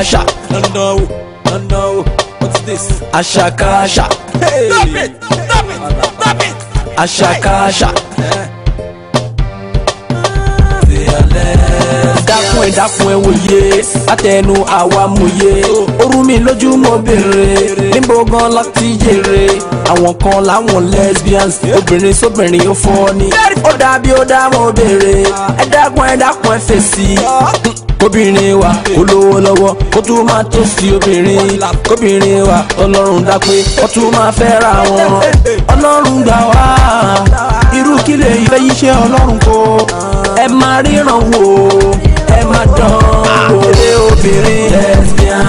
Asha, no no, dandan o what's this Asha, àṣàkáṣà. stop it stop it stop it. àṣàkáṣà. dákun ẹ dákun ẹ wòye látẹnu àwa mòye orú mi lójú mo béèrè níbo gan láti yèrè àwọn kan láwọn lesbians obìnrin sóbìnrin ó fọ́ ni ó dàbí ó dá mo béèrè ẹ dákun ẹ dákun ẹ fèsì kóbìnrin wa kó lówó lọ́wọ́ kó tún máa tó sí obìnrin kóbìnrin wa ọlọ́run dápé kó tún máa fẹ́ ra wọn ọlọ́run gbà wá irú kí lè fẹ́ yí ṣe ọlọ́run kó ẹ máa ríran wò ẹ máa dán wò lé obìnrin lesbian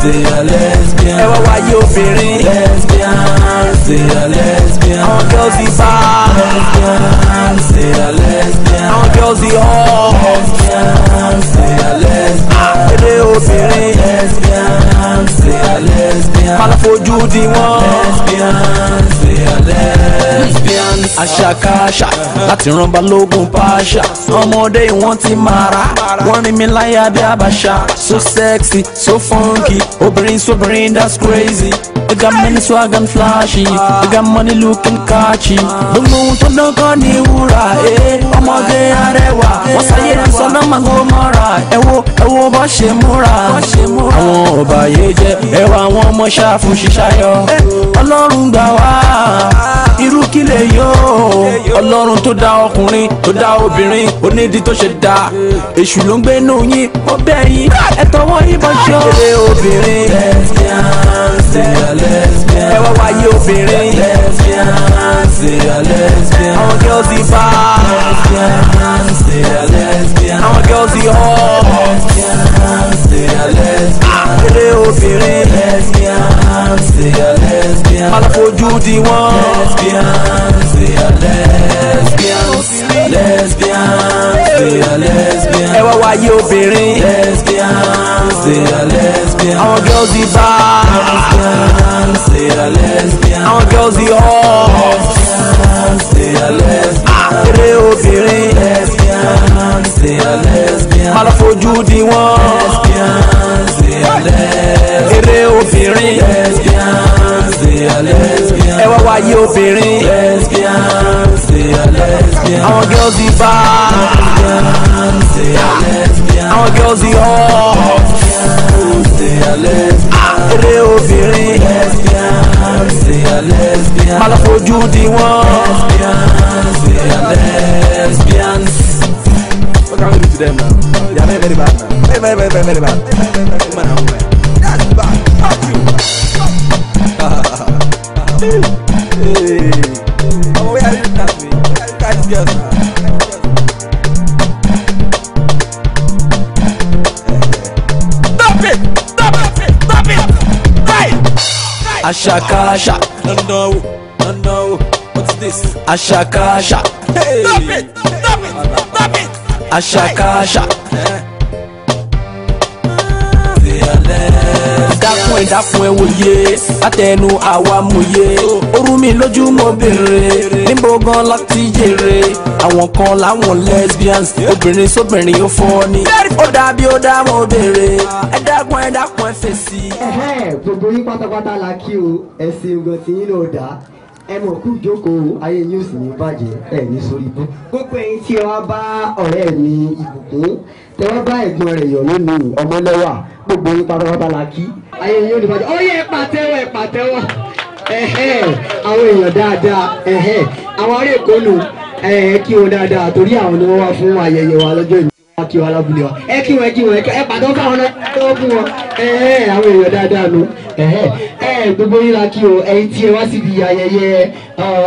ṣe lesbian ẹ wá wáyé obìnrin lesbian. say a lesbian. All girls the bar. Lesbian, say a lesbian. All girls the hall. Lesbian, say a lesbian. Ah, they obey. Lesbian. lesbians, they are lesbians. Máa fojú di wọ́n. Lesbians, they are lesbians. Aṣàkáṣà láti ran balógun pàṣà. Ọmọdé ìwọ̀n ti mara. Wọ́n rí mi láyà bí àbàṣà. So sexy, so funky. Obìnrin sóbìnrin, that's crazy. They got many swag and flashy. They got money looking catchy. Gbogbo ohun tó dán kan ní wúrà. Ọmọge arẹwà. Wọ́n sáyé sọ́nà màgò mọ́ra. Ẹ wo ẹ wo bá ṣe múra. Àwọn ọba yẹn jẹ ẹwà àwọn ọmọ ṣáfù ṣiṣayọ ọlọ́run gbà wá irú kí lè yó ọlọ́run tó dá ọkùnrin tó dá obìnrin onídìí tó ṣe dá èṣù ló ń gbé nù yín ó bẹ̀ yín ẹ tọwọ́ ìbọn ṣe ó. obìnrin ẹ wáyé obìnrin àwọn girls ibà. they are lesbians. Aláfojú di wọ́n. Lesbians, they are lesbians. Lesbians, they are lesbians. Ẹ wá wáyé obìnrin. Lesbians, they are lesbians. Àwọn girls di bá. Lesbians, they are lesbians. Àwọn girls di hall. Lesbians, they are lesbians. Àpèrè ah, obìnrin. Lesbians lesbians, they are lesbians. Má lọ fojú di wọn. Lesbians, they are lesbians. Eré obìnrin. Lesbians, they are lesbians. Ẹ wá wáyé obìnrin. Lesbians, they are lesbians. Àwọn girls di bá. Lesbians, they are lesbians. Àwọn girls di họ́. Lesbians, they are lesbians. Eré obìnrin. Lesbians, they are lesbians. Má lọ fojú di wọn. Lesbians, they are lesbians. lesbians can't do it to them now. They are very, very bad now. Very, very, very, very, very bad. Woman and woman. That's bad. Fuck you. hey. Oh, where are you now? Where are you guys girls now? Ashaka, Ashaka, no, no, no, no, what's this? Ashaka, Ashaka, hey! Stop it! Stop it! àṣàkáṣà. dákun ẹ dákun ẹ wòye látẹnu àwa mòye orú mi lójú mo béèrè níbo gan láti jèrè àwọn kan láwọn lesbians obìnrin sóbìnrin ó fọ́ ni ó dàbí ó dá mo béèrè ẹ dákun ẹ dákun ẹ fèsì. gbogbo yín pátápátá la kí o ẹ̀sìn ìgbọ̀nsìn yín ló dáa ẹ mọ̀ kú jókòó ayé yóò sì ní bàjẹ́ ẹ ní sórí ibú. gbogbo ẹ̀yin tí wọ́n bá ọ̀rẹ́ mi ìbùkún tẹ wọ́n bá ẹ̀gbọ́n rẹ̀ yọ̀ nínú ọmọlẹ́wà gbogbo yín pátápátá la kí. ayé yóò ní bàjẹ́ ọyẹ ẹ pàtẹ́wọ́ ẹ pàtẹ́wọ́ àwọn èèyàn dáadáa àwọn ará èkó kí wọn dáadáa torí àwọn ni wọ́n wá fún ayẹyẹ wa lọ́jọ́ ìlú kí wọn lábúlé wa ẹ kí wọn jí wọn ẹ pàdán fáwọn náà ẹ wọ́n wọn ẹ ẹ àwọn èèyàn dáadáa nu ẹ ẹ gbogbo yín la kí o ẹ̀yin tí ẹ wá síbi ayẹyẹ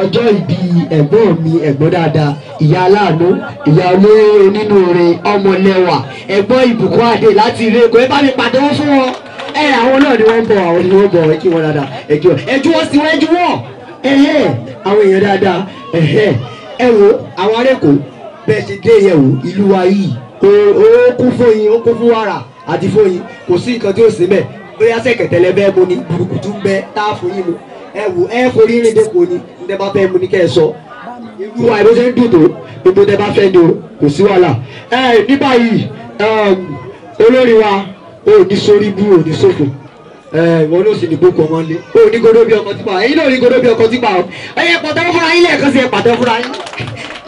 ọjọ́ ìbí ẹ̀gbọ́n mi ẹ̀gbọ́n dáadáa ìyá aláàánú ìyá olóore onínúure ọmọlẹ́wà ẹ̀gbọ́n ìbùkún àdé láti ilé ẹ̀kọ́ ẹ bá mi pàdán fún wọn ẹ àwọn náà ni wọ́n bọ̀ àwọn ni wọ́n bọ̀ ẹ kí wọn dáadáa ẹ kí wọn ẹ ju wọn sí ẹ ju wọn ẹ ẹ àwọn èèyàn dáadáa ẹ kò ó kún fún yín ó kún fún wàrà àti fún yín kò sí nǹkan tí ó sè mẹ́ bóyá sẹ̀kẹ̀tẹ̀lẹ̀ bẹ́ẹ̀ mo ní burúkutu bẹ́ẹ̀ tá a fún mu ẹ wò ẹ forí rìn dé kò ní níta bá fẹ́ mu ní kẹ́ ẹ sọ irú wa ìbí ṣe ń dùn tó gbogbo tẹ bá fẹ́ ni kò sí wàhálà ẹ ní báyìí olórí wa ò ní sórí bú ò ní sófò wọn ló sì ní gbogbo ọmọ lé o ní godo bí ọkọ tipa ẹyin náà ní godo bí ọkọ tipa o ẹyin pàtó fúnra yín lẹ́ẹ̀kan sí ẹ pàtó fúnra yín.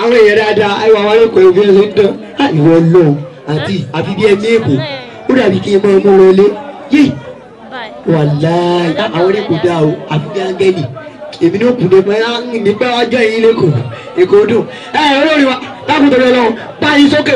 àwọn èèyàn dáadáa ẹwà wa ló kọ ebi ẹ ló ń dán ah, ìwọ lọ àti àfi bí ẹmí èkó ó dàbí kí ẹ máa mú wọn lé yé wàláì àwọn ní kò dáa o àfi bí áńgẹ́lì èmi ní òkùnrin mọ ẹ nígbà wájú ẹyin lẹ́kọ̀ọ́ èkó dùn ẹ olórí wa lákòótọ́ lọ́wọ́ báyìí sókè.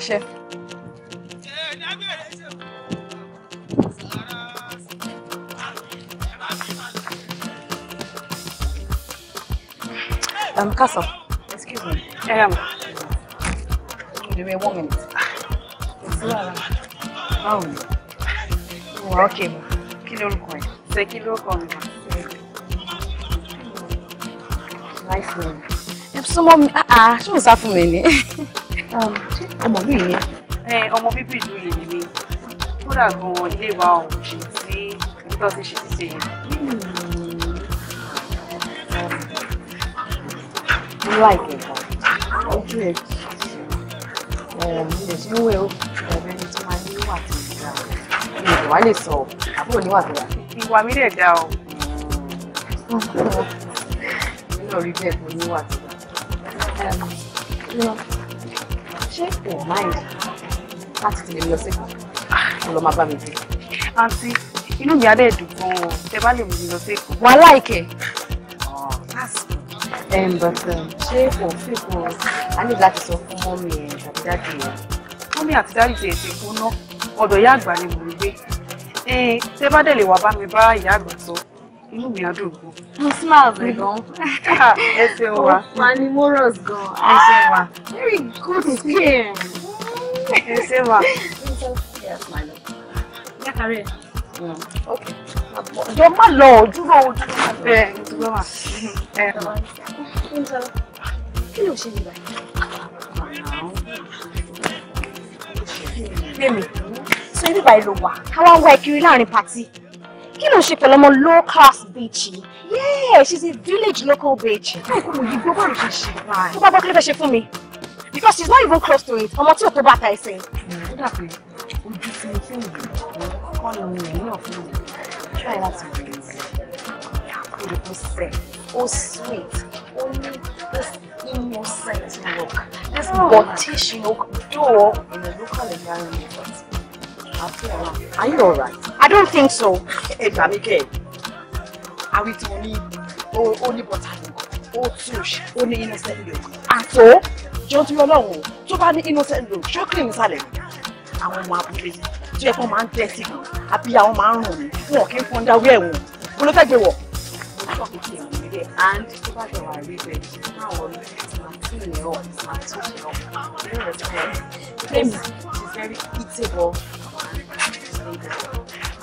ẹ Um, Castle, excuse me. Um, give me one minute. It's Lara. Báwo ni? Wà ókè mọ̀. Kí lórúkọ ẹ̀? Ṣé kí lórúkọ mi kà? she was Ẹ súnmọ́ mi, ah, ah, ṣé ọmọ ìlú yìí ni. ọmọ bíbí ìlú yìí ni mí kódà gan-an ilé wa ò ṣe sí ìtọ́ sí ṣe ṣe yẹn. mo láìpẹ́ ìgbà ojú ẹ̀ ilẹ̀ tí ó wẹ̀ ó ẹ̀rẹ́ ni tó máa ní wà tó dáa mi ò wá lè sọ àbúrò níwà tó dáa. ìwà mi dẹ̀ dáa o. mi náà rí bẹ́ẹ̀ kó níwà tó dáa ò máì láti tèmi lọ sí kó lọ máa bá mi bí. àǹtí inú mi adé dùn gan o tẹ bá lè mú mi lọ sí èkó. wà á láìkẹ. ṣé òfin kan a ní láti sọ fún mọ́mí ẹ̀ tàbí dáàdì ẹ̀. mọ́mí àti dáàdì ti ètò ìkóná ọ̀dọ̀ ìyá àgbà ni mò ń gbé tẹ bá dẹ̀ lè wá bá mi bá ìyá àgbà sọ inú mi á dùn gan. mo smile gan. ẹ ṣe wa. mo fa ni mo rọ̀ gan. ẹ ṣe wa very good skin. Yes, Eva. Yes, my love. Yeah, Okay. Jọ má lọ You ojúrò má bẹ́ẹ̀ ojúrò má. Kí ló ṣe nígbà yìí? Lémi, sọ ibi báyìí ló wà, káwá ń wá ẹ kiri a pàtí. Kí ló ṣe pẹ̀lú low class bitch. Yeah, she's a village local bitch. I come with you. gbogbo àrùn ṣe ṣe. Tó bá bọ́ kí ló fẹ́ ṣe because she's not even close to it ọmọ tí o tó bá i say. Oh sweet only this innocent look this buttish hmm. look though in a local environment are you alright. I don't think so. ẹ gbà mí kẹ́ ẹ̀ only ìtàn ó ní bọ́tà lóko ó innocent look. àtò jọ tí ọlọ́run o tó bá ní innocent lo ṣọ́kìlì nísàlẹ̀ mi àwọn ọmọ abúlé tó yẹ kó máa ń tẹ́sí kan àbí àwọn máa ń rùn mí wọn kì í fọ́n dáwé ẹ̀wọ̀n mo ló fẹ́ gbé wọ̀.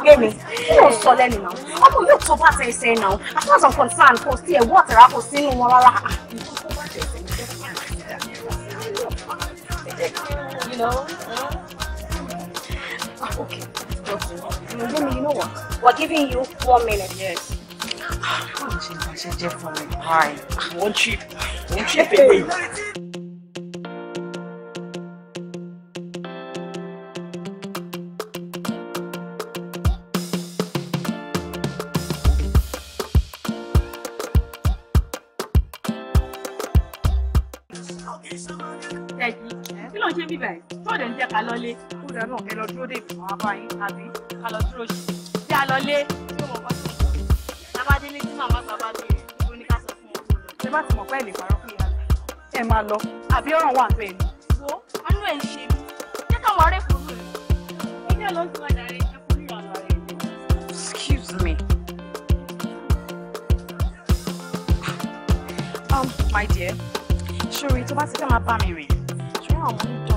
Yemi, kí ló ń sọ lẹ́nu náà? Ọmọ yóò tó bá ṣe ṣe náà. As far as I'm concerned, kò sí ẹ̀ wọ́ọ̀tẹ̀ rà kò sínú wọn rárá. you know? Uh, okay. Jimmy, you know what? We're giving you four minutes. Yes. Ah, I want you. Won't you? Won't baby. lọlé ó dáa náà kẹ lọ dúró dé ìfún wa báyìí àbí ká lọ dúró ṣe tí a lọlé tí ó mọ̀ kọ́ sí ìjọba tábàdélé tí màmá bàbá gbé ló ní ká sọ fún wọn. ṣé bá ti mọ̀ pé lè parọ́ fún ìyá rẹ̀ ẹ máa lọ àbí ọ̀ràn wà bẹ́ẹ̀ ni. wo ọnú ẹ̀ ń ṣe mí jẹ́ káwọn ọ̀rẹ́ fún mi ilé ló ń sọ ọ̀dà rẹ̀ ṣe fún ìrànlọ́ rẹ̀. Excuse me. Um, my dear, ṣòrí tó bá ti fẹ́ máa bá mi rìn ṣùgbọ́n àwọn oníjọ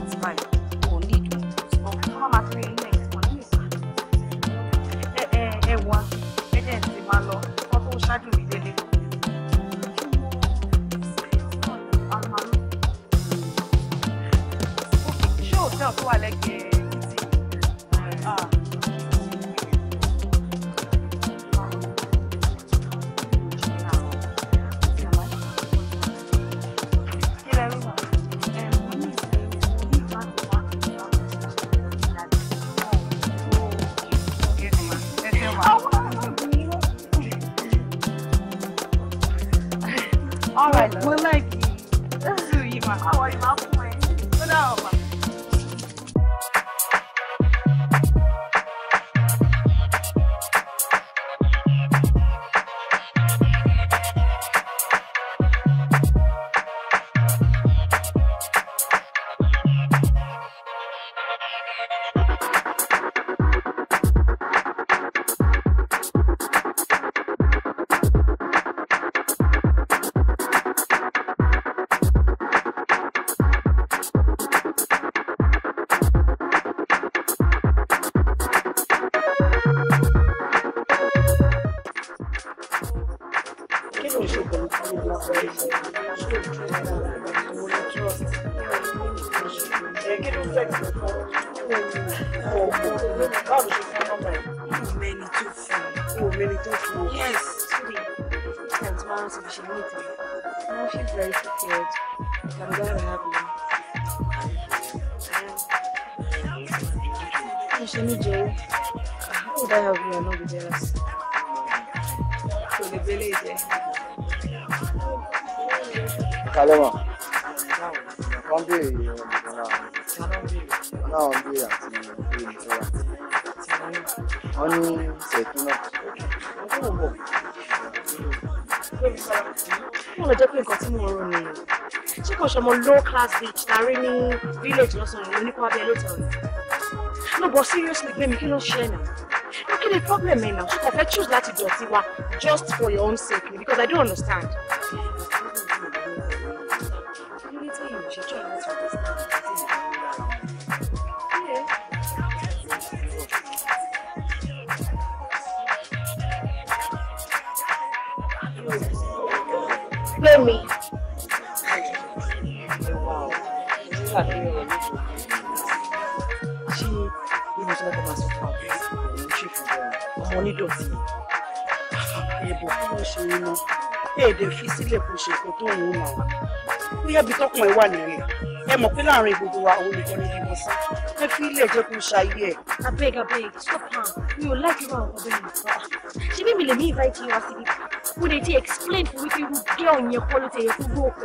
don't feel very prepared. I'm glad I have you. Um, mm-hmm. Shani Jay. how would I have you and not be jealous? So the village, eh? Kalema. Wọ́n béèrè ìrìn àjò náà. Náà wọ́n béèrè àti ìrìn àjò náà wọn lọ jẹ́ pé nǹkan tí mo rò nìyẹn ṣé kò ṣọmọ low class beach ta rí ní village lọ́sàn-án yìí oníkó abẹ́ lóòótọ́ rẹ̀ no but seriously gbé mi kí ló ṣe ẹ̀nà kí ni problem ẹ̀ náà ṣé kò fẹ́ choose láti dọ̀tí wa just for your own sake because I don't understand. kí ló dé tí èèyàn ṣe jọ́ ìrántí mi. ṣé bí mo ṣe lọ́gbọ́n máa sọ fún àwọn ṣe fún ọmọ onídọ̀tí ẹ̀bùn kí ló ṣe yín stop am mi ò láìpẹ́ wà ọ̀gbọ́n mi ṣe bí mi lè ní invite you wá síbi kan kò lè ti explain fún wípé irú girl yẹn kọ́ ló ti yẹ kó rò pé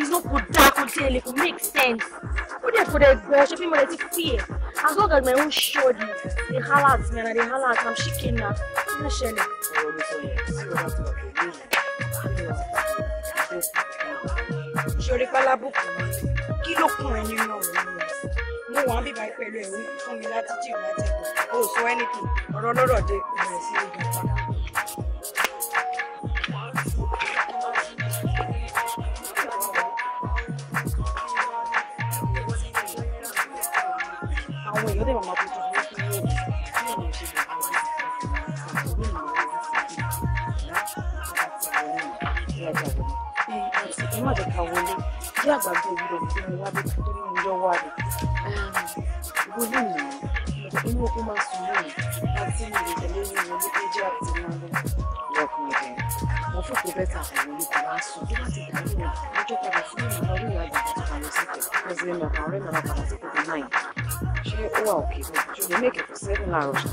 inú kò dáa kò tiẹ̀ lè kò make sense ó dẹ̀ kò dẹ̀ gbọ́ ṣé bí mo lè ti fi as long as my own show di dey hala at me and i dey hala at am she came na kí ló ṣẹlẹ̀. ṣorí pálábùkù kí ló kún ẹ nínú ọ̀rọ̀ mi mo wà ń bíbá pẹ̀lú ẹ̀rí fún mi láti jí ìwà tẹ̀kọ̀ o ò sọ anything ọ̀rọ̀ lọ́rọ̀ dé ìbẹ̀rẹ̀ sí ìgbà padà. èèyàn dẹ̀ máa fojú sí kí ní èèyàn ṣe lè máa rí ìlú ìlú ìlú ìlú àjàkà wọlé bí àgbàdo ìlú òkú mi wá bí tó ní ìjọ wà rè gbogbo ìlú inú òkú máa sùn lónìí láti ní ìrètè lórí ìwọ ní kéjì àti president of our rent of our school at nine ṣé ó wà òkè mi ṣe lè make it for seven láàárọ̀ ṣe.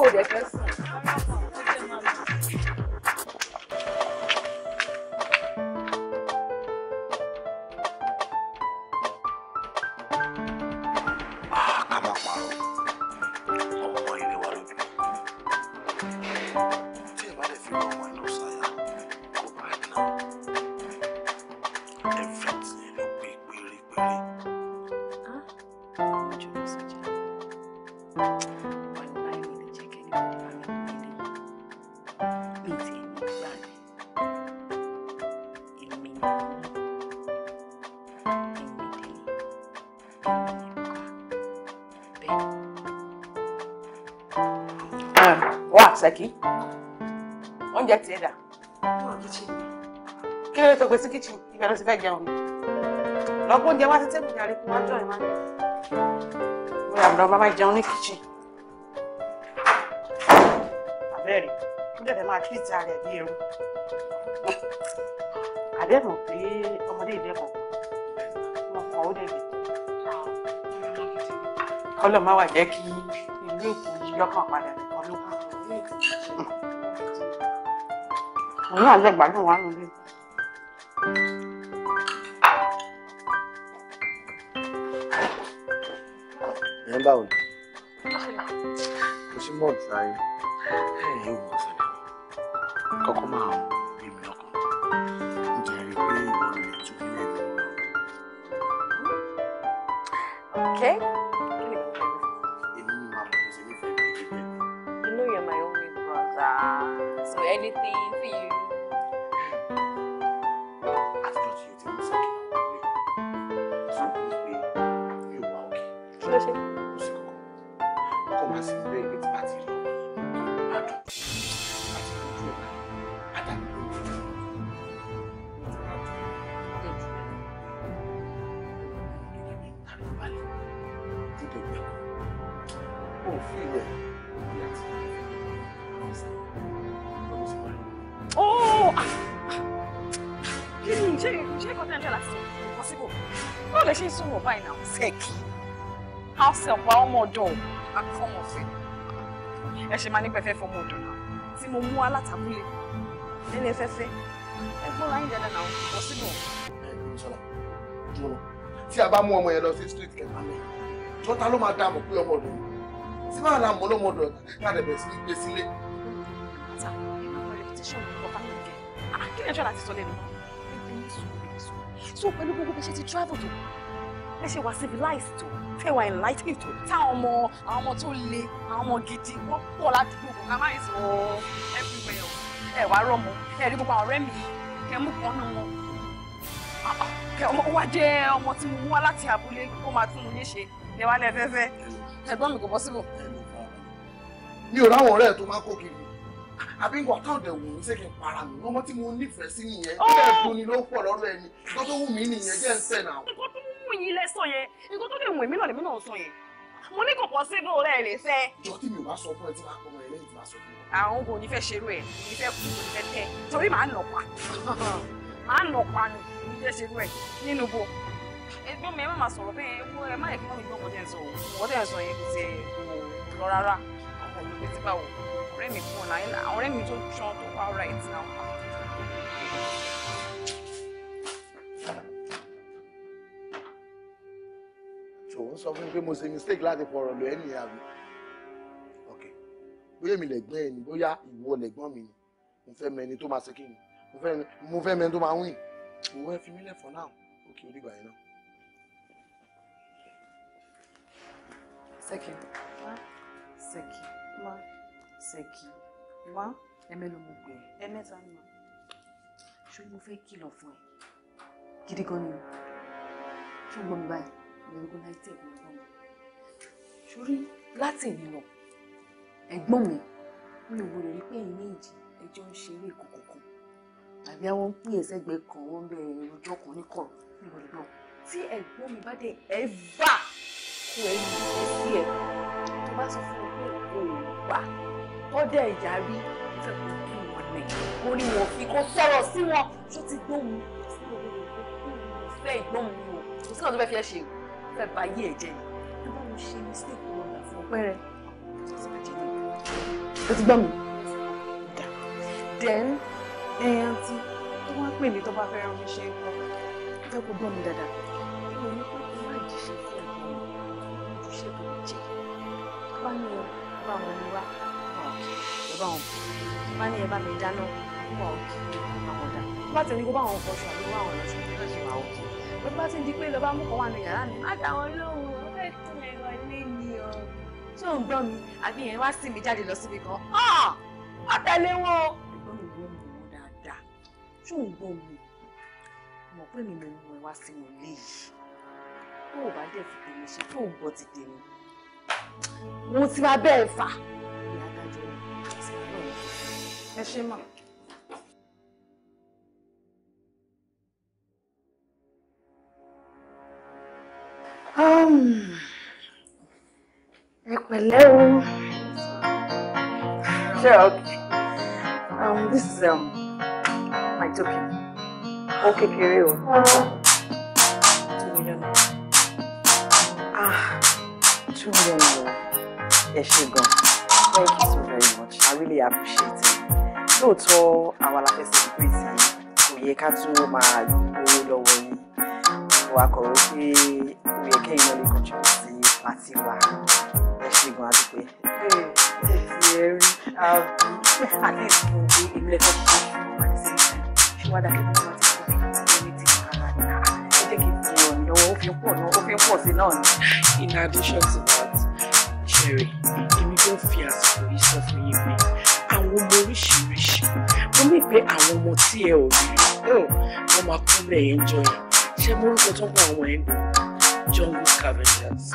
ó dẹ̀ fẹ́ sùn. wá ṣẹ́kí oúnjẹ tiẹ̀ dà kí ló lè tó gbé sí kíchìn ibẹ̀ ló ti fẹ́ jẹun ni lọ́gbọ́n oúnjẹ wá sí tébù ní àríkú wájú ẹ̀ máa ń gbé àbúrò bàbá jẹun ní kíchìn abẹ́rẹ́ oúnjẹ tẹ máa tírì tààrẹ bí ẹrú àdẹ́mọ̀ pé ọmọdé ìdẹ́mọ̀ mọ̀ kàn ó dẹ̀bi kọ́lọ̀ má wà jẹ́ kí ìlú èkó yọkàn padà. òun náà jẹ́ gbádùn wà lórí. ìyẹn báwo ni kò sí mọ́ọ̀tì láyé ẹ̀yìn yóò mọ̀ sọ́ni kọ́kọ́ máa ń. tí mo mú alátabúlé nílé fẹ́fẹ́ ẹ gbọ́n láyé dáadáa náà wọ́n sí bọ̀. ẹ ẹ sọlá jọlọ tí a bá mú ọmọ yẹn lọ sí street kẹfà mi jọta ló máa dá mọ̀ pé ọmọ ọ̀dọ̀ yìí tí máa la mọ̀ lọ́mọ ọ̀dọ̀ ká dẹ̀ sí gbé sílé. bàtà inú reputation kò bá yẹn kẹ àkínyàn jọ láti sọ lẹ́nu so pẹ̀lú ṣe ti travel tó bẹ ṣe wà civilized tó tó táwọn ọmọ àwọn ọmọ tó le àwọn ọmọ gidi wọ́n pọ̀ ládùúgbò everywhere ẹ wá rọmọ ẹ rí gbogbo àwọn ọ̀rẹ́ mi kẹ mú kan nù wọn ah, kẹ ọmọ wa jẹ ọmọ tí mo mú wá láti abúlé ó máa tún un níṣe lẹ wá lẹ fẹfẹ ẹ̀gbọ́n mi kò bọ síbò. mi ò ráwọn ọ̀rẹ́ tó máa kó kiri àbí nǹkan tó dẹ̀ wù mí ṣé kí n para mi lọ́mọ tí mo nífẹ̀ẹ́ sí nìyẹn ó dẹ̀ dunni ló pọ̀ lọ́rọ̀ ẹni nǹkan tó wù mí nìyẹn jẹ́ ń tẹ̀ náà. nǹkan tó wù yín lẹ sọ yẹn nǹkan tó lè wù mí náà lèmi náà sọ yẹn mo ní kò pọ̀ síbò rẹ̀ lè fẹ́. jọ tí mi ò bá sọ fún ẹ tí wàá pọ̀ ẹ lẹ́yìn máa sọ fún wọn. àwọn kò ní fẹ́ ṣerú ẹ̀ kò ní fẹ́ kú kò ní fẹ́ tẹ́ torí màá nà pa màá nà pa nù kò ní fẹ́ ṣerú ẹ̀ nínú bo. ẹgbọ́n mi ẹ má máa sọ̀rọ̀ bẹ́ẹ̀ ewu ẹ má yẹ kí wọ́n mi gbọ́ ọ̀kọ́tẹ̀ ń sọ o ọ̀kọ́tẹ̀ ń sọ yẹn kò o, kò lọ o, ọkọ̀ mi bí ti bá o, ọ̀rẹ́ mi fún ọ̀nà ọ̀rẹ́ mi tó ṣan tó wá ọ̀rẹ́ ẹ̀ ti náà pa. ṣòwò sọ fún mi pé mo ṣe mistake láti fọ̀rọ̀ lọ ẹ́ nìyàwó bóyá èmi lẹ̀gbọ́n ẹ̀ ni bóyá ìwọ lẹ̀gbọ́n mi ni mo fẹ́ mẹni tó máa ṣe kí ni mo fẹ́ mẹni tó máa wìn ìwọ ẹ fi mí lẹ̀ for now òkè onígbà yẹn náà. Ṣèkì Ṣèkì má Ṣèkì má ẹ̀mẹ́lò mo gbé ẹ mẹ́ta ni mà ṣé mo fẹ́ kìlọ̀ fún ẹ gidi gan ni ṣùgbọ́n mi báyìí mi ò gbọ́n láì tẹ̀ gbọ́n mi sórí láti èyí lọ ẹ̀gbọ́n mi mi ò wòlò pé ẹ̀yin méjì ẹjọ́ ń ṣe eré ìkọ̀kọ̀ kan tàbí àwọn pín ẹ̀sẹ̀gbẹ́ kan wọ́n bẹ ìròjọ́ kan ní kọ̀rọ̀ mi tí ẹ̀gbọ́n mi bá dé ẹ̀fà kó ẹ ní sí ẹ̀ tó bá sọ fún mi kò wà tọ́jà ìjà rí fẹ́ kí wọn nẹ̀ kó ní wọn fi kó sọ̀rọ̀ sí wọn tó ti gbóhùn sí òwe ìfẹ́ ìgbóhùn mi ò kò sí ọ̀dọ́ fẹ́ fi ẹ ṣe fẹ́ bá yé ẹ̀ jẹ́ ni o ti gbọ́ mi. then ẹ̀yàn tí tó wá pè mí tó bá fẹ́ rán mi ṣe é kọ́ fẹ́ kó gbọ́ mi dáadáa. mo ní kó kó má jíṣẹ́ sí ẹ̀gbọ́n mi ojúṣe tó ń jẹ́ wá ní ẹ bá wọn mi wá wà òkè ẹ bá wọn bọ̀ wá ní ẹ bá mi dáná wà òkè ẹ bá wọn dá tó bá ti ní kó bá wọn fọṣọ àbí wá wọn lọ sí ẹ bá ṣe wà òkè lọ́gbà tí ń di pé lọ́ba mú kọ́ wà ní yàrá mi má dá wọn lóhùn tó ń gbọ́ mi àbí yẹn wá sí mi jáde lọ síbi kan àtẹ̀lé ah! wọn o. ẹ̀gbọ́n mi gbọ́ mi wọn dáadáa tó ń gbọ́ mi mọ̀ pé mi ló mú ẹ wá sínú ilé yìí tó o bá dẹ̀ fi tèmi ṣe tó ń gbọ́ ti tèmi mo ti máa bẹ́ẹ̀ fà. ẹ ṣe mọ̀. Um... Hello. pẹ̀lẹ́ okay um, this is um, my token Okay, kékeré o two million ah two million Yes, you go. thank you so very much i really appreciate it So àwa la fẹ́ celebrate kò yẹ ká tún máa gbowó lọ́wọ́ yìí wa kọ̀ wípé ó yẹ kẹ́yìn náà lè contribute sí ẹ ṣe gan adúpẹ́. ẹ ti ẹ rí àbí àti ìṣòro pé èmi lè fọ́n fún mi àti sí ṣé wàá dàbí ìṣòro àti ìṣòro èmi ti kà á náà ẹ jẹ́ kí in addition to that Sherry èmi yóò fi àsìkò yìí sọ fún yín pé àwọn ọmọ oríṣiríṣi mo ní pé àwọn ọmọ tí ẹ ò rí wọn máa kúnlẹ̀ yẹn jọ yẹn ṣé mo rúkọ tó ń bá àwọn jungle scavengers.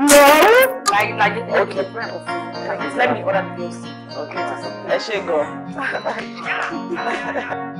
No. Like, like, okay. Like, let me order the bills. Okay. Let's go.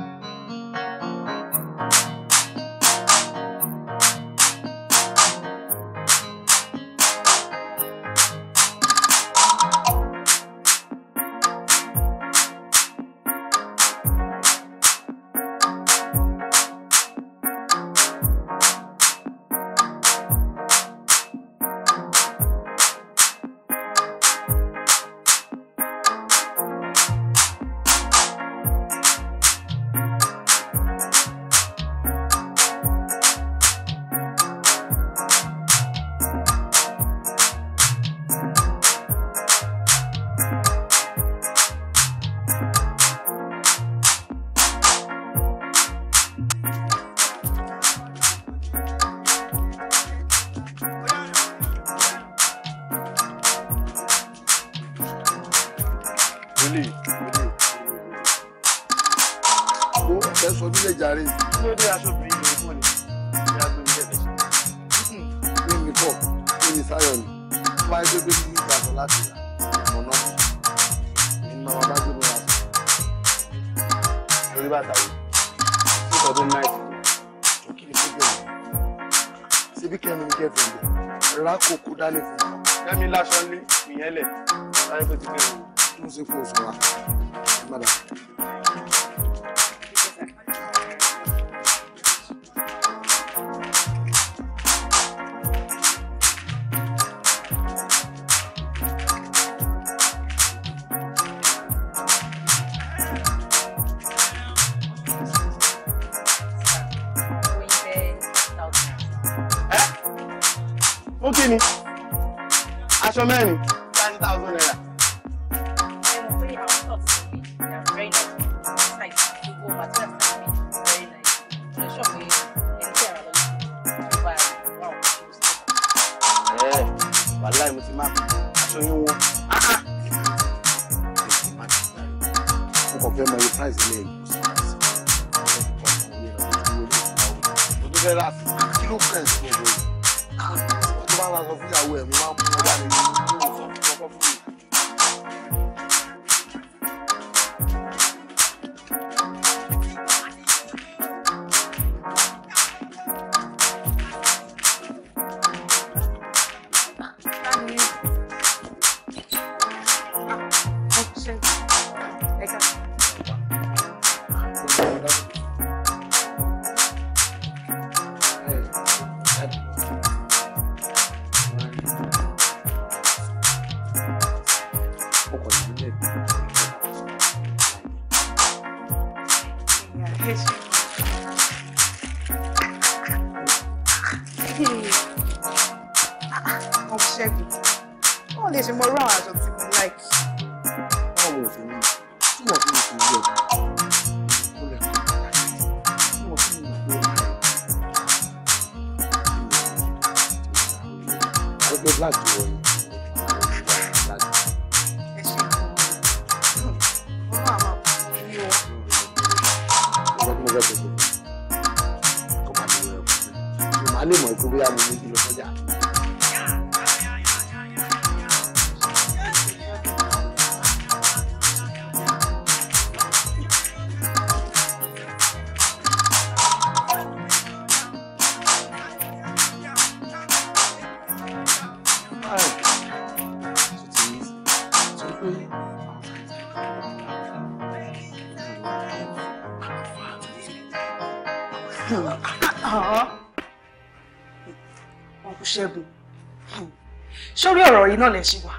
náà lẹ ṣe wà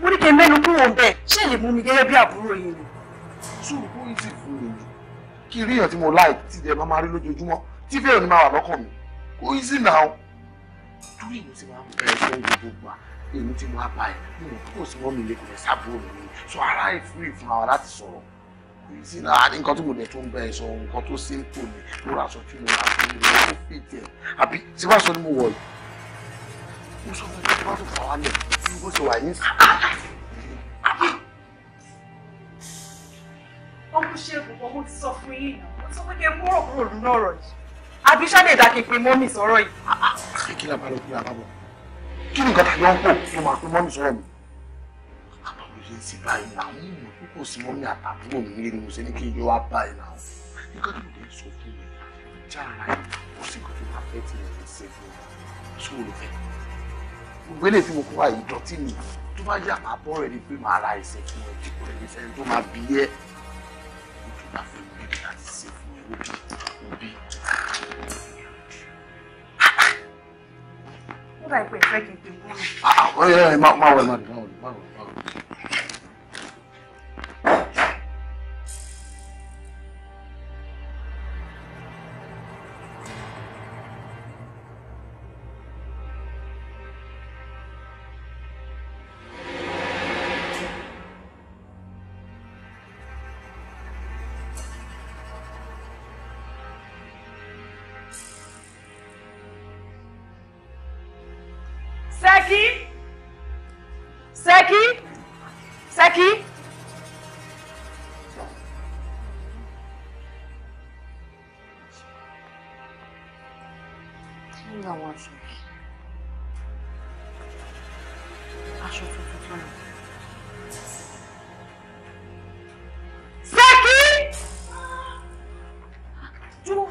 mo ní kí n mẹ́nu kúrò bẹ́ẹ̀ ṣé lè mú mi gẹ́gẹ́ bí àbúrò yìí ni. sùúrù kó ìsì fún mi kí rí èèyàn tí mo láì tí ẹ máa rí lójoojúmọ́ tí fẹ́ẹ̀ ni máa wà lọ́kàn mi kó ìsì náà torí èmi ti máa ń bẹ ẹgbẹ́ gbogbo èmi ti máa bá ẹ mi ò kúrò sí mọ́mí ilé kò lè sábúrò mi ni sọ ara ẹ̀ fún ìfúnra wa láti sọ̀rọ̀ ìsìn náà nǹkan tí mo dẹ̀ tó ń bẹ ẹ sọ nǹkan tó simple ni mo rà sọ tí mo rà fún mi ni mo wọ̀ yìí bó ṣe wà yìí. wọ́n kú ṣéègùn kan mo ti sọ fún yín náà mo sọ pé kí ẹ kúrò kúrò nínú ọ̀rọ̀ yìí àbí ṣáde ìdákin pé mọ́mì sọ̀rọ̀ yìí. kí la bá lọ kí la bá bọ̀ kí ni nǹkan tàbí wọn kò tó máa pé mọ́mì sọ̀rọ̀ mi. àbábọ̀ yìí ti báyìí náà àwọn èèyàn tó kò sí mọ́mì àtàbúrò mi nílé ni mo ṣe ní kí n wá báyìí náà. nǹkan tó lè sọ fún mi já ara yìí ó sì kò tó máa fẹ́ tiẹ̀ gbogbo eléyìí tí mo kó wa ìdọ̀tí mi tó bá yà máa bọ́ rẹ̀ ni pé màá ra ẹsẹ̀ fún ẹ jù kó lè sẹ́ni tó máa bí ẹ́ ojú bá fún mi láti ṣe fún ẹ òbí òbí. ó dà pé ìfẹ́ kì í pe bọ́ọ̀lù. àwọn ẹ̀ ah, ah, máa wọ máa dùn máa wọ.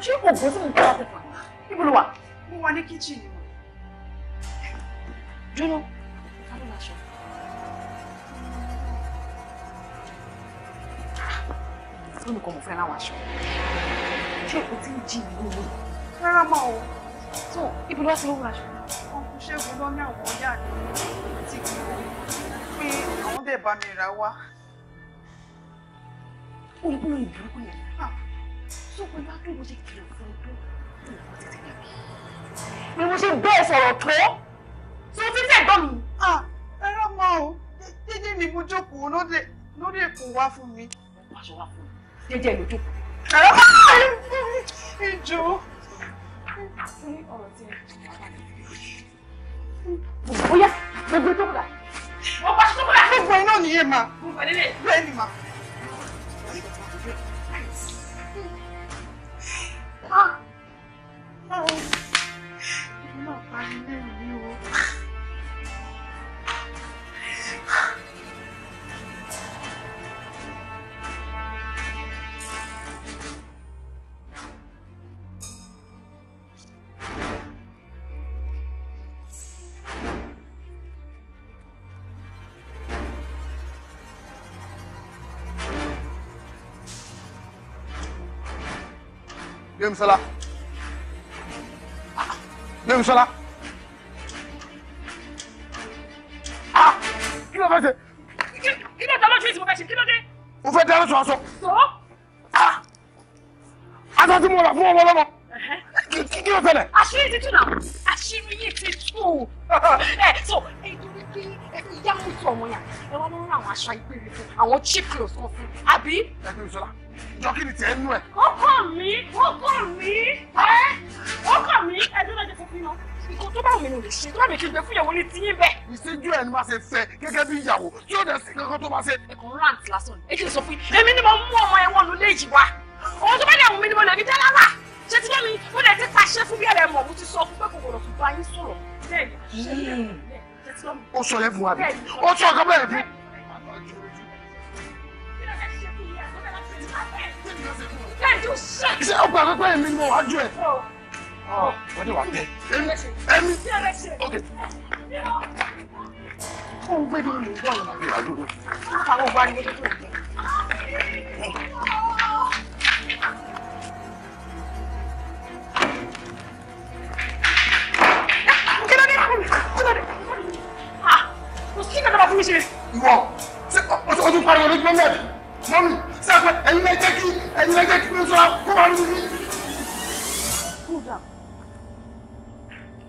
ṣé kò gbọ́ sí mi kí wọ́n ti fà níbo ló wà. mo wà ní kíchìnì wọn. jóná ká ló láṣọ. lónìí kan mo fẹ́ láwọn aṣọ ṣé o ti ń jí ìlú mi. rárá máa o. tó ibi ló wá sí lówó aṣọ. wọn kú ṣẹ́gun lọ ní àwọn ọjà àti ìgbìmọ̀ pé àwọn dẹ̀ bá mi rà wá. olùkúlò ìbùrúkú yẹn. Ah, so pé bá kí mo ṣe kìlọ̀ fún un tó ìwọ tètè gbàgbé ni mo ṣe bẹ́ẹ̀ sọ̀rọ̀ tó tó ti tẹ̀gbọ́n mi. ẹ rán mọ o jíjí ni mo jókòó lórí èkó wá fún mi. wọ́n aṣọ wá fún mi jẹ́jẹ́ ló jókòó. ìjọ. ṣé ọ̀rọ̀ tí ẹ ti wá bá mi. bóyá gbogbo tó kọ̀ dà. ọ̀pá tó gbogbo iná nìyẹn mà. gbogbo ẹ̀ lélẹ̀. bẹ́ẹ̀ ni mà. Ah! Ah! Ìlú náà pa mí lẹ́nu. Gbémisọ́lá Gbémisọ́lá ah kí ló fẹ́ ṣe. kí ló dáná ṣe tí mo kí ló dé. mo fẹ́ dáná sọ aṣọ. sọ. Ah! aṣọ tí mo rà fún ọmọ ọlọ́mọ kí ló ṣẹlẹ̀. àṣírí ti tú náà àṣírí yìí ti tú. ẹ tó ètò wípé ẹ mú sí ọmọ yẹn ẹ wá lọ́rùn àwọn aṣọ ìpínlẹ̀ fún àwọn cheap kan fún àbí. ẹ Gbémisọ́lá jọ kí tiẹ̀ nú ẹ. ó kàn mí ó kàn mí ẹ́ ó kàn mí ẹjọ́ náà jẹ́ kó fi hàn ìkó tó bá wù mí ni mo lè ṣe tó bá mi kí n gbé fún ìyàwó ní tiyín bẹ́ẹ̀. ìṣẹ́jú ẹ̀ ni máa ṣe fẹ́ gẹ́gẹ́ bí ìyàwó tí ó dẹ̀ kankan tó máa ṣe. ẹ̀kọ́ rant lásán ni èyí sọ fún yín èmi ni mo mú ọmọ ẹ̀wọ̀n ló lé yìí wá òun tó bá dẹ̀ wù mí ni mo lè rí dálára ṣé tí lẹ́mi mo lè ti pàṣẹ fún bí ẹ̀rẹ̀ mọ̀ mo ti sọ fún pé kòkòrò tó bá sọ̀rọ̀ bẹ́ẹ̀ ó sọ lẹ́fun wa bí ó sọ ọkọ bẹ́ẹ̀ bí ṣé ọgbà pẹpẹ mi ni mo wá ju ẹ. Oh. Oh, wọ́n ti wà bẹ́ẹ̀. ẹmi ẹmi ok. ń gbé ní ìlú bọ́ọ̀lù. àwọn ọgbà ni mo ah, tó tó ìgbẹ́. kí ni ká bá fún mi ṣe. ìwọ ọdún pariwo lójúmọ́ mẹ́rin mọ́mí sẹ́pẹ́ ẹ̀yin lẹ́jẹ́ kí ẹ̀yin lẹ́jẹ́ kí ló sọ kó wà lórí.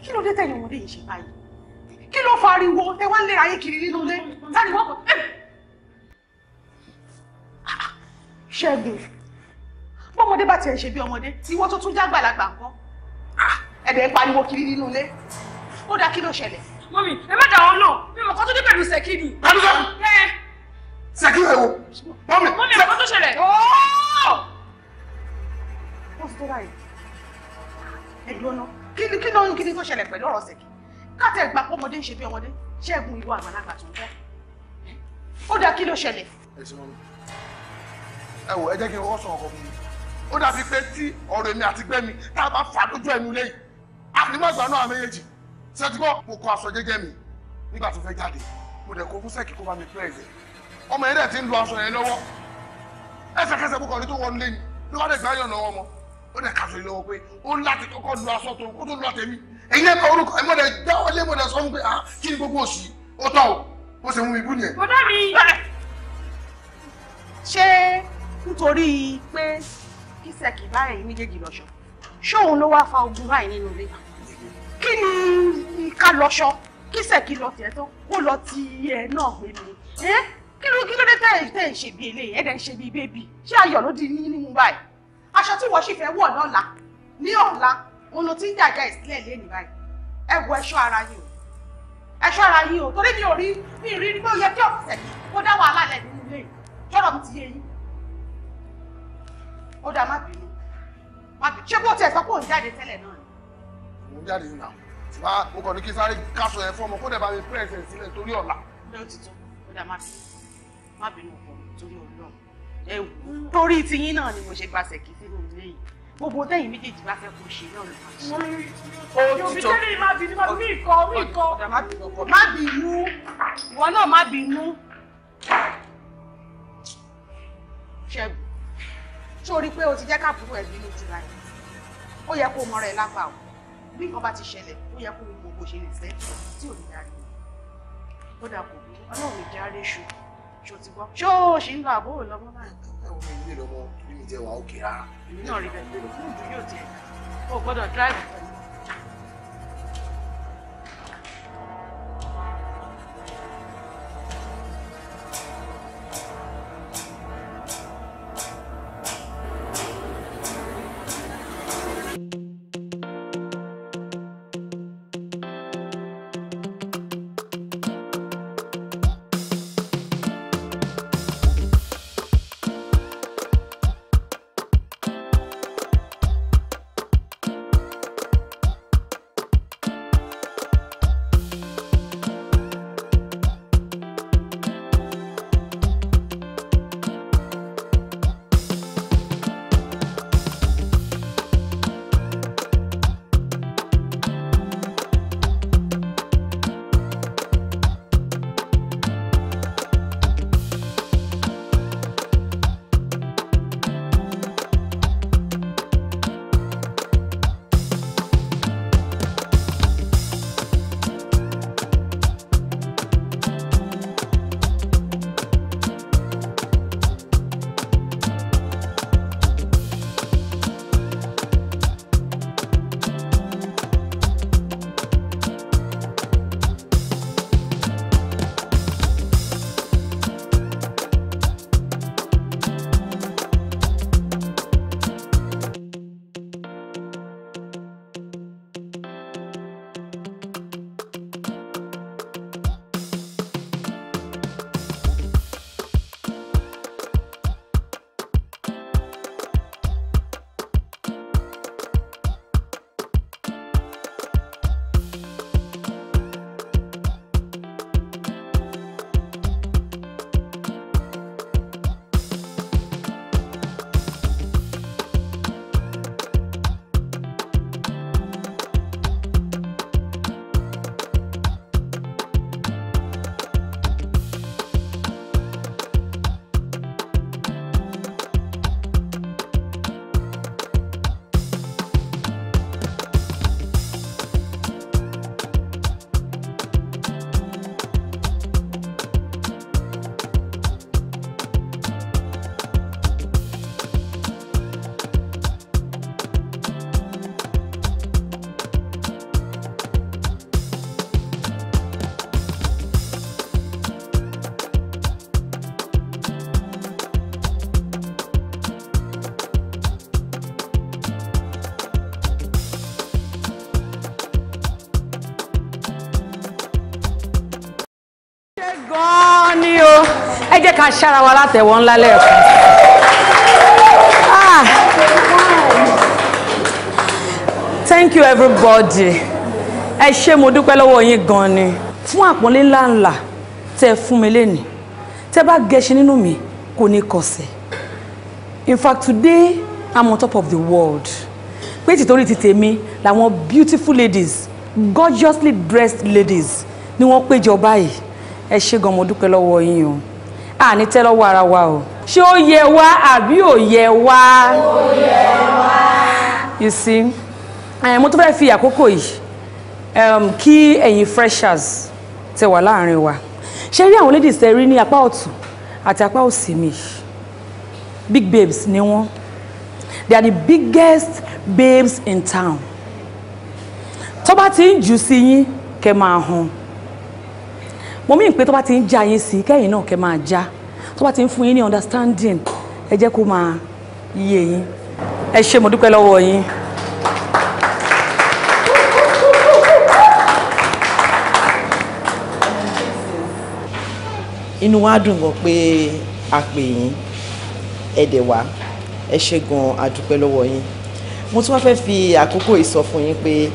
kí ló dé tẹ̀yìn ọmọdé yìí ṣe báyìí kí ló fa ariwo ẹ wá ń lé ayé kiri nínú ilé táni wọ́n kọ́ eh! ṣẹ́gun bọ́mọdé bá tiẹ̀ ṣe bí ọmọdé tí wọ́n tó tún jágbàlagbà nǹkan ah! ẹ̀dẹ̀ ń pariwo kiri nínú ilé ó dá kí ló ṣẹlẹ̀. mọ́mí ẹ má dà wọn náà mi ò mọ̀ kó tó dé pẹ̀lú sẹ́kìnì. pẹ̀lú sẹ́kìnì. Ṣèkírò ẹ̀wò. Mọ́mì. Mọ́mì ẹ̀kọ́ tó ṣẹlẹ̀. Wọ́n ti tó báyìí. Ẹ̀dùn ọ̀nà. Kí ni kí ló ń kí ni tó ṣẹlẹ̀ pẹ̀lú ọ̀rọ̀ Ṣèkí? Káàtì ẹ̀gbà pọ́mọdé ń ṣe bí ọmọdé. Ṣẹ́gun ìwọ àgbàlagbà tó ń bọ̀. Ó dáa kí ló ṣẹlẹ̀? Ẹ ṣe mọ́mì. Ẹ wò ẹ jẹ́ kí n wọ́n sọ̀rọ̀ kọ fún mi. Ó dàbí pé tí ọ̀rọ̀ èmi àti gbẹ́mi tá a bá fà lójú ẹnu lẹ́yìn. Ànímọ̀gbà náà méjèèjì. Ṣètìgbọ́ mo kọ aṣọ jẹ́jẹ́ mi nígbà tó fẹ́ jáde. Mo dẹ̀ kó fún Ṣèkí kó bá mi pẹ́ẹ́sì ọmọ yẹn dẹ̀ ti ń lu aṣọ yẹn lọ́wọ́ ẹsẹ̀kẹsẹ̀ kó kọrin tó wọ́n lé ni ló bá dẹ̀ gbá yọ̀nà ọmọ ó dẹ̀ kàṣọ ìlọ́wọ́ pé ó ń láti kọ́kọ́ lu aṣọ tó kó tó lu àtẹ̀mí èyí ẹ̀ka orúkọ ẹ̀ mọ̀dẹ̀ gbá wọlé mọ̀dẹ̀ sọ fún pé ah kí ni gbogbo òṣì ó tọ̀ ó sì mú ibú nìyẹn. bọ́dá mi ṣé nítorí pé kìsẹ̀kì báyìí méjèèjì lọ́ṣọ ṣóun ló wáá fa ogun báyìí nínú ilé kí ni ká lọ́ṣọ kìsẹ̀kì lọ tiẹ̀ tó kó lọ ti ẹ̀ náà gbé mi kí ló kí ló dé tẹ́ ẹ̀ ń ṣe bí eléyìí ẹ̀dẹ̀ ń ṣe bí bébì ṣé ayọ̀ ló di ní nínú báyìí aṣọ tí wọ́n sì fẹ́ wọ̀ lọ́la ní ọ̀la òun ló ti ń jàjà ìsílẹ̀ lẹ́nu báyìí ẹ wo ẹ̀ṣọ́ ara yìí o ẹ̀ṣọ́ ara yìí o torí mi ò rí mi rí rí pé ó yẹ kí ọ̀sẹ̀ kó dá wàhálà lẹ̀ nínú ilé yìí ṣọ́rọ̀ mi ti yé yín ó dá má bínú má bínú ṣé bó tiẹ̀ sọ pé òun jáde tẹ́lẹ̀ náà ni. òun jáde yìí náà ṣùgbọ́n mo kàn ní kí sáré káṣọ ẹ̀ fọ́ ọmọ kó dẹ̀ bá mi pẹ́ẹ́sẹ̀ má bínú ọkọ torí Ọlọ́run ẹ wò torí tiyín náà ni mo ṣe gba ṣèkí sínú ilé yìí gbogbo tẹ̀yin méjèèjì bá fẹ́ kó ṣe náà lọ. òtítọ́ òbí má bínú má bínú ikọ̀ mí ikọ̀. má bínú ìwọ náà má bínú. ṣẹ́gun sórí pé o ti jẹ́ káàbùrú ẹ̀ bínú jùlá yìí ó yẹ kó mọ rẹ̀ lápá o bí nǹkan bá ti ṣẹlẹ̀ ó yẹ kó gbogbo ṣe lè fẹ́ tí ò ní darí ó kò bí ọlọ́run ìjà rẹ̀ ṣùgbọ́n ṣó ń lọ àbúrò lọ́mọ náà. àwọn ọmọ ilé lọmọ ilé mi jẹ wà rárá. èmi rí bẹ́ẹ̀ lójú yóò tiẹ̀ o gbọ́dọ̀ dráìbù ká ṣára wa látẹ̀wọ́ ńlá lẹ́ẹ̀kan. Ah. Thank you everybody. Ẹ ṣé mo dúpẹ́ lọ́wọ́ yín gan ni. Fún àpọ́nlé ńláńlá tẹ́ fún mi lénìí. Tẹ́ bá gẹṣin nínú mi kò ní kọsẹ̀. In fact today I'm on top of the world. Pé tìtorí ti tèmi làwọn beautiful ladies gorgeously dressed ladies ni wọ́n péjọ báyìí ẹ ṣé gan mo dúpẹ́ lọ́wọ́ yín o à ní tẹ́ lọ́wọ́ ara wa o ṣé ó yẹ wá àbí ó yẹ wá. you see eh, mo tó fẹ́ fi àkókò yìí um, kí ẹ̀yin freshers tẹ́ wà láàrin wa ṣé rí àwọn ladies tẹ́ rí ní apá ọ̀tún àti apá òsì mi big babes ni wọ́n they are the biggest babes in town tó bá ti ń jù sí yín kẹ́ máa hàn mo mí pé tó bá ti ń já yín sí kẹ́yìn náà kẹ́ máa já tó bá ti ń fún yín ní understanding ẹ jẹ́ kó máa yé yín ẹ ṣé mo dúpẹ́ lọ́wọ́ yín. inú wa dùn gan pé a pè yín ẹ dẹ̀ wá ẹ ṣé gan a lọ́wọ́ yín mo tún wá fẹ́ fi àkókò ìsọfún yín pé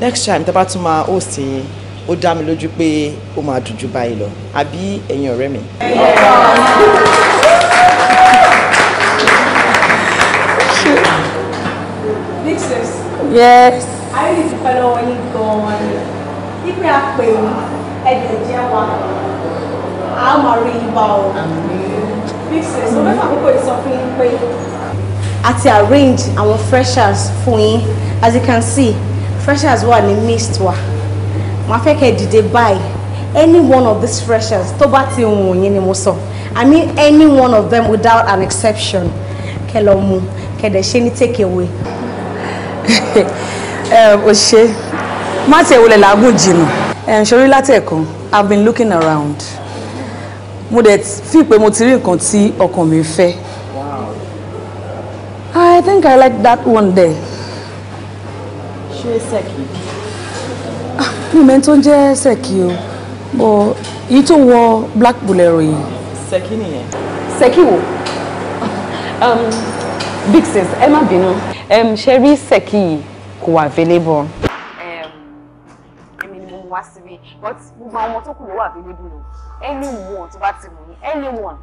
next time tá a bá tún máa host yín ó dá mi lójú pé ó máa dùn jù báyìí lọ àbí ẹ̀yin ọ̀rẹ́ mi. yes. ayé lè dúpẹ́ lọ́wọ́ yín gan-an ni ipe àpè ẹ̀jẹ̀ jẹ́ wa a máa rí yín bá ọ. big sis mo fẹ́ fàkókò ìsọfún yín pé àti arrange àwọn freshers fún yín as you can see freshers wà ní mist wa. Wow máa fẹ́ kẹ́ dìde báyìí any one of these freshers tó bá ti wùn yín ni mo sọ i mean any one of them without an exception kẹ́ lọ mú kẹ́ dẹ̀ ṣe ní take away. o ṣe má tiẹ̀ wọlé làágùn jìnnà ṣorí látẹ̀kọ́ i've been looking around mo dẹ̀ fi pé mo ti rí nǹkan tí ọkàn mi fẹ́ i think i like that one there. ṣé sẹ́kì mi ò mẹ́ni tó ń jẹ́ sẹ́kì o bọ̀ èyí tó wọ black bolero yìí. sẹ́kì nìyẹn. sẹ́kì wo um, big sis ẹ má bínú um, ṣe rí sẹ́kì yìí kò wà available. Um, èmi ni mo wá síbi but gbogbo àwọn ọmọ tó kù ló wà available o any one tó bá ti mú ní any one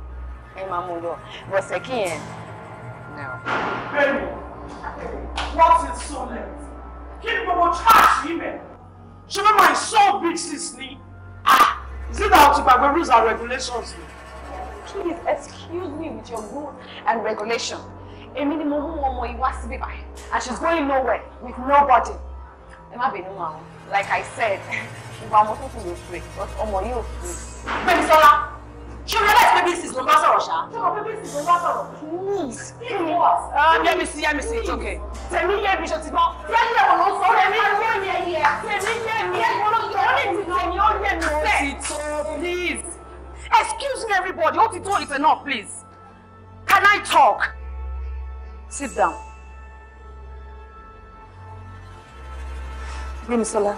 ẹ máa mú lọ but sẹ́kì yẹn. bẹ́ẹ̀ni wọ́n ti sọlẹ̀ kí ni gbogbo church yìí bẹ̀rẹ̀ ṣé pé my soul big this knee? ah is it out of my rules and regulations please excuse me with your rule and regulation èmi ni one more, you must be by, and she's going nowhere with nobody ẹ má bínú àwọn like i said ìgbà ọmọ tó kù ló fèrè but ọmọ yìí free? fèrè. bẹ́ẹ̀ ni ṣé realize pé bísí ló bá sọ̀rọ̀ ṣá. ṣé o pé bísí ló please please. yẹ́mi sí yẹ́mi sí it's okay. tèmi yẹ́mi ṣe ti gbọ́. yẹ́mi yẹ́mi ló sọ rẹ̀ mi yẹ́ mi ẹ̀yẹ. please. excuse me everybody what ti tó it's enough please. can I talk? sit down. Gbémisọ́lá,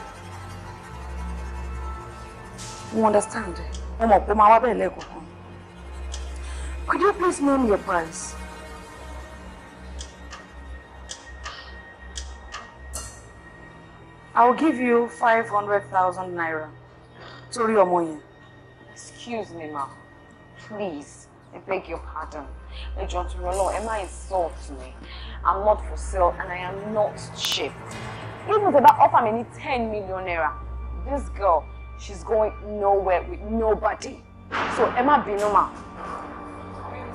You understand. Ọmọ ọ̀pọ̀ máa wá bẹ́ẹ̀ lẹ́ẹ̀kọ̀ọ̀kan. Could you please name your price? I'll give you 500,000 naira. Sorry, Omoye. Excuse me, ma. Please, I beg your pardon. Hey, John Turolo, am I me? I'm not for sale and I am not cheap. Even if that offer me 10 million naira, this girl, she's going nowhere with nobody. So, Emma Binoma,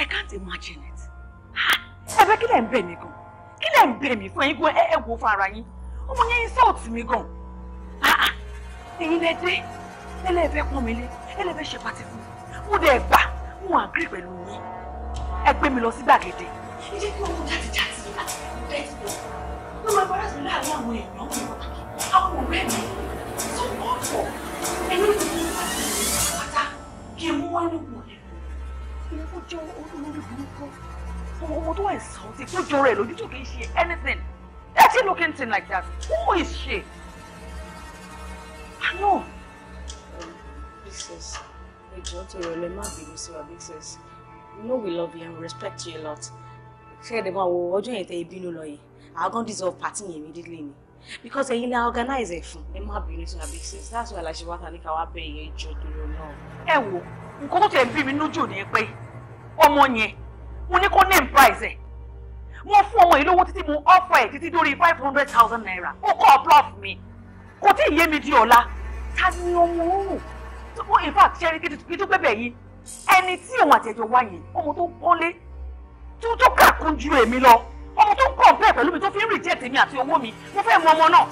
I can't imagine it. Ẹ bẹ́ kí lẹ̀ ń bẹ̀ mí gan. Kí lẹ̀ ń bẹ̀ mí fún ẹyin gan ẹ wò fún ara yín. Ọmọ yẹn insult mi gan. Ẹyin lẹ dé. Ẹ lẹ́ fẹ́ pọ́n mi lé. Ẹ lẹ́ fẹ́ ṣe pati fún mi. Mo dẹ̀ gbà. Mo agree pẹ̀lú yín. Ẹ gbé mi lọ sí gbàgede. Ṣé kí ọmọ jáde jáde yìí No, bẹ́ẹ̀ ti lọ? Ló máa bọ́lá sí láàárín àwọn èèyàn mi. Àwọn ọ̀rẹ́ mi. Sọ ọ̀pọ̀. Ẹni tí mo ń pàdé ìyẹn kó jọ olórí burúkú ọmọ tó wà ìsọ̀tì kó jọ rẹ̀ anything dirty looking thing like that who is she? I know. Princess, ẹjọ́ tó rẹ̀ lè má bínú sí wa Princess. You know we love you and we respect you a lot. Ṣé the man wo ọjọ́ yẹn tẹ ìbínú lọ yẹn? Our gun deserve party yẹn immediately ni because ẹ̀yin la organize ẹ̀ fún ẹ be bínú sí big six that's why aláṣẹ wáta ní káwá bẹ́ẹ̀ yẹn jọ torí náà. ẹ wo nǹkan tó tẹ̀ ń bí mi lójú ni pé ọmọ yẹn mo ní kó name price ẹ̀ mo fún ọmọ yìí lówó títí mo offer ẹ̀ títí dórí five hundred thousand naira ó kọ́ bluff me. kò tí ì yé mi di ọ̀la ta ni ọmọ òun tó kó in fact ṣe eré kí tó gbẹ́bẹ̀ yìí ẹni tí òun àtẹ̀jọ wáyé ọmọ tó kọ́lé tó tó kàkún ju èmi lọ ọmọ tó ń kọ̀ bẹ́ẹ̀ pẹ̀lú mi tó fi ń reject èmi àti owó mi mo fẹ́ mọ ọmọ náà.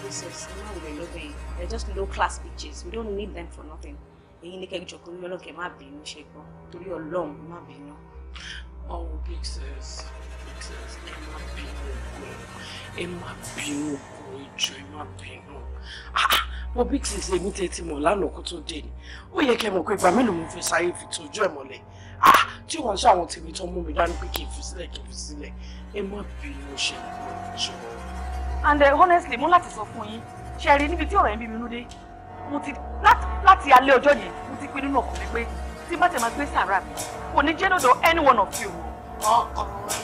princess i'm not really loving they're just low class bitches we don't need them for nothing èyí ní kẹ́kẹ́ jọ̀kọ́ lórí ọlọ́kẹ́ má bínú ṣe gbọ́ torí ọlọ́run má bínú. oh big sis big sis ẹ má bínú ọkọ ẹ má bínú ọkọ ìjọ ẹ má bínú mo ah, ah, big sis èmi tẹ́tí mọ̀ lánàá kó tó dé ni ó yẹ kẹ́ mọ̀ pé ìgbà mélòó mo fẹ́ sáyé fi tọ́jú ẹ̀ mọ́lẹ̀ ah, tí wọ́n ṣe àwọn tèmi tó mú mi dání pé kì í fi sílẹ̀ kì í fi sílẹ̀ ẹ má bínú ṣe ìjọ. and uh, honestly mo láti sọ fún yín ṣe rí níbi tí ọ̀rọ̀ yẹn bí mi nú dé mo ti láti alẹ́ ọjọ́ yẹn mo ti pé nínú ọkàn mi pé tí má tẹ̀ máa gbé sàrà mi kò ní jẹ́ lọ́dọ̀ any one of you. ọkọ rẹ.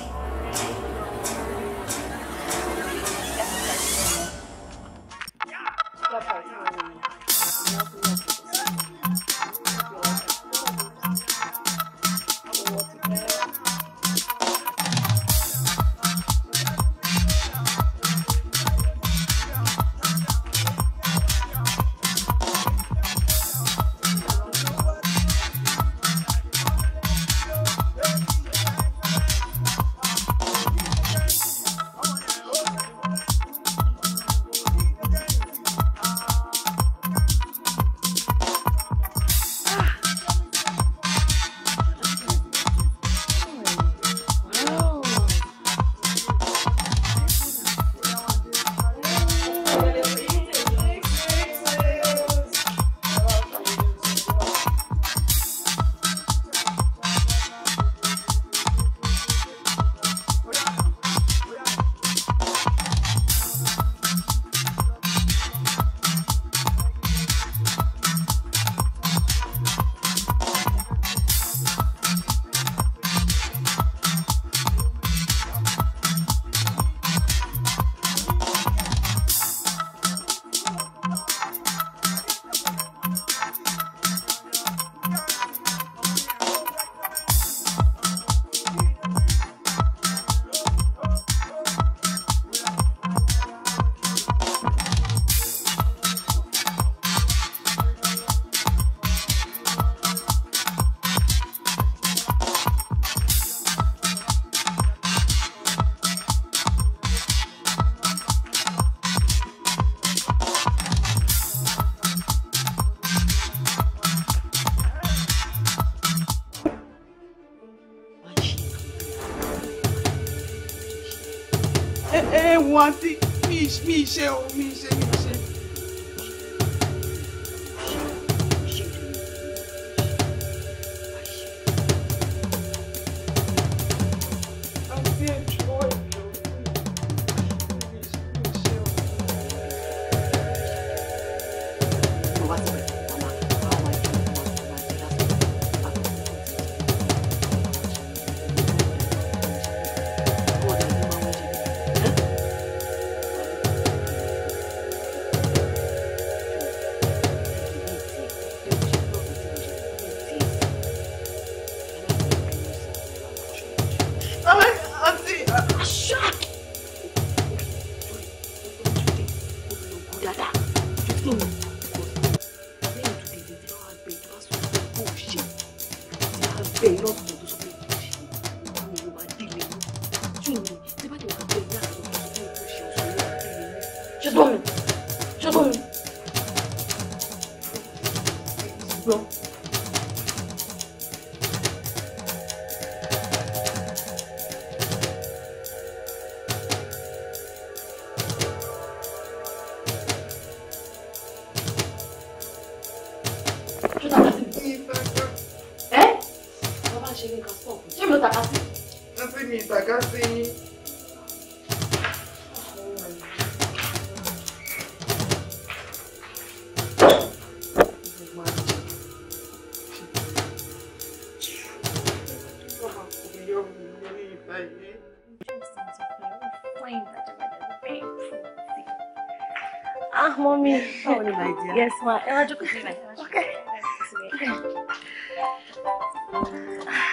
mami. Báwo ni my dear? Yes ma, Okay. Okay. jókòó sí mi. Ok.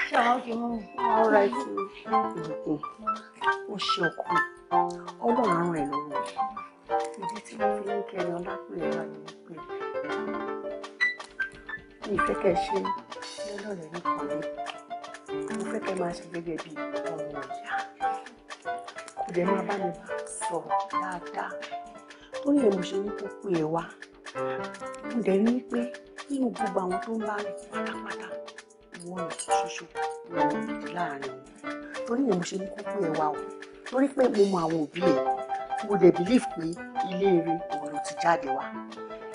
Ṣé ah, àwọn òkè mú mi? All right. Ìbùkún, ó ṣe ọkọ. Ọlọ́run á ràn ẹ́ lọ́wọ́. Ìdí tí mo fi ń kẹrin ọlá pé ẹ wà ní pé mi fẹ́ kẹ́ ṣe lọ́lọ́rẹ̀ nìkan ni. Mo fẹ́ kẹ́ máa ṣe gẹ́gẹ́ bí ọmọ ìyá. Kò dẹ̀ máa bá mi sọ̀rọ̀ dáadáa torí ẹ̀ mo ṣe ní kó pè é wá mo dẹ̀ rí i pé nínú gbogbo àwọn tó ń bá rìn pátápátá ìwọ ni ṣoṣo láàrin wọn torí ẹ̀ mo ṣe ní kó pè wá o torí pé mo mọ àwọn òbí rẹ̀ mo dẹ̀ believe pé ilé rẹ̀ òun ti jáde wá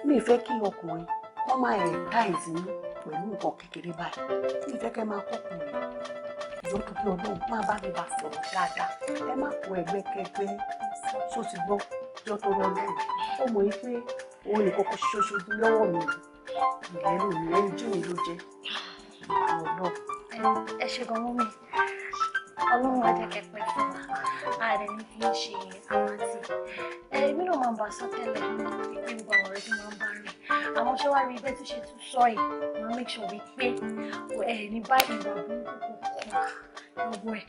mi fẹ́ kí ọkùnrin wọ́n máa ẹ̀ táìsì pẹ̀lú nǹkan kékeré báyìí mi fẹ́ kẹ́ máa kọ́kùnrin jọ torí ọlọ́run má bá mi bá sọ̀rọ̀ dáadáa ẹ má kó ẹgbẹ́ kẹgbẹ́ tó ti gbọ́ jọ torí ọlọ́run ó mọ̀ pé òun nìkan kò ṣoṣo bí lọ́wọ́ mi ìlẹ́nu mi ẹni jù mí ló jẹ́ ọlọ́run. ẹ ṣe gan mọ́mí ọlọ́run ajẹ́kẹ́ pẹ́ fún wa ààrẹ ní fi ń ṣe àmàtì ẹ̀ẹ́dínlọ́ọ̀ máa ń bá sọ tẹ́lẹ̀ ní ìpínlẹ̀ ọ̀rẹ́dún máa ń bá rìn àwọn ṣé wàá rí bẹ́ẹ̀ tó ṣe tún sọ ẹ̀ wọ́n make sure wípé ẹ̀ ní báyìí ìwà burúkú kò kọ̀ lọ́wọ́ ẹ̀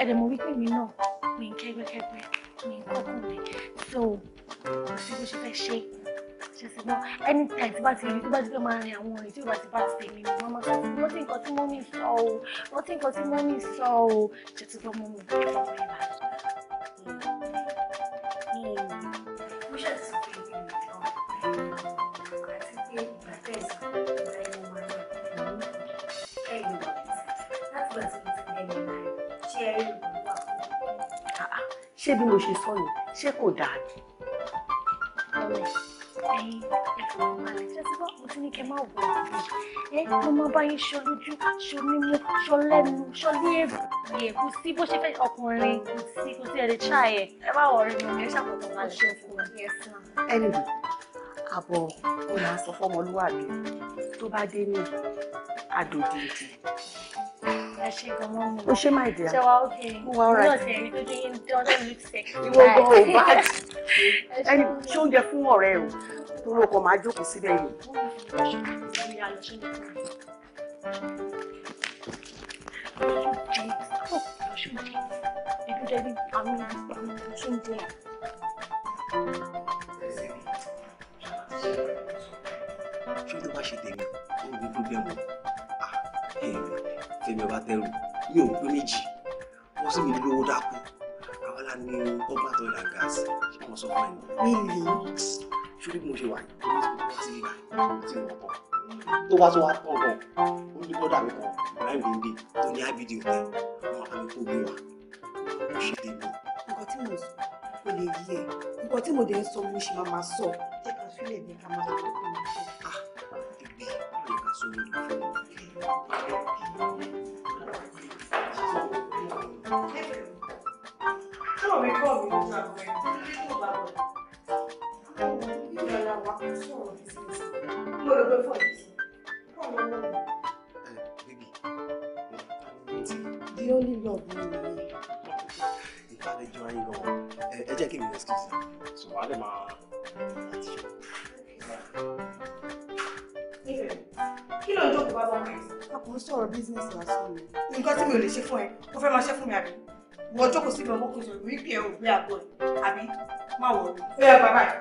ẹ̀ dẹ̀ mo wípé mi náà mi ń kẹ́gbẹ́kẹ́gbẹ́ mi ń kọ́kọ́ mi so kò sí bó ṣe fẹ́ ṣe ṣe sí náà anytime tí bá ti rí tó bá ti fẹ́ máa rin àwọn ọ̀rẹ́ tí ó bá ti bá ti tèmi ni wọ́n máa sọ wọ́n ti nǹkan tí wọ́n mi sọ o wọ́n ti nǹkan tí wọ́n mi sọ o ṣe ti gbọ́ mọ́ mi bẹ́ẹ̀ lọ́wọ́ ìbàdàn. ṣé bí mo ṣe sọ yìí ṣé kò dáa ni. ọ̀rẹ́ ẹ̀yin ẹ̀fọn balẹ̀ ṣé tí wọ́n ti ní kẹ́ máa wọ̀ ọ́ ẹ mo máa bá yín ṣọ lójú ṣọ mímú ṣọ lẹ́nu ṣọ ní èbù yẹ kò sí bó ṣe fẹ́ ọkùnrin kò sí kò sí ẹ̀rẹ̀ ṣáà yẹ ẹ bá wọ̀ mi ẹ ṣàkóso balẹ̀ ṣe fún mi. ẹnì àbọ̀ ó máa sọ fọ́mọlúwàbí tó bá dé ní àdòdì ìdí ẹ ṣe gan mọ́ mi. o ṣe máa dì á ṣe wa ókè mo wá ọ̀rọ̀ àti ìlú tó dín tí wọ́n tó lù To look gan ò bá ẹni ṣé show fún ọ̀rẹ́ o torí o kò máa jókòó síbẹ̀ yìí. ṣé ló bá ṣe tèmi ó ń problem ah ẹ̀yìn tèmi ọba tẹrù mi ò pé méjì wọn sì mi lówó dákú àwọn aláàánú ọgbà tó ra gáàsì ṣé wọn sọ fún ẹ ní. ṣórí bí mo ṣe wà yìí mo ti wà tí mo bọ̀ tó bá tó wá tán gan ó ní bọ́dà mi kan ibrahim bèbè tó ní ábídì òtẹ wọn àbá mi kó gbé wa mo ṣe tèmi. nǹkan tí mo sọ lè yí ẹ nǹkan tí mo dẹ̀ ń sọ mo ṣì máa máa sọ jẹ́ ká sílẹ̀ ní ká máa sọ pé mo ṣe. ah bèbè yóò ká ẹ jẹ́ kí n excuse so wàá lè máa. kò ń sọ̀rọ̀ business lásán ni. nǹkan tí mi ò lè ṣe fún ẹ ó fẹ́ máa ṣe fún mi àbí wọ́n jókòó síbẹ̀ wọ́n kò sọ̀rọ̀ wípé ẹ ò gbé àgọ́ ẹ àbí má wọ̀ ọ́ ó yẹ bàbá yìí.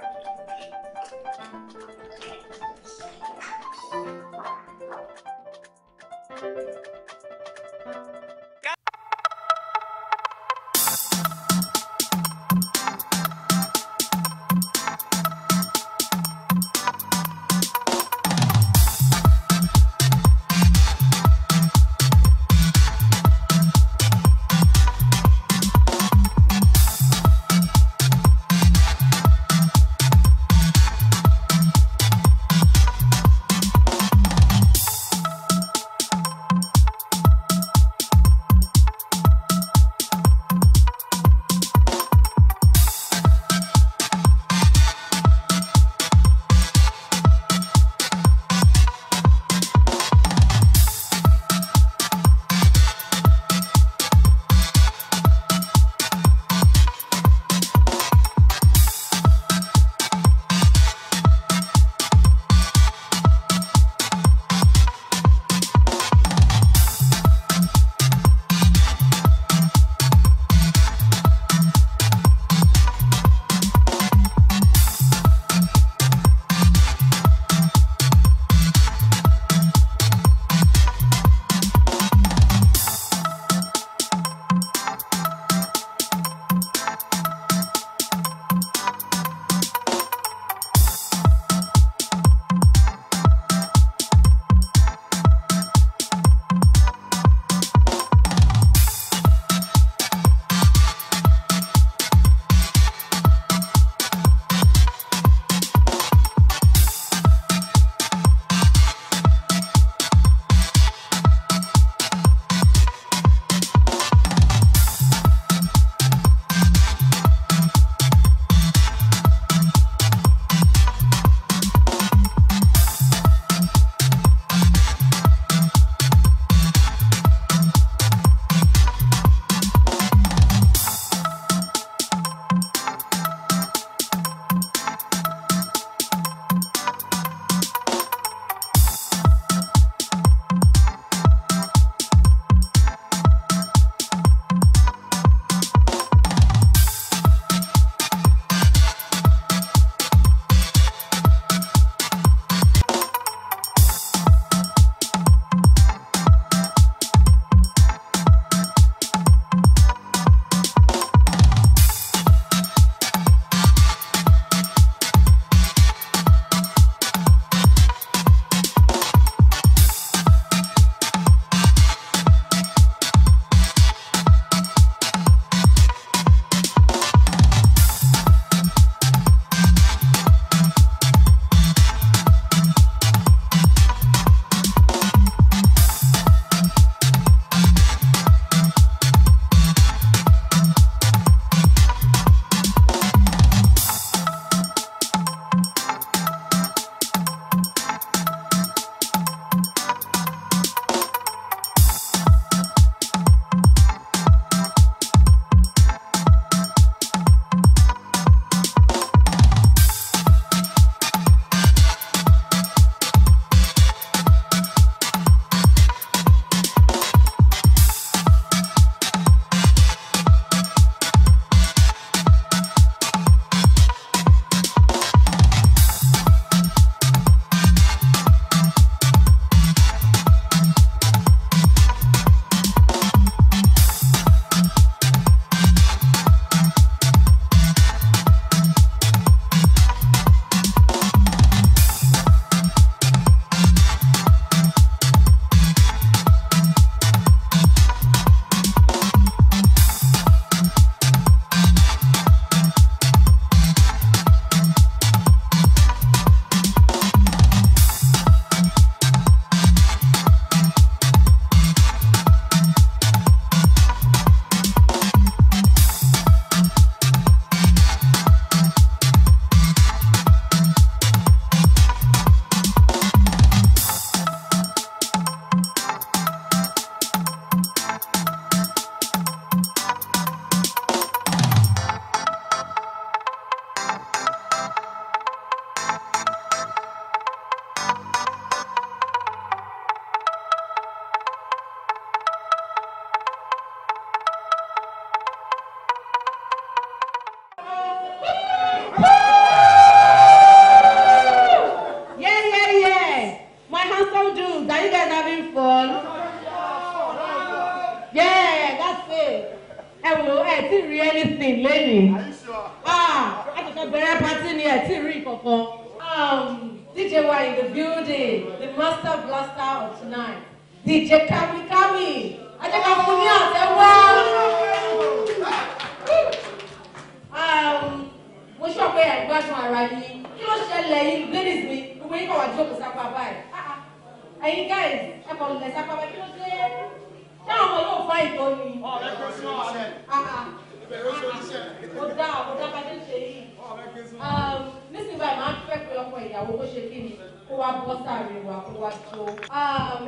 ìyàwó kó ṣe kí ni kó wá bọ́ sáré wa kó wá tó.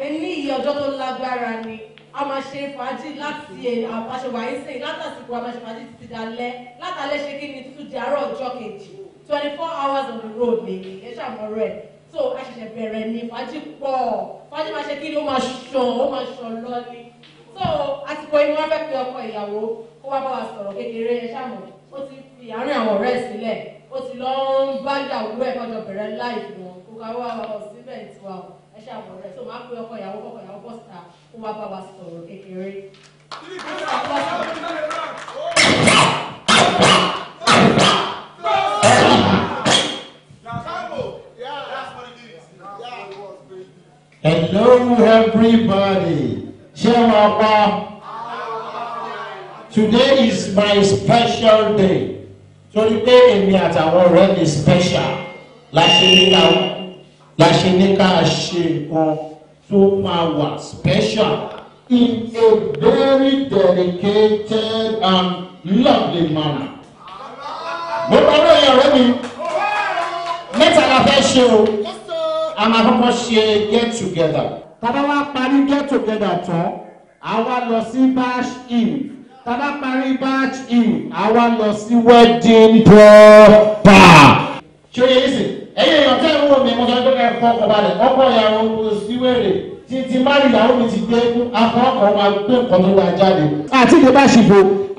ẹni iye ọjọ́ tó lágbára ni a máa ṣe fàájì láti àṣewà ìsìn látàsìkò a máa ṣe fàájì títí dalẹ́ látàlẹ́ ṣe kí ni tuntun di àárọ̀ ọjọ́ kejì twenty four hours on the road ni ẹ ṣàmọ́rọ̀ ẹ̀ tó a ṣẹ̀ṣẹ̀ bẹ̀rẹ̀ ni fàájì pọ̀ fàájì máa ṣe kí ni ó máa ṣàn ó máa ṣàn lọ ni tó àsìkò yìí wọ́n fẹ́ pe ọkọ ìyàwó kó wá bá wa sọ̀rọ̀ kékeré ẹ ṣàmọ̀ ó ti fi àárín àwọn ọ̀rẹ́ sílẹ̀ ó ti lọ ń bá ìyàwó ẹ̀ kọjọ bẹ̀rẹ̀ láìpẹ́ wọn kó ká wá ọ síbẹ̀ ní tiwa o ẹ ṣàmọ̀ rẹ̀ tó máa ń ọkọ ìyàwó kọkọ ìyàwó bọ̀ síta kó wá bá wa sọ̀rọ̀ kékeré. Hello everybody, Shema wàá Today is my special day torí pé èmi àtàwọn ọ̀rẹ́ mi special la ṣe ní ká la ṣe ní ká ṣe nǹkan tó máa wà special in a very dedicated and lovely manner. mo bá lóye ọ̀rẹ́ mi mẹ́ta la fẹ́ ṣe o a máa kọ́kọ́ ṣe get together. tá a bá parí get together tán a wá lọ sí bash in tàbá parí batch in àwa lọ sí wedding proper. ṣé yẹ ìsìn ẹyẹ èèyàn tẹ́ ìwọ mi mo sọ pé ẹ fọ ọkọ̀ balẹ̀ ọkọ̀ ìyàwó kò sí wèrè títí márì ìyàwó mi ti dé akọ ọkọ̀ wa gbé nǹkan tó wà jáde. àti ìdí bá ṣìbò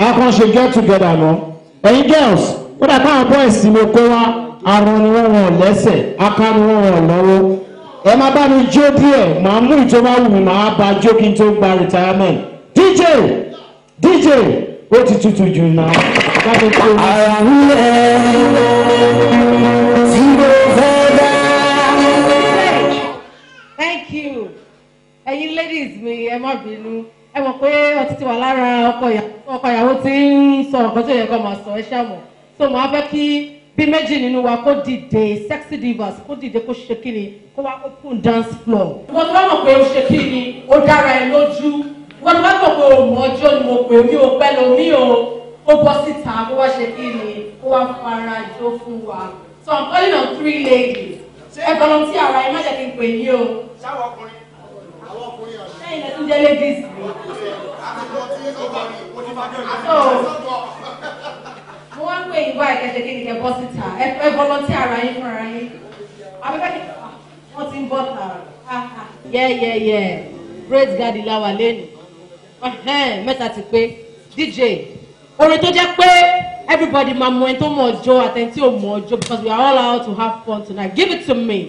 akọ́ṣe get together náà ẹ̀yin girls ó dàgbà àwọn boys mi kó wá arọ ni wọ́n wọ̀ lẹ́sẹ̀ aká ni wọ́n wọ̀ lọ́wọ́ ẹ má bá mi jó díẹ̀ màá mú ìjọba wù mí màá bá jó kí n tó gba retirement DJ. DJ ó ti tutù jù náà. ara ń lẹ̀ tí mo fẹ́ dá. thank you ẹ̀yin ladies mi ẹ má bínú ẹ mọ̀ pé ọtí ti wà lára ọkọ ìyàwó tí ń sọ nǹkan tó yẹ kó máa sọ ẹ ṣàmọ̀ so màá fẹ́ kí bí méjì nínú wa kó dìde sexy divas kó dìde kó ṣe kí ni kó wá open dance floor. mo tọ́ mọ̀ pé ó ṣe kí ni ó dára ẹ lójú wọ́n bá gbọ́ pé òun ọjọ́ ni mo pè mí o pẹ́ lomi o ó bọ́ síta kó wá ṣe kí ni kó wá fara jó fún wa so i'm calling on three ladies ẹ volunteer ara ẹ má jẹ́ kí n pè yín o. sáwọn ọkùnrin àwọn ọkùnrin ọ̀sẹ̀. ṣé ilẹ̀ tún jẹ́ ladies mi. so mo wá pé ìwà ìkẹsẹ̀ kí ni kẹ bọ́ síta ẹ volunteer ara yín fún ara yín. àbíkẹ́ kí ah, wọ́n ti ń bọ̀ tààrà. Ah, ah. yeah yeah Praise God, gadi lawa lẹ́nu mẹ́ta ti pé dj orin tó jẹ́ pé everybody máa mọ ẹni tó mọ ọjọ́ àtẹni tí ò mọ ọjọ́ because we are all out to have fun tonight give it to me.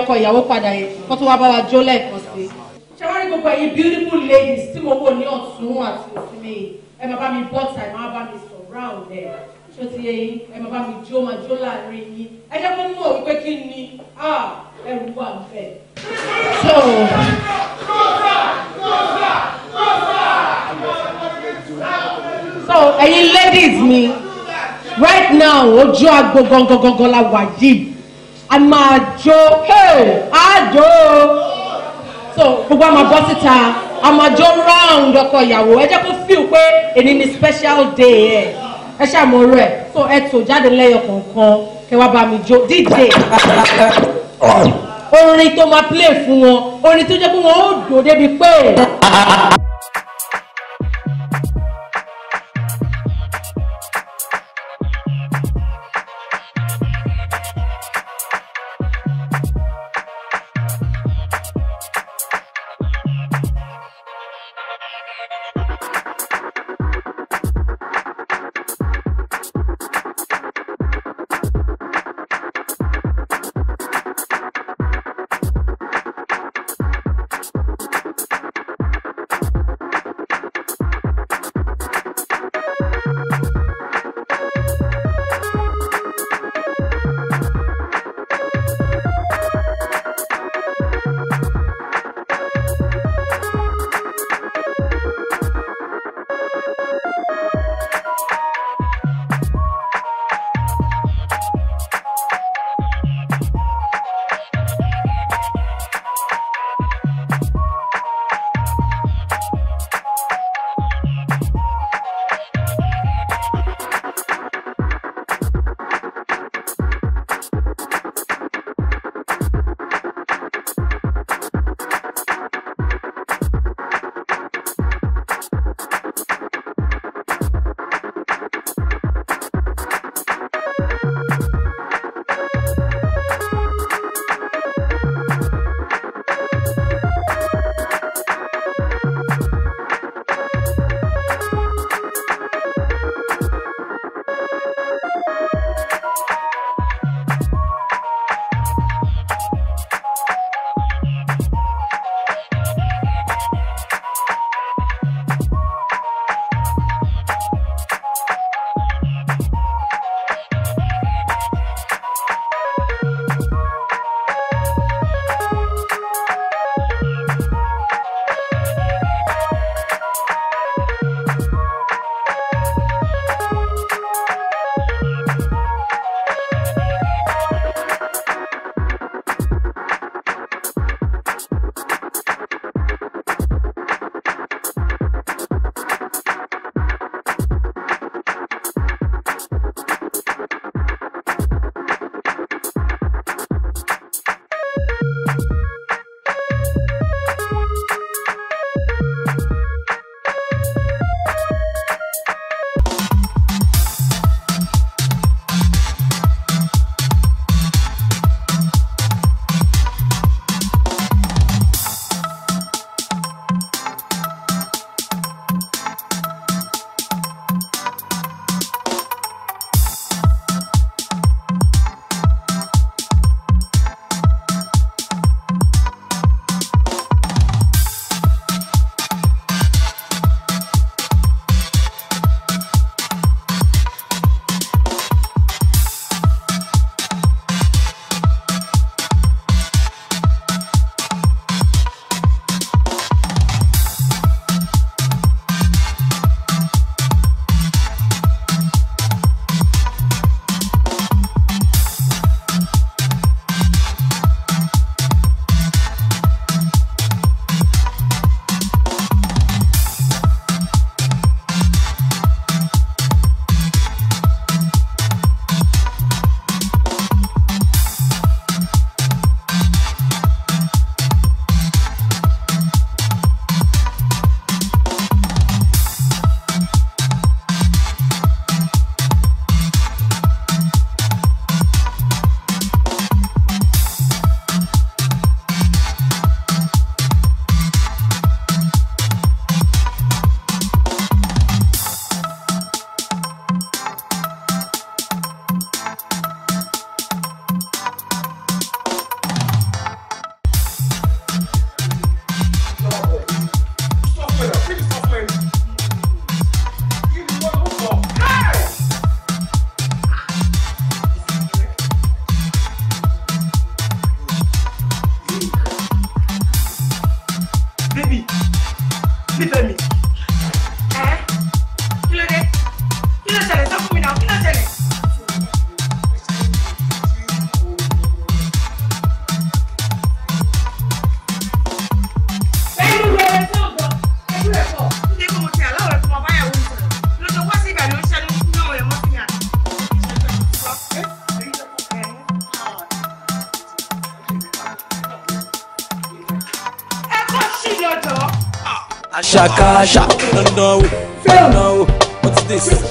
ọkọ ìyàwó padà yẹn kó tó wá bá wa jó lẹ́ẹ̀kan sí ṣé wọ́n rí gbogbo ẹ̀yin beautiful ladies tí mo wò ní ọ̀tún àti òsì ẹ máa bá mi bọ́tà ẹ máa bá mi surround ẹ̀ ṣó ti yẹ yín ẹ máa bá mi jó máa jó láàrin yín ẹ jẹ́ kó mọ̀ wípé kí ni ah, ẹrù wà ń so. so ẹ̀yin ladies mi right now ojú agbo gangan gangan la wà yìí a máa jó àjò so gbogbo a máa bọ́ síta a máa round ọkọ ìyàwó ẹ jẹ́ kó feel pé èyí ni special day ẹ ẹ ṣàmúrò ẹ so ẹ tò jáde lẹ́yọ kọ̀ọ̀kan kẹ́ bá mi jó DJ orin tó máa play fún wọn orin tó jẹ́ pé wọ́n ó dòde bíi pé.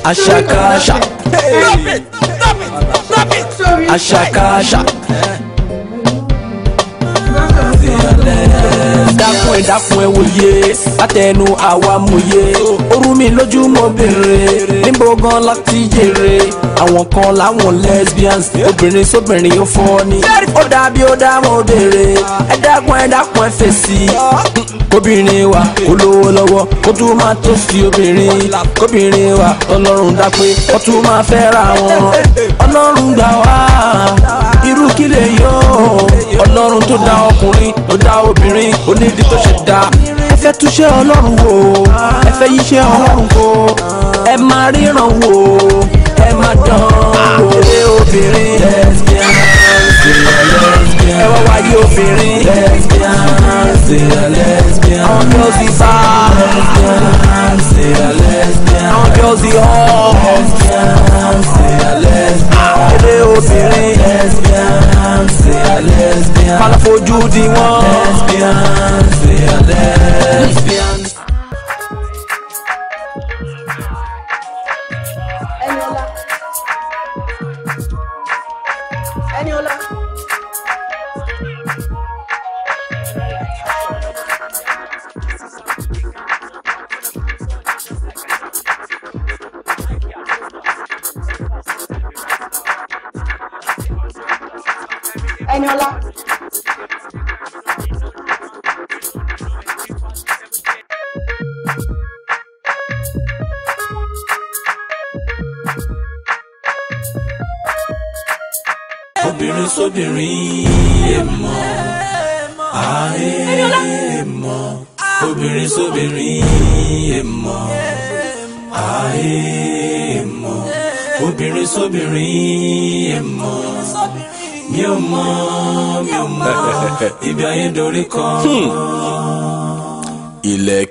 Ashakasha. stop it! stop it! stop it! Ashakasha. dákun ẹ dákun ẹ wòye látẹnu àwa mòye orú mi lójú mo béèrè níbo gan láti jèrè àwọn kan láwọn lesbians obìnrin sóbìnrin ó fọ́ ni ó dàbí ó dá mo béèrè ẹ dákun ẹ dákun ẹ fèsì kóbìnrin wa kó lówó lọ́wọ́ kó tún máa tó sí obìnrin kóbìnrin wa ọlọ́run dápé kó tún máa fẹ́ ra wọn ọlọ́run gbà wá irú kí lè yọ ọlọ́run tó dá ọkùnrin tó dá obìnrin onídìí tó ṣe dá ẹ fẹ́ túṣẹ́ ọlọ́run wò ẹ fẹ́ yíṣẹ́ ọlọ́run kò ẹ máa ríran wò ẹ máa dán wò lé obìnrin lesbian lesbian ẹ wá wáyé obìnrin lesbian. still a lesbian. I'm Josie Bar. I'm still a lesbian. I'm Josie Hall. Lesbian. I'm still a lesbian. Èdè obìnrin. Lesbian. I'm still a lesbian. Kálá fojú di wọ́n. Lesbian. I'm still a lesbian.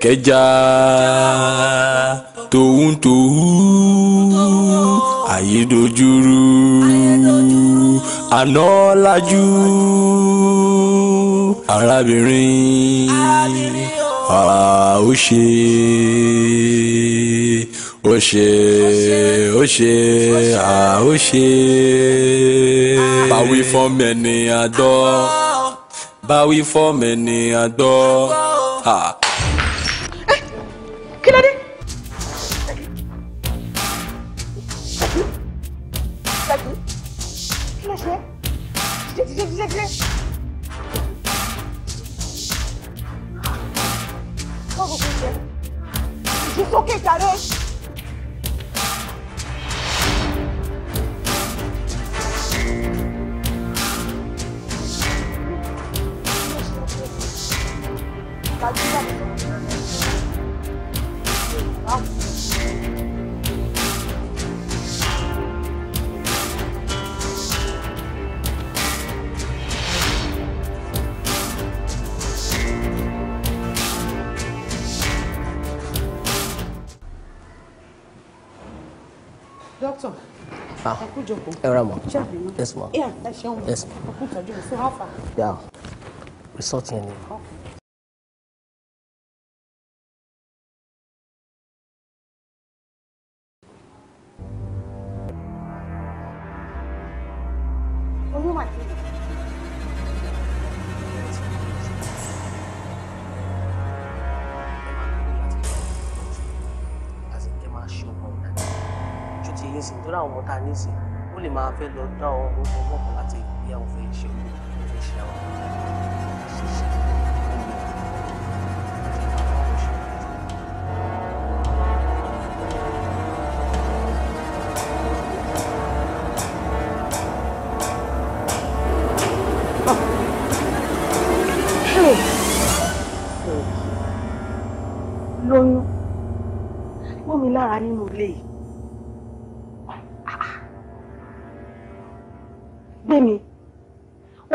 kẹja tòun tòun àyédojúrú àná lajú arábìnrin ó ṣe ó ṣe ó ṣe ó ṣe báwí fọ́mẹ̀ni àdọ́ báwí fọ́mẹ̀ni àdọ́. 收钱好。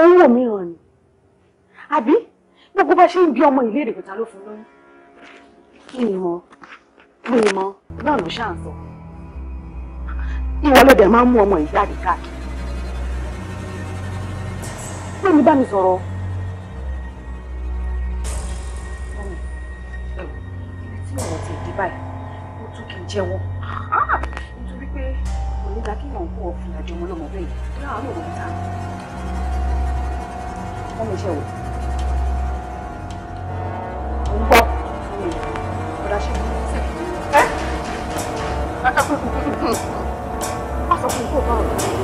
ó ń wò mìíràn ni àbí gbogbo bá ṣe ń bí ọmọ ìlérí kò ta ló fún lóyún kí ni mo kí ni mo náà ló ṣáà ń sọ ìwọ ló dẹ̀ máa ń mú ọmọ yìí jáde káàkiri pé mi bá mi sọ̀rọ̀ tí ọ̀rọ̀ ti dé báyìí ó tún kì í jẹ́wọ́ ah! nítorí pé kò ní ga kí wọ́n kó ọ̀fìn àjọmọ́ lọ́mọ bẹ́ẹ̀ láàárọ̀ òun ta wọ́n mi ṣe wò. mo ń gbọ́ ọ̀dà ṣe mú ẹ́ má sọ fún mi kó bá ọ̀rọ̀ mi.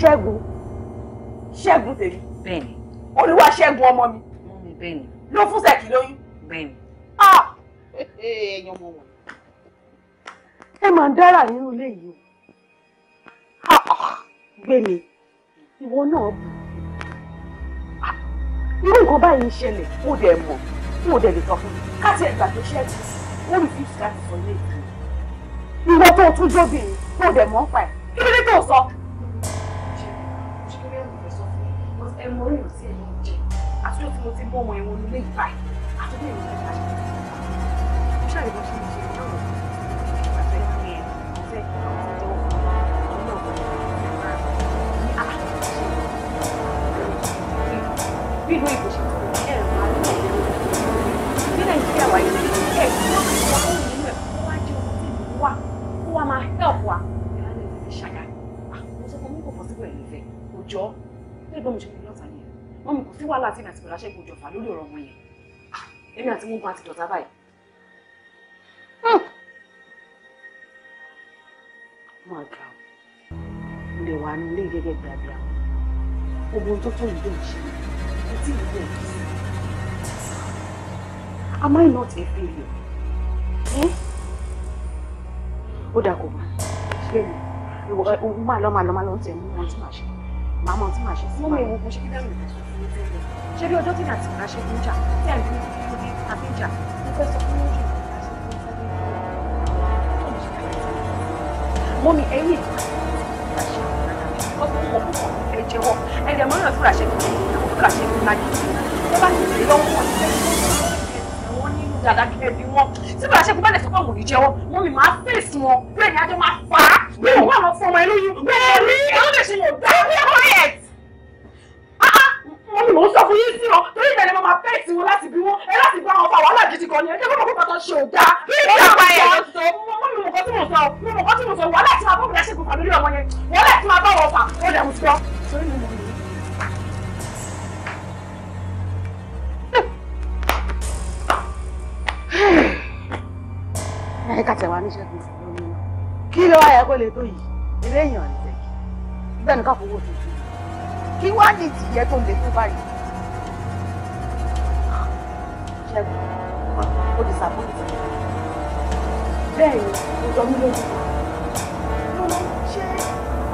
ṣẹ́gun ṣẹ́gun tèmi. bẹ́ẹ̀ni. olúwa ṣẹ́gun ọmọ ah èèyàn mọ̀ wọ́n ẹ máa ń dára nínú ilé yìí o gbẹmí ìwọ náà bù irú nǹkan báyìí ń ṣẹlẹ̀ mo dẹ̀ mọ̀ mo dẹ̀ lè sọ fún mi káti ẹ̀gbà tó ṣẹ́ ti ó rí fífi láti sọ ilé ìlú ìwọ tó tún jóbìnrin mo dẹ̀ mọ̀ ń pa ẹ̀ kí ló dé tó sọ. ẹmọ orí ìrètí ẹ̀yìn jẹ àti ó ti mo ti bọ́ ọmọ ẹ̀wọ̀n nílé ìgbà àti bí ìrètí ìgbà ṣe nínú ìbò ṣe ẹ ẹ máa ní ọ̀gbẹ́ ní nàìjíríà wà yìí ẹ wọ́n ti wá ó nínú ẹ̀ kó wá jẹ́ ohun tí ìlú wà kó wá máa help wa ìlànà ìlú ti ṣàgà àwọn sọ fún mi kò possible ẹ̀ nífẹ̀ẹ́ kò jọ ó lè bọ́ mi ṣe kí lọ́ta yẹn wọ́n mi kò sí wàhálà tí mi àti bọ̀dá ṣẹ́gun jọ̀fà lórí ọ̀rọ̀ wọn yẹn èmi àti wọn kan àti dọ̀tà báyìí. máa ga ọ lè wà ní ilé gẹ́gẹ́ gbàgbà ogun tó tó ìdó ìṣẹ̀lẹ̀. Am I not a failure? Eh? Ó dà kò mọ̀. Ṣé mi? Ìwọ òun máa lọ máa lọ máa lọ tẹ̀ mú ohun tí màá ṣe. Màá mọ ohun tí màá ṣe sí. Wọ́n mi ìwọ̀n kan ṣe kí dáhùn ìgbésọ̀ fún mi. Ṣé bí ọjọ́ tí mi àti ìgbà ṣe ń jà? Tí àìsí mi ti fi àti ìjà, mo fẹ́ sọ fún ojú. Mọ́mi, ẹ̀yìn ìgbà ṣe ń jà. Ọkùnrin kọ̀ọ̀kan jẹ wọn ẹ̀rẹ̀ mọ́ náà fúra ṣe fi ṣe fúra ṣe fi láyé tó bá ti ṣe lọ́wọ́ wọn ṣe wọn nínú dada kẹ́ẹ̀ bí wọn tí fúra ṣe fi bá lè sọ pé òun ò ní jẹ́wọ́ mọ́ mi máa fèsì wọn bẹ́ẹ̀ ni ajọ́ máa fà á bí òun wà lọ fún ọmọ ẹlóyún bẹ́ẹ̀ rí ẹ̀rọ lè ṣe yóò dá wọ́n ní mò ń sọ fún yín sí ọ torí ìbẹ̀rẹ̀ mo máa fẹ́ ìsìn wọn láti bí wọn ẹ láti bá wọn fa wàhálà gidi kan ni ẹ jẹ́ kó mọ̀ kó tó ṣe òdá. ìjọba ẹ̀ ló sọ wọ́n mi mọ̀ kó tí mo sọ wọ́n mọ̀ kó tí mo sọ wàhálà tí máa bọ́ mi láṣẹ́ kó fà lórí ọmọ yẹn wàhálà tí máa bá wọn fà ó dẹ̀ mo sọ sórí mi mo lò ó. ẹ ká tẹ̀wá níṣẹ́ tó sì lórí náà kí ló wáyà kó lè tó yìí eré èèyàn ń tẹ̀ bẹ́ẹ̀ ni ká fowó tuntun ṣé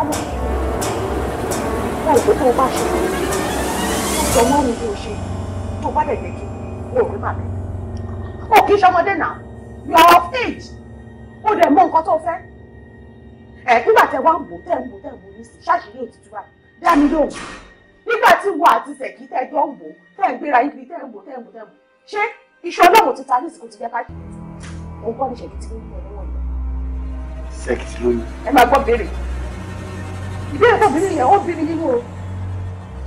ọmọ mo tó bá ṣe tó mọ́ mi bí ṣe tó bá dẹ̀ yẹgi mo rò pé bàbá o kì ṣọmọdé náà you are age o dẹ̀ mọ nǹkan tó fẹ́ ẹ̀ nígbà tẹ wá ń bò tẹ̀ ń bò tẹ̀ ń bò ní sí ṣáṣìírí òtútù wa dá mi lóhùn nígbà tí wo àti sẹ̀kí tẹ̀ jọ ń bò tẹ̀ ń gbéra ibi tẹ̀ ń bò tẹ̀ ń bò tẹ̀ ń bò ṣé iṣẹ́ ọlọ́run ti ta ní ti jẹ́ ká ìbéèrè tó bìnrin yẹn ó bí mi nínú o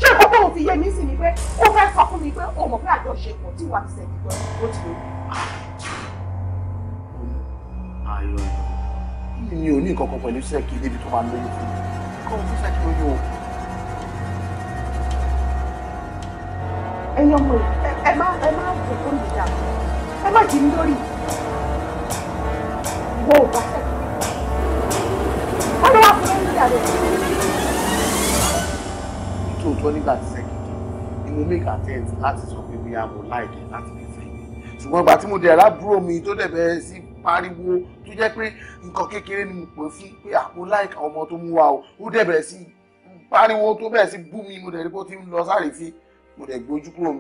ṣé nǹkan tóun fi yé mi sí ni pé ó fẹ́ sọ fún mi pé ó mọ̀ pé àjọṣepọ̀ tí wàá ti sẹ̀ nígbà ó ti lò. ayọ̀ mi ò ní nǹkan kan pẹ̀lú sẹ́ẹ̀kì níbi tó máa ń lóyún fún mi kọ́ ọ fún sẹ́ẹ̀kì lóyún o. ẹ̀yin ọmọ ẹ ẹ má ẹ má jẹ kó mi dà ẹ má jì mí lórí wo ò bá sẹ́ẹ̀kì. wọ́n fún mi nígbà rẹ̀ sóòótọ́ nígbà tí sẹ́kìtì ni mo make attempt láti sọ pé bí a mo láìkẹ́ láti lè fẹ́ mi ṣùgbọ́n ìgbà tí mo dẹ̀ lábúrò mi tó dẹ̀ bẹ̀rẹ̀ sí pariwo tó jẹ́ pé nǹkan kékeré ni mo pè fún pé àpò láìka ọmọ tó mú wa o ó dẹ̀ bẹ̀rẹ̀ sí pariwo tó bẹ̀rẹ̀ sí bú mi mo dẹ̀ rí bó ti ń lọ sáré fi mo dẹ̀ gbójú kúrò ń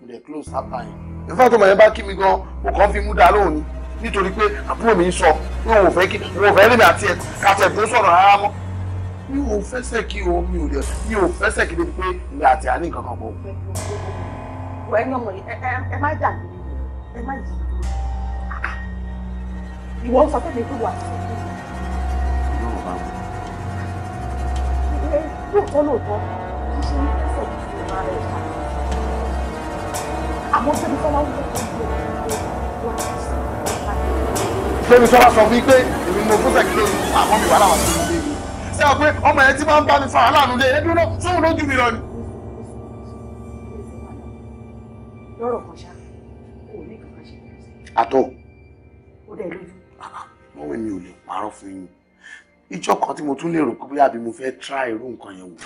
mo dẹ̀ close sábà yẹn ìfẹ́ tó mọ̀ yẹn bá kí mi gan mo kàn fi mú da lóhùn ni nítorí pé àbúrò mi ń sọ pé òun ò fẹ́ kí òun ò fẹ́ rí mi àti ẹ̀ kàtẹ̀ tó sọ̀rọ̀ rárá mọ́ mi ò fẹsẹ̀ kí o mi ò dẹ̀ mi ò fẹsẹ̀ kí débi pé mi àti àní nǹkan kan pọ̀. wọ́n ẹ̀yin ọmọ yìí ẹ má jà mí ẹ má jì mí ìwọ sọ fún pé wà á sọ fún mi. ìlú ọba lóòótọ́ lóòótọ́ ṣe ní fẹsẹ̀ kí o máa rẹ̀ ṣá. àmọ́ sẹ́ni sọ́lá ń bọ̀ fún mi wọ́n ti sọ. sẹ́ni sọ́lá sọ fún mi pé èmi mo fún sẹ́kìlì àwọn mi wà láwọn tó ń ṣe à pé ọmọ yẹn ti máa ń bá mi fa aláàánú lé ẹbí náà sóhun lójú mi lọ ni. lọ́rọ̀ kan ṣá kò ní kankan ṣe kí n ó dẹ lójú. mo wé mi lè parọ́ fún yín ìjọ kan tí mo tún lè rò pé bí àbí mo fẹ́ try irú nǹkan yẹn wò.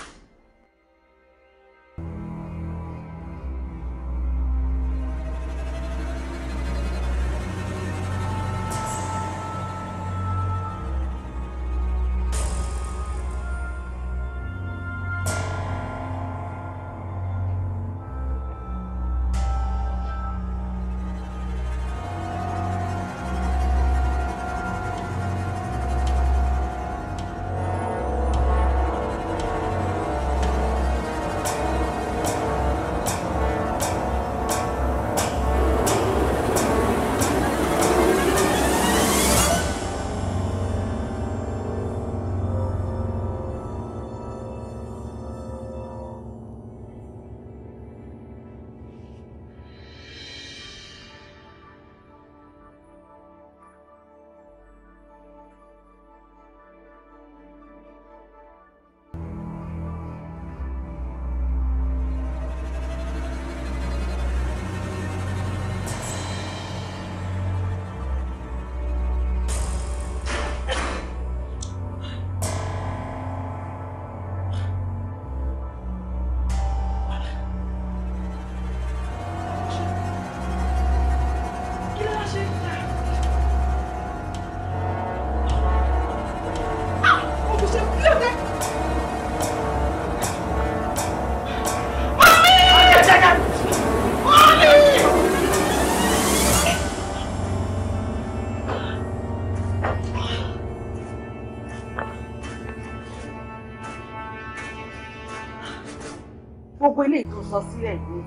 sọ sílẹ̀ yìí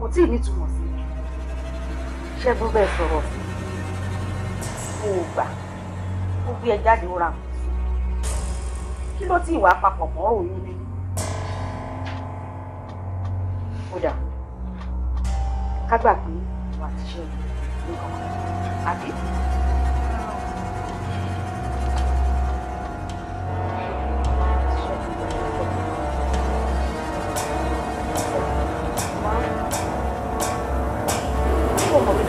kò tí ì nítumọ̀ sí i ṣẹ́gun bẹ́ẹ̀ sọ̀rọ̀ sí i kò gbà kó gbé ẹ jáde ó ra kùtù kí ló tí ìwà papọ̀ mọ́ òun ni kódà ká gbà pé ìwà àtiṣe nǹkan àbí.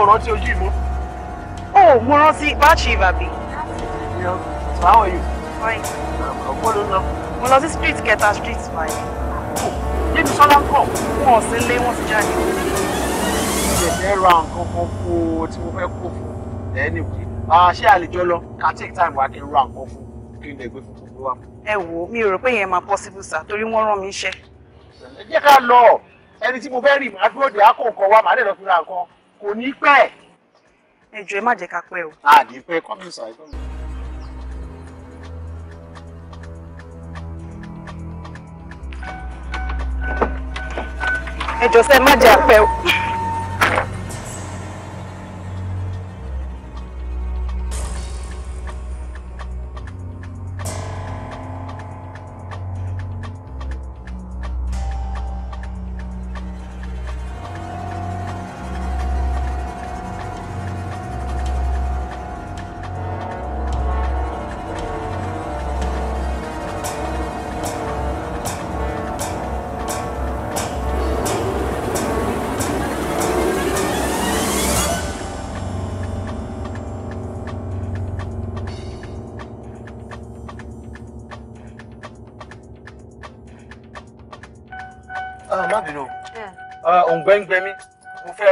ò rántí ojú ìmọ̀. oh mo rántí báàchì ìbàbí. so how are you. fine. ọ̀pọ̀ ló lọ. mo lọ sí street kẹta street five. débi oh, sọlá ń kọ wọn ò sí ilé wọn ti jáde. mo lè fẹ́ ra nǹkan kan fún o tí mo fẹ́ kó fún ẹni òkè. ṣé àlejò lọ ká take time wá kí n ra nǹkan fún kí n lè gbé fún gbogbo wa. ẹ wo mi ò rò pé ìyẹn máa possible sir torí wọ́n rán mi iṣẹ́. ẹ jẹ́ ká lọ ẹni tí mo fẹ́ rì máa dúró de àkókò wa màá lè lọ fi ra nǹkan kò ní pẹ́. ẹ jọ̀ọ́ ẹ má jẹ́ ká pẹ́ o. àdì pẹ́ kọ́mísà ẹ̀ tó ń ẹ jọ̀ọ́ sẹ́ má jẹ́ àpẹ́ o.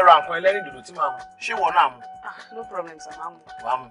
fẹ́ ra nǹkan ẹlẹ́rìndòdò tí màá mu ṣé ìwọ náà mu. Ah, no problem sir màá mu. wàá mu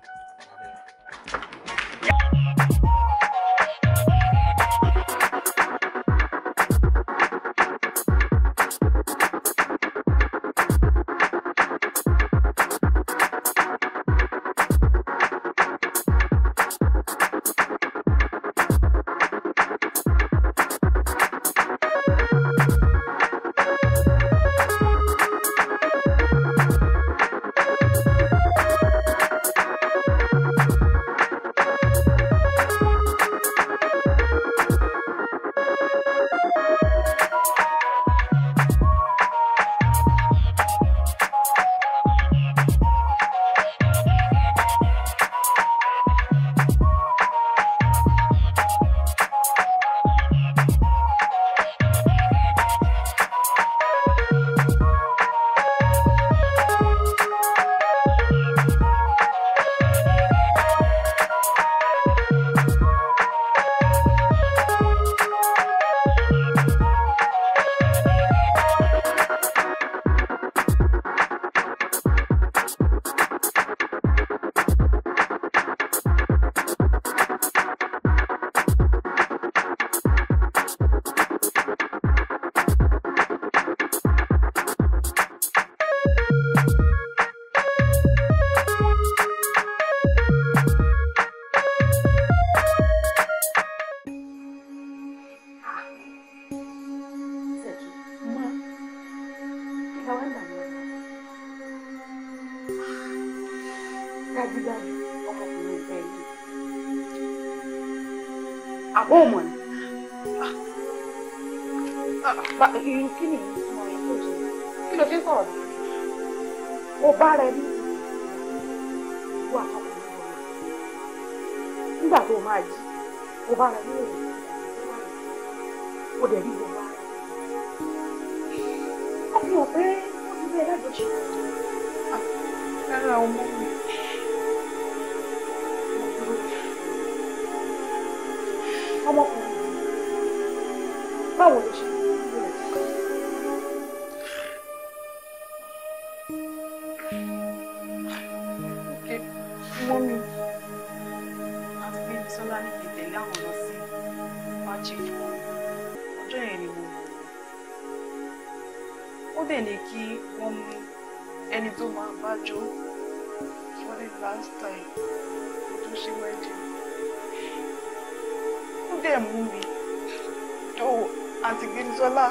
Ṣọlá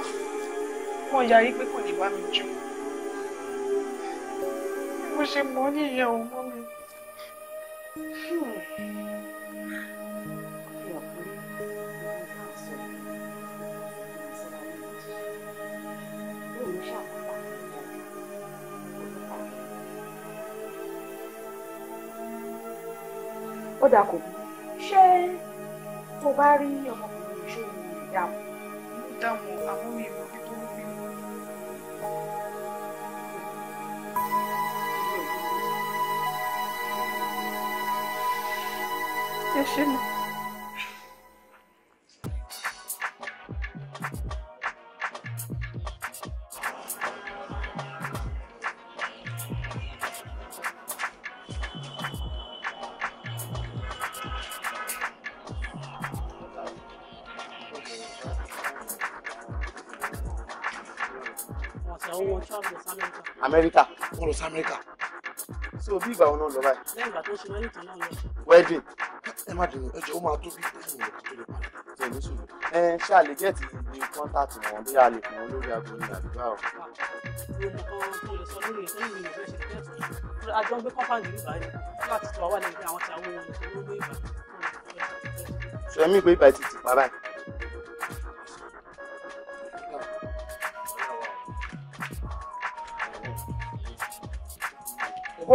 mo yarí pé kò ní bá mi jó bí mo ṣe mọ̀ nìyẹn ò mọ́ mi. ó dà kò ṣé tó bá rí ọmọkùnrin ìṣòro ìdáhùn dá wọn àwọn mi mọ bí amẹ́ríkà wọ́n lọ sí amẹ́ríkà so bí ìgbà wọn náà lọ báyìí. lẹ́yìn ìgbà tó ṣe wedding tán náà lọ. wedding ẹ má dùn ẹ ó máa tó bí ẹ̀yìn rẹ̀ tó lè parí ẹ̀ ní sùn. ẹ ṣe àlè gẹ́ẹ̀tì ní kọ́ńtàtì wọn bí a lè fún wọn lórí aago ní àdúrà o. àjọ ń gbé kọ́ńpáǹdì ti pa báyìí.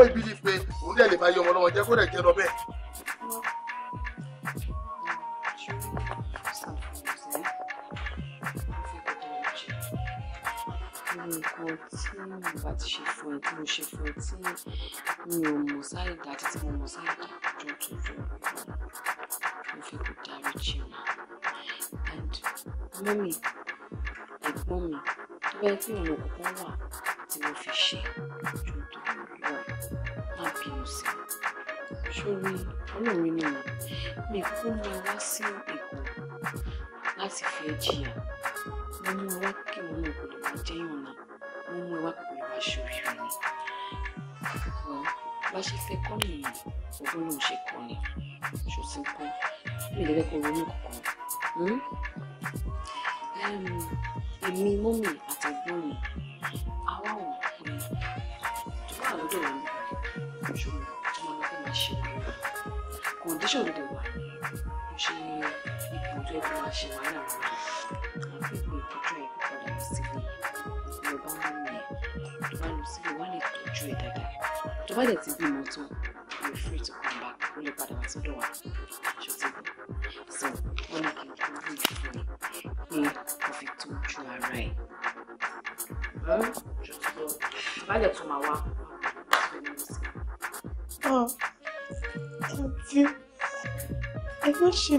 boy believe pé òun dẹ̀ lè bá yọ ọmọ lọ́wọ́ jẹ́ kó dẹ̀ jẹ́ lọ bẹ́ẹ̀. nǹkan tí mo bá ti ṣe fún ẹ tí mo ṣe fún ẹ tí mi ò mọ̀ sáré dá àti mo mọ̀ sáré dá jọ tó jọ mo fẹ́ kó dáríjì mi and mọ́mì ẹ̀gbọ́n mi tó bá yẹ kí ọ̀nà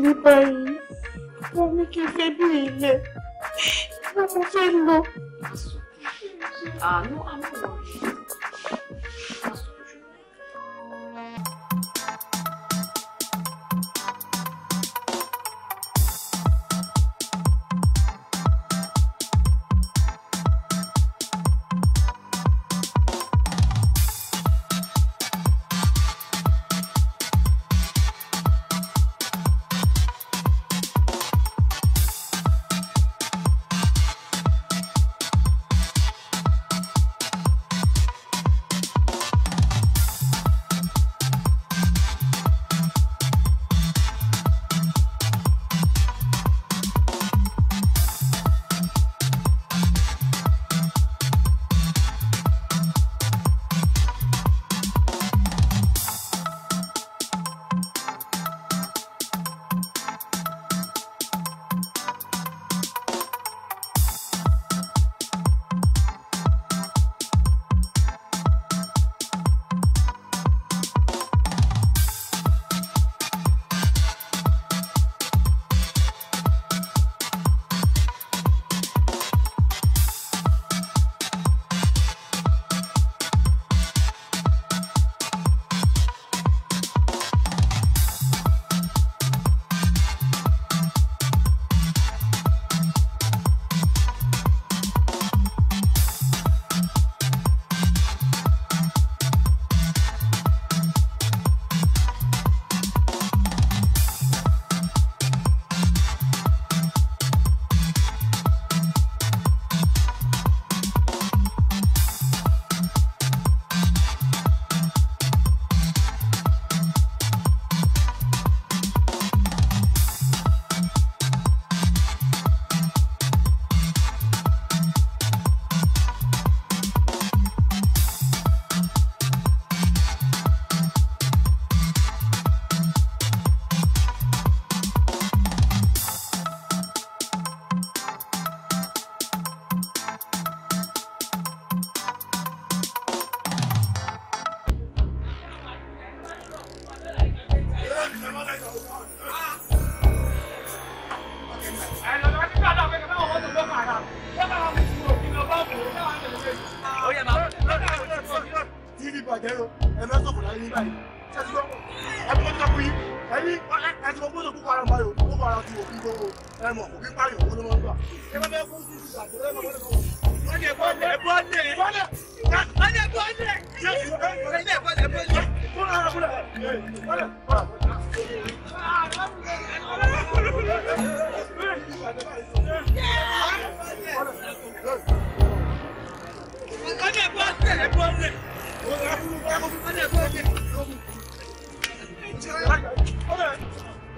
ní báyìí wọ́n ní kí n fẹ́ bí ilẹ̀ wọ́n mo fẹ́ lọ. àánú àánú wọ̀nyí.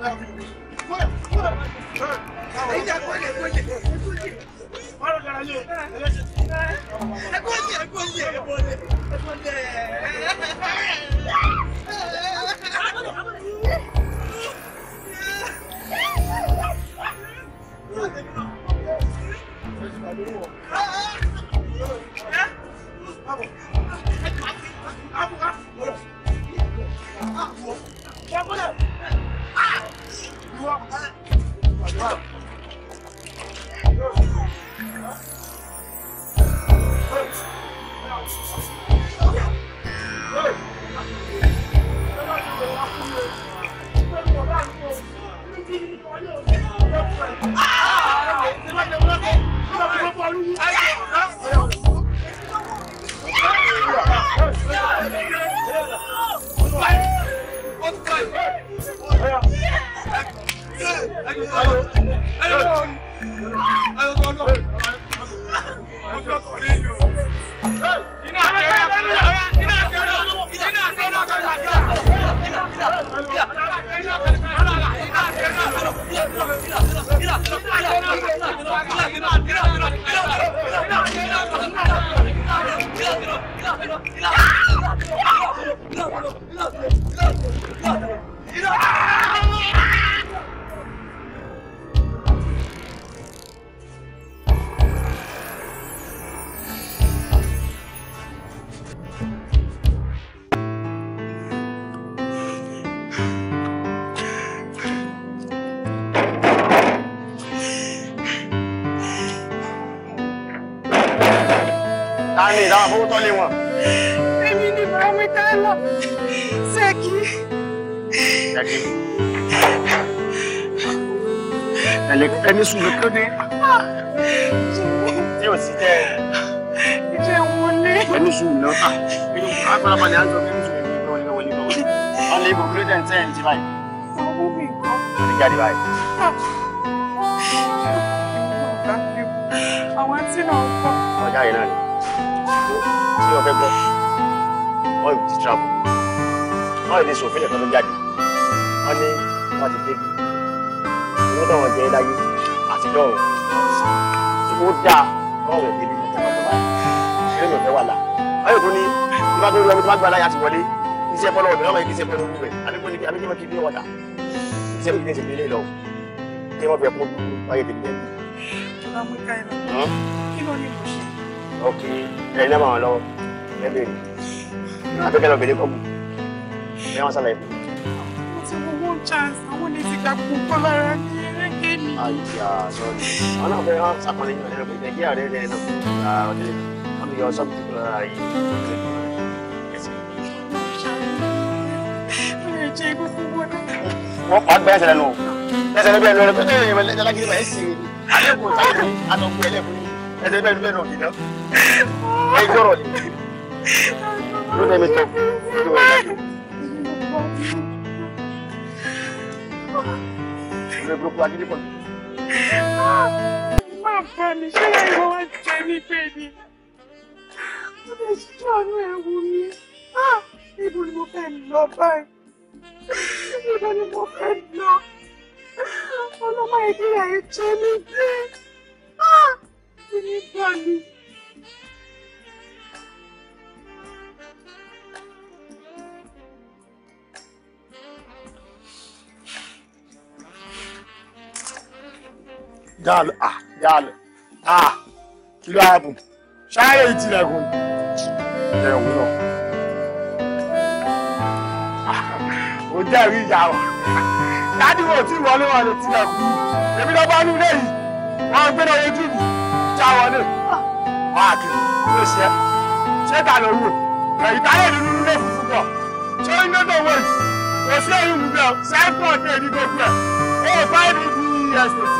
Ẹ kọ́ ọ̀jẹ̀ sòfin nìkan ló jáde wọ́n ní wọ́n ti débi owó náà wọ́n jẹ́ láyé àtijọ́ ọ̀rọ̀ ó dáa lọ́wọ́ ìdílé ìjọba tó bá yẹ lẹ́yìn ọ̀fẹ́ wà lá. ayọ̀ tó ní nígbà tó ń lọ bí tó bá gba láyà ti wọlé iṣẹ́ fọlọ́ ọ̀dọ́ náà iṣẹ́ fọlọ́ olú rẹ̀ abẹ́kọ́ni kí abẹ́kọ́ni kí ní wọ̀dà iṣẹ́ kí ní ti fi lé lọ kí wọ́n fẹ́ kó dúró wáyé tèmi lẹ́nu. ọ̀la mú ní mo máa lọ ẹ bẹ̀rẹ̀ abẹ́kẹ́ lọ bẹ̀rẹ̀ bù wọ́n ṣẹlẹ̀. mo ti wo one chance àwọn lè ti gba gbogbo lára ní ẹrẹ́gẹ́ mi. àyà sọ́ọ̀dì wọn náà fẹ́ẹ́ hàn sàpọ́nlé yìí ọ̀rẹ́ rẹ̀ nàìjíríà rẹ̀ rẹ̀ náà ọ̀dẹ wọn yọ sọ́ọ̀bù tó rà yìí. wọ́n pa gbẹ́sẹ̀ lẹ́nu ẹsẹ̀ lẹ́bẹ̀ lọ́rẹ́ pẹ́ẹ́tẹ́ yẹn bẹ́ẹ̀ lẹ́lágídé bá ẹ̀ sì alẹ́kùn tàbí àtọ̀kù ẹlẹ́kùn ẹsẹ̀ bẹ́ẹ̀ lọ́rẹ́ náà kìdá ẹ̀ jọ̀rọ̀ ni. lónìí mi tó. lóko agídí pọ̀ jù. má fà mí ṣé ìwọ wá jẹ níbẹ̀ ni mo lè ṣí ọ̀nà ẹ̀wù mi ibo ni mo fẹ́ lọ báyìí ibo ni mo fẹ́ lọ ọlọ́mọ ìdílé ẹ̀ jẹ́ mi dé kí ni bá Dàlù ah dàlù ah kí ló happen? Ṣáyé ìtìlẹ̀kùn ẹ̀wù náà. Ó jẹ́rìí ìyá wa. Dádìwọ̀ tí wọlé wọlé tilẹ̀kùn. Èmi lọ bá nílé yìí. Wọ́n gbé lọ yẹjú mi. Já wọlé. Wọ́n á kiri. Ó ṣe Ṣé ta ló wò? Ìtàlẹ́ ìlú nílé funfun kan. Ṣé ń gbé tó yìí? Kò sí èyí wù bẹ́ẹ̀. Ṣé é pọ̀ tẹ̀ ní gbogbo ẹ̀? Ó bá ibi di ẹ̀sìn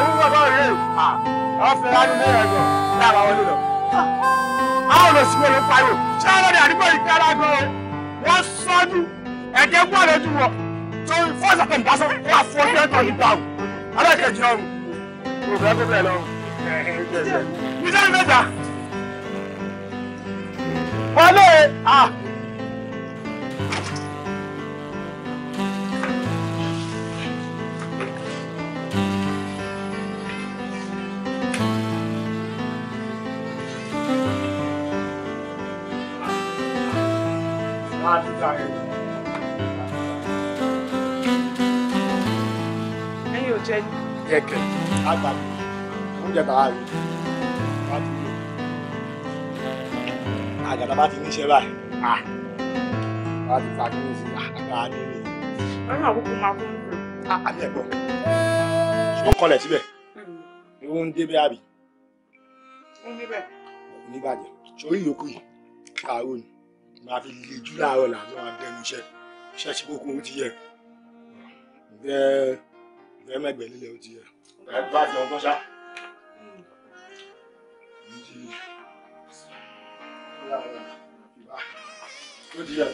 irú àwọn fẹ́ ló pariwo ṣé àwọn àdúgbò yìí kára gan sọ́jú ẹ̀jẹ̀ gbọ́dọ̀ ju wọ tó fọ́ọ̀sì àtẹ̀ ìdásọ́ wọ́n afọ́jú ẹ̀tọ́ yìí dáhùn alákẹ̀jẹ̀ ọ̀run kò fẹ́ tó bẹ̀ lọ. nítorí mẹ́ta wọlé ṣe ní. ẹkẹ agbàdo oúnjẹ tàwa rè wá ti yé àgàdà bá ti níṣẹ́ báyìí wá ti fa kí ní sí àgàdà ní rè. ọ̀nà àkókò máa fún mi. àmì ẹ̀gbọ́n ṣùgbọ́n kọlẹ̀ síbẹ̀ hmm. ewu ń débẹ̀ àbí. ń débẹ̀. kò ní bàjẹ́ sórí ìyókù yìí káàró ni máa fi lè jù ẹ mẹgbẹ lílẹ ó ti yẹ. ẹ bá jẹun tó ṣá. ó ti yẹ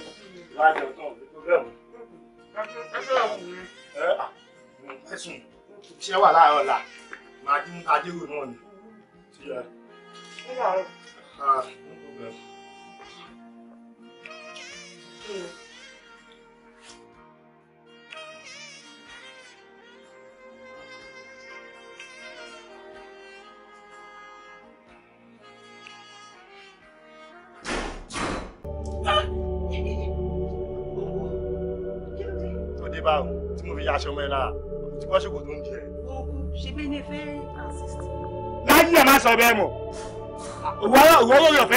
bá jẹun tó ẹ sùn ṣé wà láàárọ̀ la máa dín ajérò náà ni ti yẹ. Ah, no problem. Mm. ṣe ọmọ ẹ̀ lára tí wọ́n ṣòkò tó ń jẹ. oògùn ṣe bí ní fẹ́ assist. láyé ẹ̀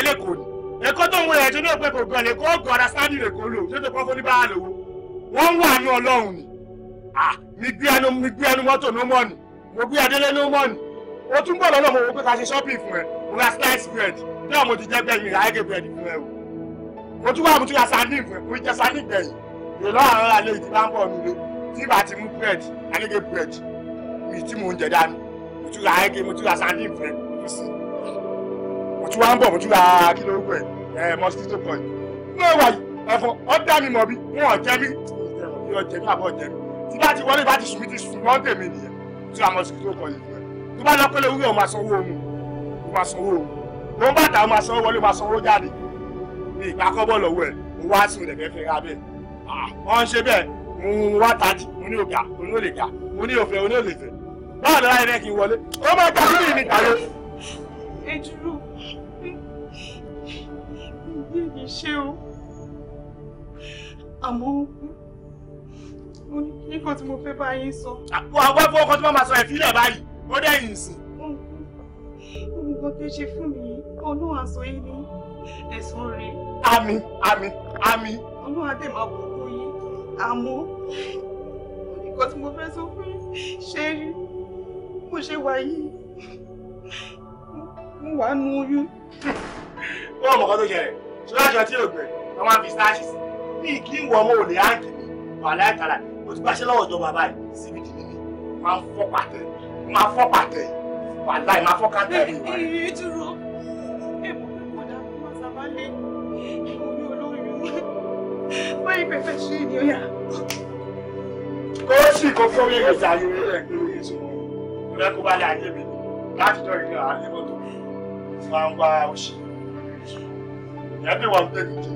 ni ẹ̀kọ́ tó ń wọ ẹ̀jọ́ náà pẹ́ kò gan lẹ́kọ́ ọ̀gọ̀ ara sáàdì rẹ̀ kò lò yóò tó kọ́ fún báà lówó wọ́n wà mi gbé ẹnu mi gbé ẹnu mọ́tò ló mọ́ ni mo gbé adélé ló mọ́ ni o tún bọ̀ lọ́nà mo wò pé ká ṣe shopping fún ẹ mo ra slice bread náà mo ti jẹ́ bẹ́ẹ̀ mi ráyé bread fún ẹ o mo tún wà mo tún ra sardine fún ẹ mo jẹ sardine gbẹ̀yìn èlò àwọn ará ilé ìdí bá ń bọ̀ nílé tí bá ti mú bread alege bread mi tí mò ń jẹ dání mo tún ra ege mo tún ra sardine fún ẹ mo tún sí mo tún wá ń bọ̀ mo tún ra kí lórúkọ ẹ ẹ mosquito coil ní ẹwà yìí ẹ̀fọ́ ọ̀dà mi mọ̀ bí wọn ò jẹ́ mi yóò jẹ́ mi àbọ̀ jẹ́ mi tí bá ti wọlé bá ti sùn mí ti sùn wọ́n tèmi nìyẹn tí ra mosquito coil fún ẹ tó bá lọ pé lórí ọ̀ máa sanwó òun ó máa sanwó òun òun bá dà ó máa sanwó wọlé máa sanwó jáde ní ìgbà kọ́bọ̀ lọ́wọ́ ẹ̀ ó wá sí ìrẹ̀fẹ́ fẹ́ ra bẹ́ẹ̀ ah, wọ́n ń ṣe bẹ́ẹ̀ òun wá tàjì òun ní ògà òun ò lè gà òun ní òfẹ òun ò lè fẹ báwo ni láyé náà kì í wọlé ó máa gbà sílẹ̀ mi tàlẹ́. ẹ dúró bí mi ṣe o àmọ́ mo ní kí nǹkan tí mo fẹ́ bá yín sọ. àwọn àwọn ẹ̀fọ́ ọkọ tí wọ́n máa sọ ẹ̀fílẹ̀ báyìí ó dẹ̀yìn sí. nǹkan tó ṣe fún mi ọlọ́run àsọyé ni ẹ̀sùn rẹ̀. àmín àmín àmín. ọlọ́run adé máa wọ̀ àmọ́ nǹkan tí mo fẹ́ sọ fún ṣe rí mo ṣe wà yìí mo wà nù oyún. wọ́n mọ̀ kọ́ tó ṣẹlẹ̀ ṣọlá ṣọ tí ògbẹ́ wọ́n máa fi sítáàṣì sí bí kí n wọ ọmọ òde áǹkì mi wà láìkàlà mo ti gbàṣẹ́ lọ́wọ́ ìjọba báyìí síbi dìde mi máa fọ́ pàtẹ́ máa fọ́ pàtẹ́ wà láì máa fọ́ kàtẹ́ mi. ẹ Why you prefer seeing you here? Go see, go from here, because I will not do this. You don't go back and give me. That's the thing I'm able to do. So I'm going to do Everyone take it.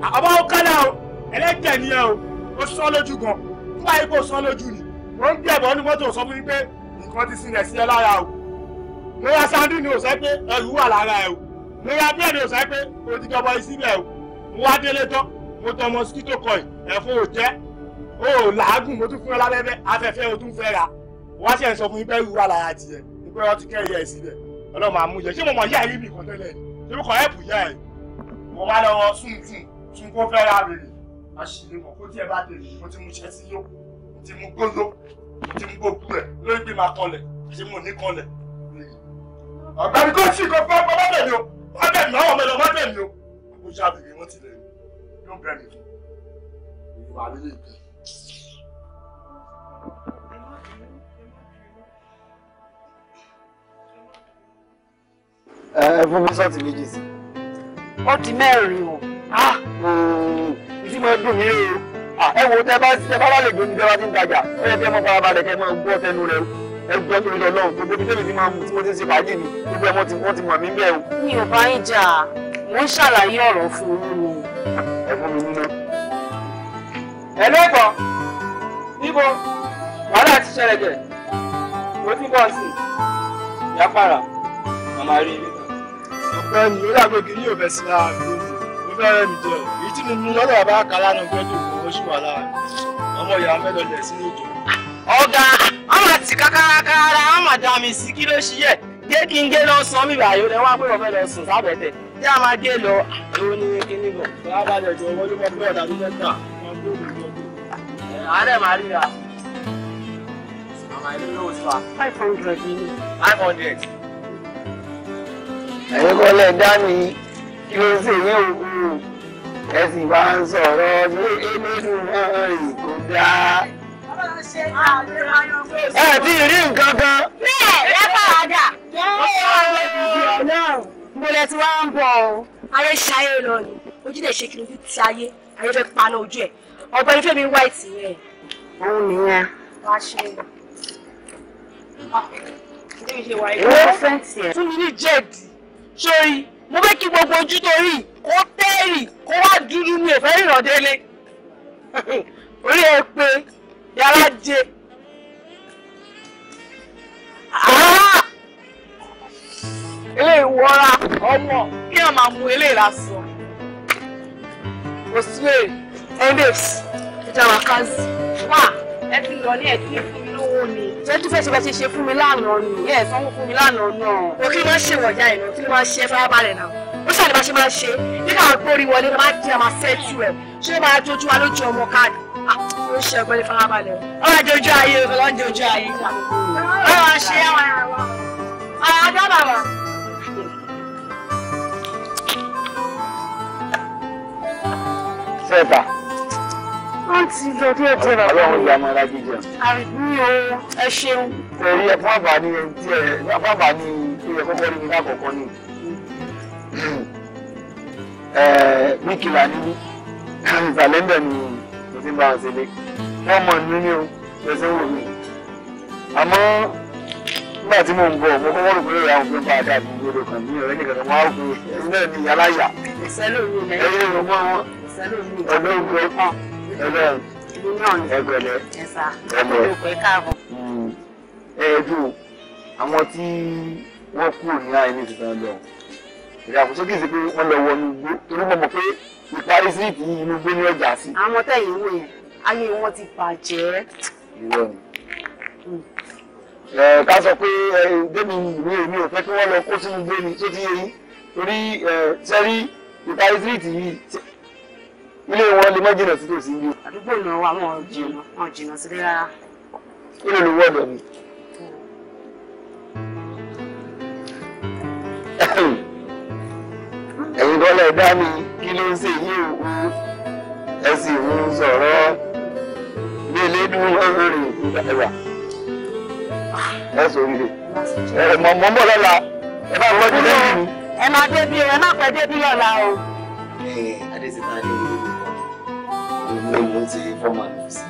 Àbá ọ̀ká náà o, ẹlẹ́jẹ̀ ni ẹ o, ó sọ lójú gan, fún àyè kò sọ lójú ni. Wọ́n ń gbé ẹ̀bọ̀ ní mọ́tò sọ fún mi pé nǹkan ti sinlẹ̀ sí ẹ lára o. Lóyá Sandu ni ò sẹ́ pé ẹrù wà lára ẹ o. Lóyá Bíẹ̀ ni ò sẹ́ pé odi gbọbọ isí bẹ́ẹ̀ o. Wọ́n á délé tán mo tọ mosquito coil ẹ̀fọ́ ò jẹ́ ó làágùn mo tún fún ẹ lábẹ́bẹ́ afẹ́fẹ́ o tún fẹ́ ra wá sí ẹ̀ sọ fún ibẹ̀ ìwà lára tiẹ̀ ìpẹ́ ọtí kẹ́yẹ ẹ̀ sílẹ̀ ọlọ́mọ àmúyẹ ṣé mo mọ̀ yá ìrìbì kan tẹ́lẹ̀ ṣé mo kọ̀ ẹ̀pù yá ẹ̀ mo wá lọ́wọ́ sunsun sun kó fẹ́ ra rèé àṣìlè mọ̀ kó tiẹ̀ bá dèrè mo ti mú iṣẹ́ yó mo ti mú gbóyó mo ti mú gbogbo ẹ̀ lórí bí máa kọlẹ̀ ṣé mo ní kọlẹ̀ ọ̀gbẹ́ni kò sí kò fẹ́ ọgbọ́n mọ́bẹ̀ mi o mọ́bẹ̀ mi àwọn ọmọ ẹ̀rọ mọ́bẹ̀ o mo You don't blame me. You are really good. Ẹ fún mi sọ́ọ̀tì méjì sí. Ó ti mẹ́rin o. Ah! Ah! Ìdí máa dùn mí o. Ah! Ẹ wo tẹ bá tẹ bá wà lè gbóni bẹ́ẹ̀ wá ti ń tajà. Ẹ yẹ kí ẹ mọ farabalẹ̀ kẹ́ ẹ máa gbọ́ tẹnu rẹ o. Ẹ gbọ́ torí lọ lọ́hùn. Gbogbo ibi tí mo ti mo ti ń ṣe fàájì ni. Gbogbo ẹ wọ́n ti mọ̀ mí bẹ́ẹ̀ o. Mi ò bá yín jà, mò ń ṣàlàyé ọ̀rọ̀ fún yín ni yín níbo wàhálà ti ṣẹlẹ̀ jẹ̀ mo ti bọ̀ sí yàpàrà màmá rí i. ọ̀pẹ ni ó yóò fẹ́ sí láàbí mo fẹ́ rẹ̀ mí èyí tí mo lọ́dọ̀ bá kà lánàá gbẹ́dọ̀ kò ó láàbí ọmọ ìyá mẹ́lọ sí ìjọ. ọ̀gá ọmọ àti kákákára ọmọ dàmí sí kí ló ṣiyẹ jẹ́ kí n gé lọ sọ mi báyìí lẹ wá pé ọ̀fẹ́ lọ sùn sábẹ́ tẹ̀ tí a máa dé lọ èwo ni kíní bọ̀ bá bá jọ jọ owó ní bọ́ bọ́ọ̀dà tó fẹ́ tà àárẹ̀ máa ríra àmà ìlú lówó sí wa five hundred ní five hundred. ẹ̀yin kọ́lẹ̀ dání kí ló ṣe ní òògùn ẹ sì bá ń sọ̀rọ̀ ní ẹlẹ́dùn náà rìn kó dáa. ẹ ti rí nǹkan kan. bẹ́ẹ̀ lápá àdá. bẹ́ẹ̀ ni ọ̀nà gbọ́dọ̀ tí wọ́n ń bọ̀ ọ́ ààrẹ ṣayé lọ ni ojú lè ṣe kí lójú ti ayé ààrẹ fẹ́ paná ojú ẹ̀ ọ̀gbẹ́ni Fẹ́mi white yẹn. òun nìyẹn. wá ṣe ah, ìwé fẹ́ǹsì ẹ̀. fún mi ní jẹ̀dì sórí mo fẹ́ kí gbogbo ojú tó rí kó tẹ́rì kó wá dúdú mi ò fẹ́ ríran délé orí ẹ pé yàrá jẹ. Ah, ilé ìwọra ọmọ kí a máa mu ilé ìlàsàn òsìlè endex ìjàmbá kazi ẹ fi lọ ní ẹkí fún ni ṣé tí fẹ́ ṣe ṣe fún mi lánàá ni ẹ sanwó fún mi lánàá náà. o kí máa ń ṣe wọ̀nyá ìná kí ló máa ń ṣe farabalẹ̀ náà ó ṣàlẹ̀ bá ṣe máa ṣe nígbà àgbórí wọlé máa jẹ́ àmà sẹ́ẹ̀tù ẹ̀ ṣé máa jójú wa lójú ọmọ káàdì ah, ó ṣe ọgbẹ́ni farabalẹ̀ ó máa jójú ayé ó máa jójú ayé. ó máa ṣe àwọn àwọn àdábàbà. sẹ́ta. wọ́n ti lọ díẹ̀ díẹ̀ bàbá mi. ọlọ́run ìyá ọmọ ẹ̀rá jíjẹ. àbí o ẹ ṣeun. ẹ̀rí ẹ̀ fún àbá ni ẹni tí ẹ̀ fún àbá ni ilẹ̀ kọ́kọ́ ní ilé àkọ́kọ́ ni. wíkìlà ni ìsàlẹ̀ńdẹ̀ ni mo ti ń bá wọn ṣe lé. wọ́n mọ̀ nínú o lọ́sẹ̀ wò mí. àmọ́ nígbà tí mò ń bọ̀ mo kọ́kọ́ rò pé ìyá òun bá dà bí gbọdọ̀ kàn ọ̀rẹ́ nìkan kan wọ́n á rò pé náà ni ìyá láyà. ìṣẹ́lẹ̀ òru mi. ẹ̀yin òru mọ́ wọn olóògbé kan ẹgbẹ́ ẹgbẹ̀lẹ́ àwọn tí wọ́n kú ní àìní tuntun lọ ìdàkùnso kìí ṣe pé wọ́n lọ wọnú igbó torí mo mọ̀ pé ìparí sí ìdí inú igbó ní ọjà sí. àwọn tẹ̀yìn wò yẹn ayé wọn ti bàjẹ́. ìwọ ni ká sọ pé débi ìwé mi ò fẹ́ kí wọ́n lọ kó sínú igbó ni tó ti yẹ yín torí sẹ́rí ìparí sí ìdí yìí ilé wọn lè má jìnnà sí tòsí yìí. àdúgbò náà wà wọn jìnnà wọn jìnnà sílé rárá. kí ló ló wọ́ọ̀dọ̀ mi. ẹ̀yin kọ́lá ẹ̀dá mi kí ló ń ṣe yí òkú ẹ sì ń sọ̀rọ̀ bí elédùn ọ̀hún rè ẹ̀wà ẹ sòrí ẹ mọ̀ mọ́ bọ́ lọ́la ẹ bá wọ́ọ̀dù lẹ́yìn mi. ẹ máa débi ẹ má pẹ́ débi lọ́la o. adé ti ta ni olóyún tí fọ́ọ̀mù àná sí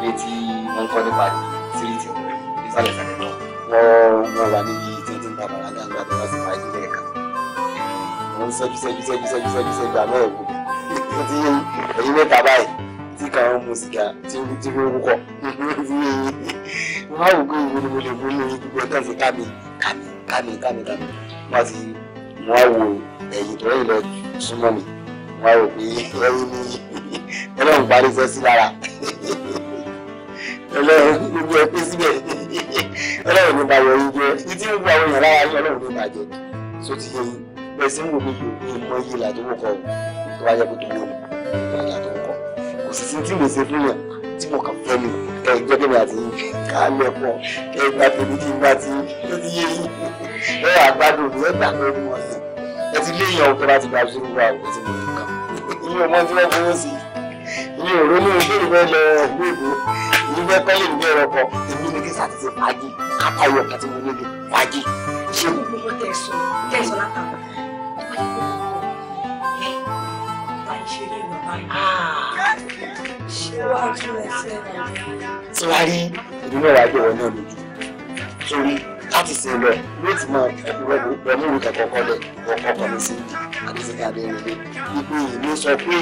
ilé tí wọ́n ń kọ́ nípa síríìtì ọ̀rẹ́ ìsàlẹ̀ ìsàlẹ̀ náà wọ́n wọ́n wà níbi tí wọ́n ti ń ta bàrà ní àgbà tó wá sí fàájì lẹ́ẹ̀kan wọ́n sẹ́jú sẹ́jú sẹ́jú sẹ́jú sẹ́jú sẹ́jú àmọ́ ẹ̀wò tí ẹ̀yin mẹ́ta báyìí tí kàn ń mu sìgá tí ń tí ń wúkọ̀ wọ́n á wò pé ìwé ni mo lè mú lórí gbogbo ẹ̀ka sí kámi kámi kámi ti wọ́n á wò ẹ̀yìn tó ẹ̀yìn lọ mi wọ́n á wò pé ni ọlọ́run parí sẹ́ sí lára ọlọ́run gbogbo ẹ pé síbẹ̀ ọlọ́run ní bá wọ̀nyí jẹ́ títí gbogbo àwọn èèyàn lára yín ọlọ́run ní bàjẹ́ so ti yẹ yín bẹ́ẹ̀ sí ń wò mí yìí ní ìmọ̀ yìí làdúgbò kọ tó bá yẹ kó tó lóhùn ìrìnàjò àdúgbò kọ kò sì sí tí mo ṣe fún yàn tí mo kàn fẹ́ mi ẹ jẹ́ kí mi àti kàálẹ̀ pọ̀ ẹ gba tèmi kí n bá ti ti yé yín ẹ àgbàdo ẹ gbà pé ẹ ti léèyàn tó bá ti gba sórí wa ò ti mọ̀ nǹkan ilé ọmọ tí wọ́n fowó sí ilé òró kan èmi ní kí sàtìsí pàjì àtàwọn ọ̀kà tí mo nílò pàjì. ṣé mo gbogbo tẹ̀sán tẹ̀sán látàwọn tí wàá rí ìdúnnà náà lójú sórí láti sè lọ yóò ti mọ ìwé ìwé mú kẹ̀kọ́ kọ́lẹ̀ ọkọ̀ kan ní sí àdìsíkà abẹ́rẹ́lẹ́ ipe èmi sọ pé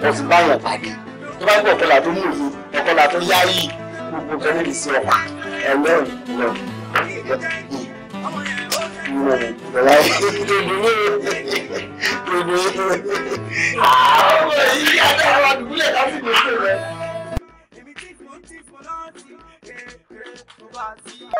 wọ́n ti bá yàn pàdé tó bá gbọ́ ọ̀kọ́là tó mú yìí ọ̀kọ́là tó yá yìí gbogbo kan níbi sí ọ̀pá ẹlẹ́rìí lọ mo ìrọ̀lá ìdòdúró ìdòdúró àwọn ọmọ yìí adé àwọn àdúgbò yẹn láti gbèsè rẹ. Brasil.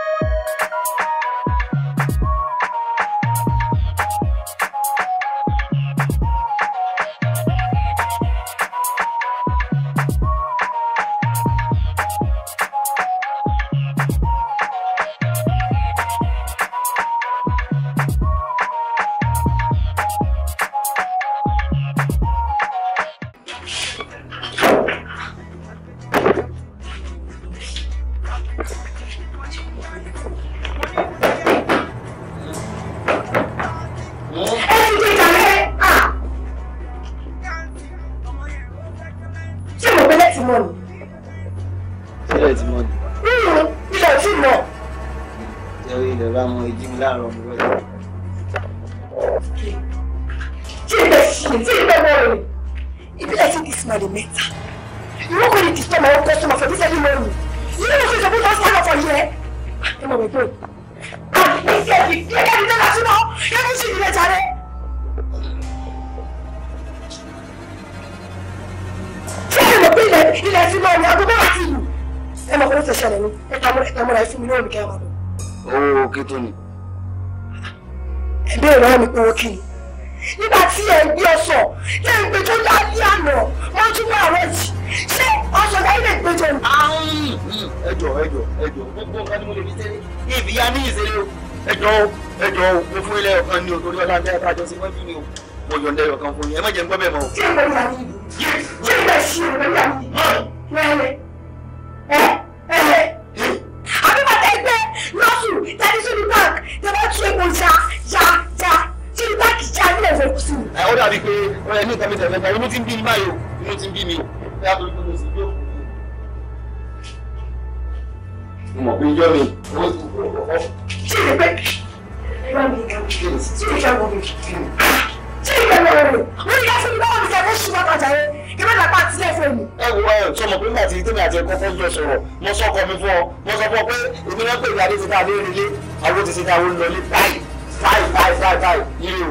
ìyàwó lọlé báyìí báyìí báyìí báyìí báyìí yìí o.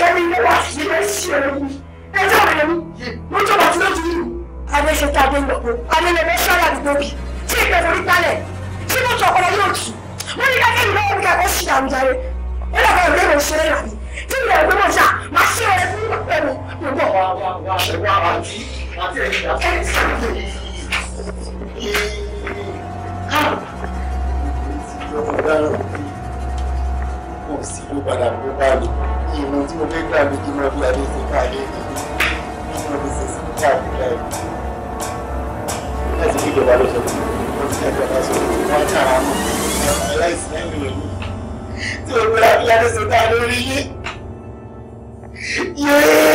ṣé mi ní wà sí ilé sí ẹlẹ́mú ẹjọ́ rẹ̀ mú mo jọ bàtí lójú yìí. adéṣetá adélọ́pọ̀ adélẹ́mẹ́ sọ́ra àdúgbò bì tí ìgbẹ́ forí balẹ̀ tí mo tọ̀ ọ̀rọ̀ yóò tù wọ́n ní káfíń lọ́wọ́ mi kàkọ́ sí àmújáre ó lọ́kọ̀ ìwé mi ṣe é ràbí tí ìyẹn ògbé mọ̀ sá má ṣe é fún ọ̀pẹ̀ mi mo bọ̀. wà wà wà àwọn ọ̀daràn bí kò sí ló padà kó bá mi ìmọ̀ tí mo fẹ́ gbà mí kí n máa fi adé ṣe káàlẹ́ mi bí mo fi ṣe sí káàkiri láì láti fi ìjọba ló sọ fún mi wọ́n ti ìjọba sọ fún mi wọ́n ti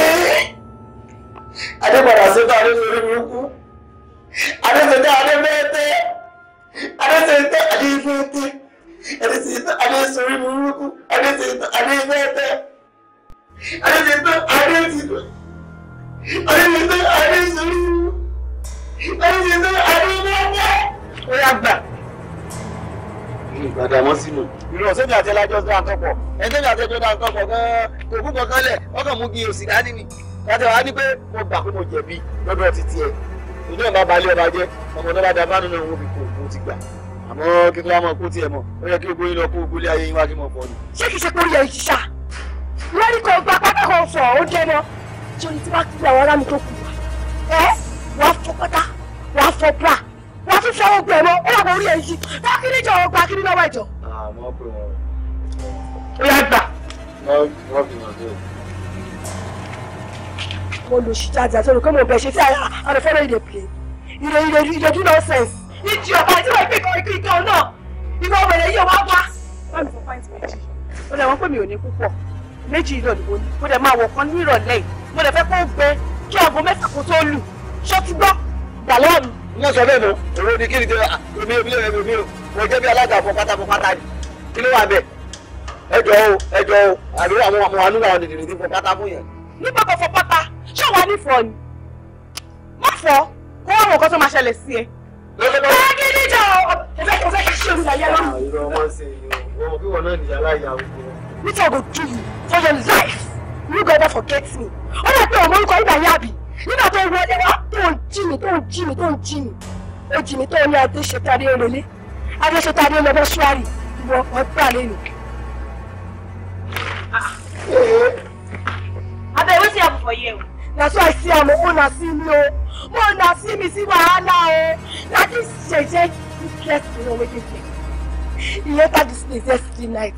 àtọ̀pọ̀ ẹ̀ńtẹ́mi àtẹ̀jọ́ dá àtọ̀pọ̀ gan-an kò kú kankan lẹ̀ ọkàn mú gi òsì dání ni kàtà wá ní pé mo gbà pé mo jẹ̀bi lọ́dọ̀ ti tiẹ̀ ìlú ẹ̀ bá balẹ̀ ọba jẹ́ ọmọ náà bá da bánu náà wọ́n fi kó mo ti gbà àmọ́ kí n tó wá kó tiẹ̀ mọ̀ ó yẹ kí gbóyè lọ kó gbólé ayé yín wá kí mo fọ́ ni. ṣé kìí ṣe pé orí ẹ̀ yìí ṣá lórí kan gba pátá kan sọ ó jẹ mọ tí oní tí wàá kí àwọn ará mi tó kù wá ẹ wàá fọ pátá wàá fọ bra wàá tún fọ ogun ẹ mọ ó wà pé orí ẹ̀ yìí wàá kí ni ìjọ ọgbà kí ni lọ́wọ́ ìjọ. àmọ́ pé wọn ó yá gbà. mo lò sí jáde àti olùkọ́ mi ò bẹ̀ ṣe tí àwọn fẹ́ràn ìdè pè ìdè ìdè ìdè do nonsense. ìjì ọ̀bá tí wọ́n gbé kan ikú ikú náà ìwọ wẹ̀rẹ̀ yìí wá wá. báwo ni mo fáìntì méjì ó lè wọ́n pè mí ò ní púpọ̀ méjì ìlọ nìbo ni mo lè máa wọ̀ kan ní ìrọ̀lẹ́ yìí mo lè fẹ́ kó gbẹ kí aago mẹ́fà kó tó lù ṣó ti gbọ́ gbà lọ́ọ̀nù. mo sọ bẹ́ẹ̀ náà èrò ni kí ni tẹ omi omi omi mo jẹ́ bí alága fọ pátápátá ni kí ló wà bẹ́ẹ̀ ẹjọ o ẹjọ o àdúrà àwọn ọmọ àlúrà ọ̀nà ìdìbò ti fọ pátá fún yẹn. nígbà tó fọ pátá ṣé wàá ní fọ ni má fọ kó wọn nǹkan tó máa ṣẹlẹ̀ sí ẹ. báyìí níjà o ẹfẹ kò fẹ́ kí ṣé olùyà yẹ lọ́nà. ìrọ̀ ah, ọmọ ṣe ìwọ̀n kí wọn náà nìyà láyà ogun. Which I go do you for your life you go ever forget me ó yẹ pé ọmọ orúkọ ibà yàbí nígbà tó wọlé wá tó ń jí mi tó ń jí mi tó ń jí mi ó jí mi tó ń ní adéṣetadé olólé adéṣetadé olólé ṣúárì ìwọ ọgbà lẹ́nu abeg wetin happen for here That's why i see am o una see me o mo una see me see wahala o na dis jeje get to know wetin dey he enter dis place yesterday night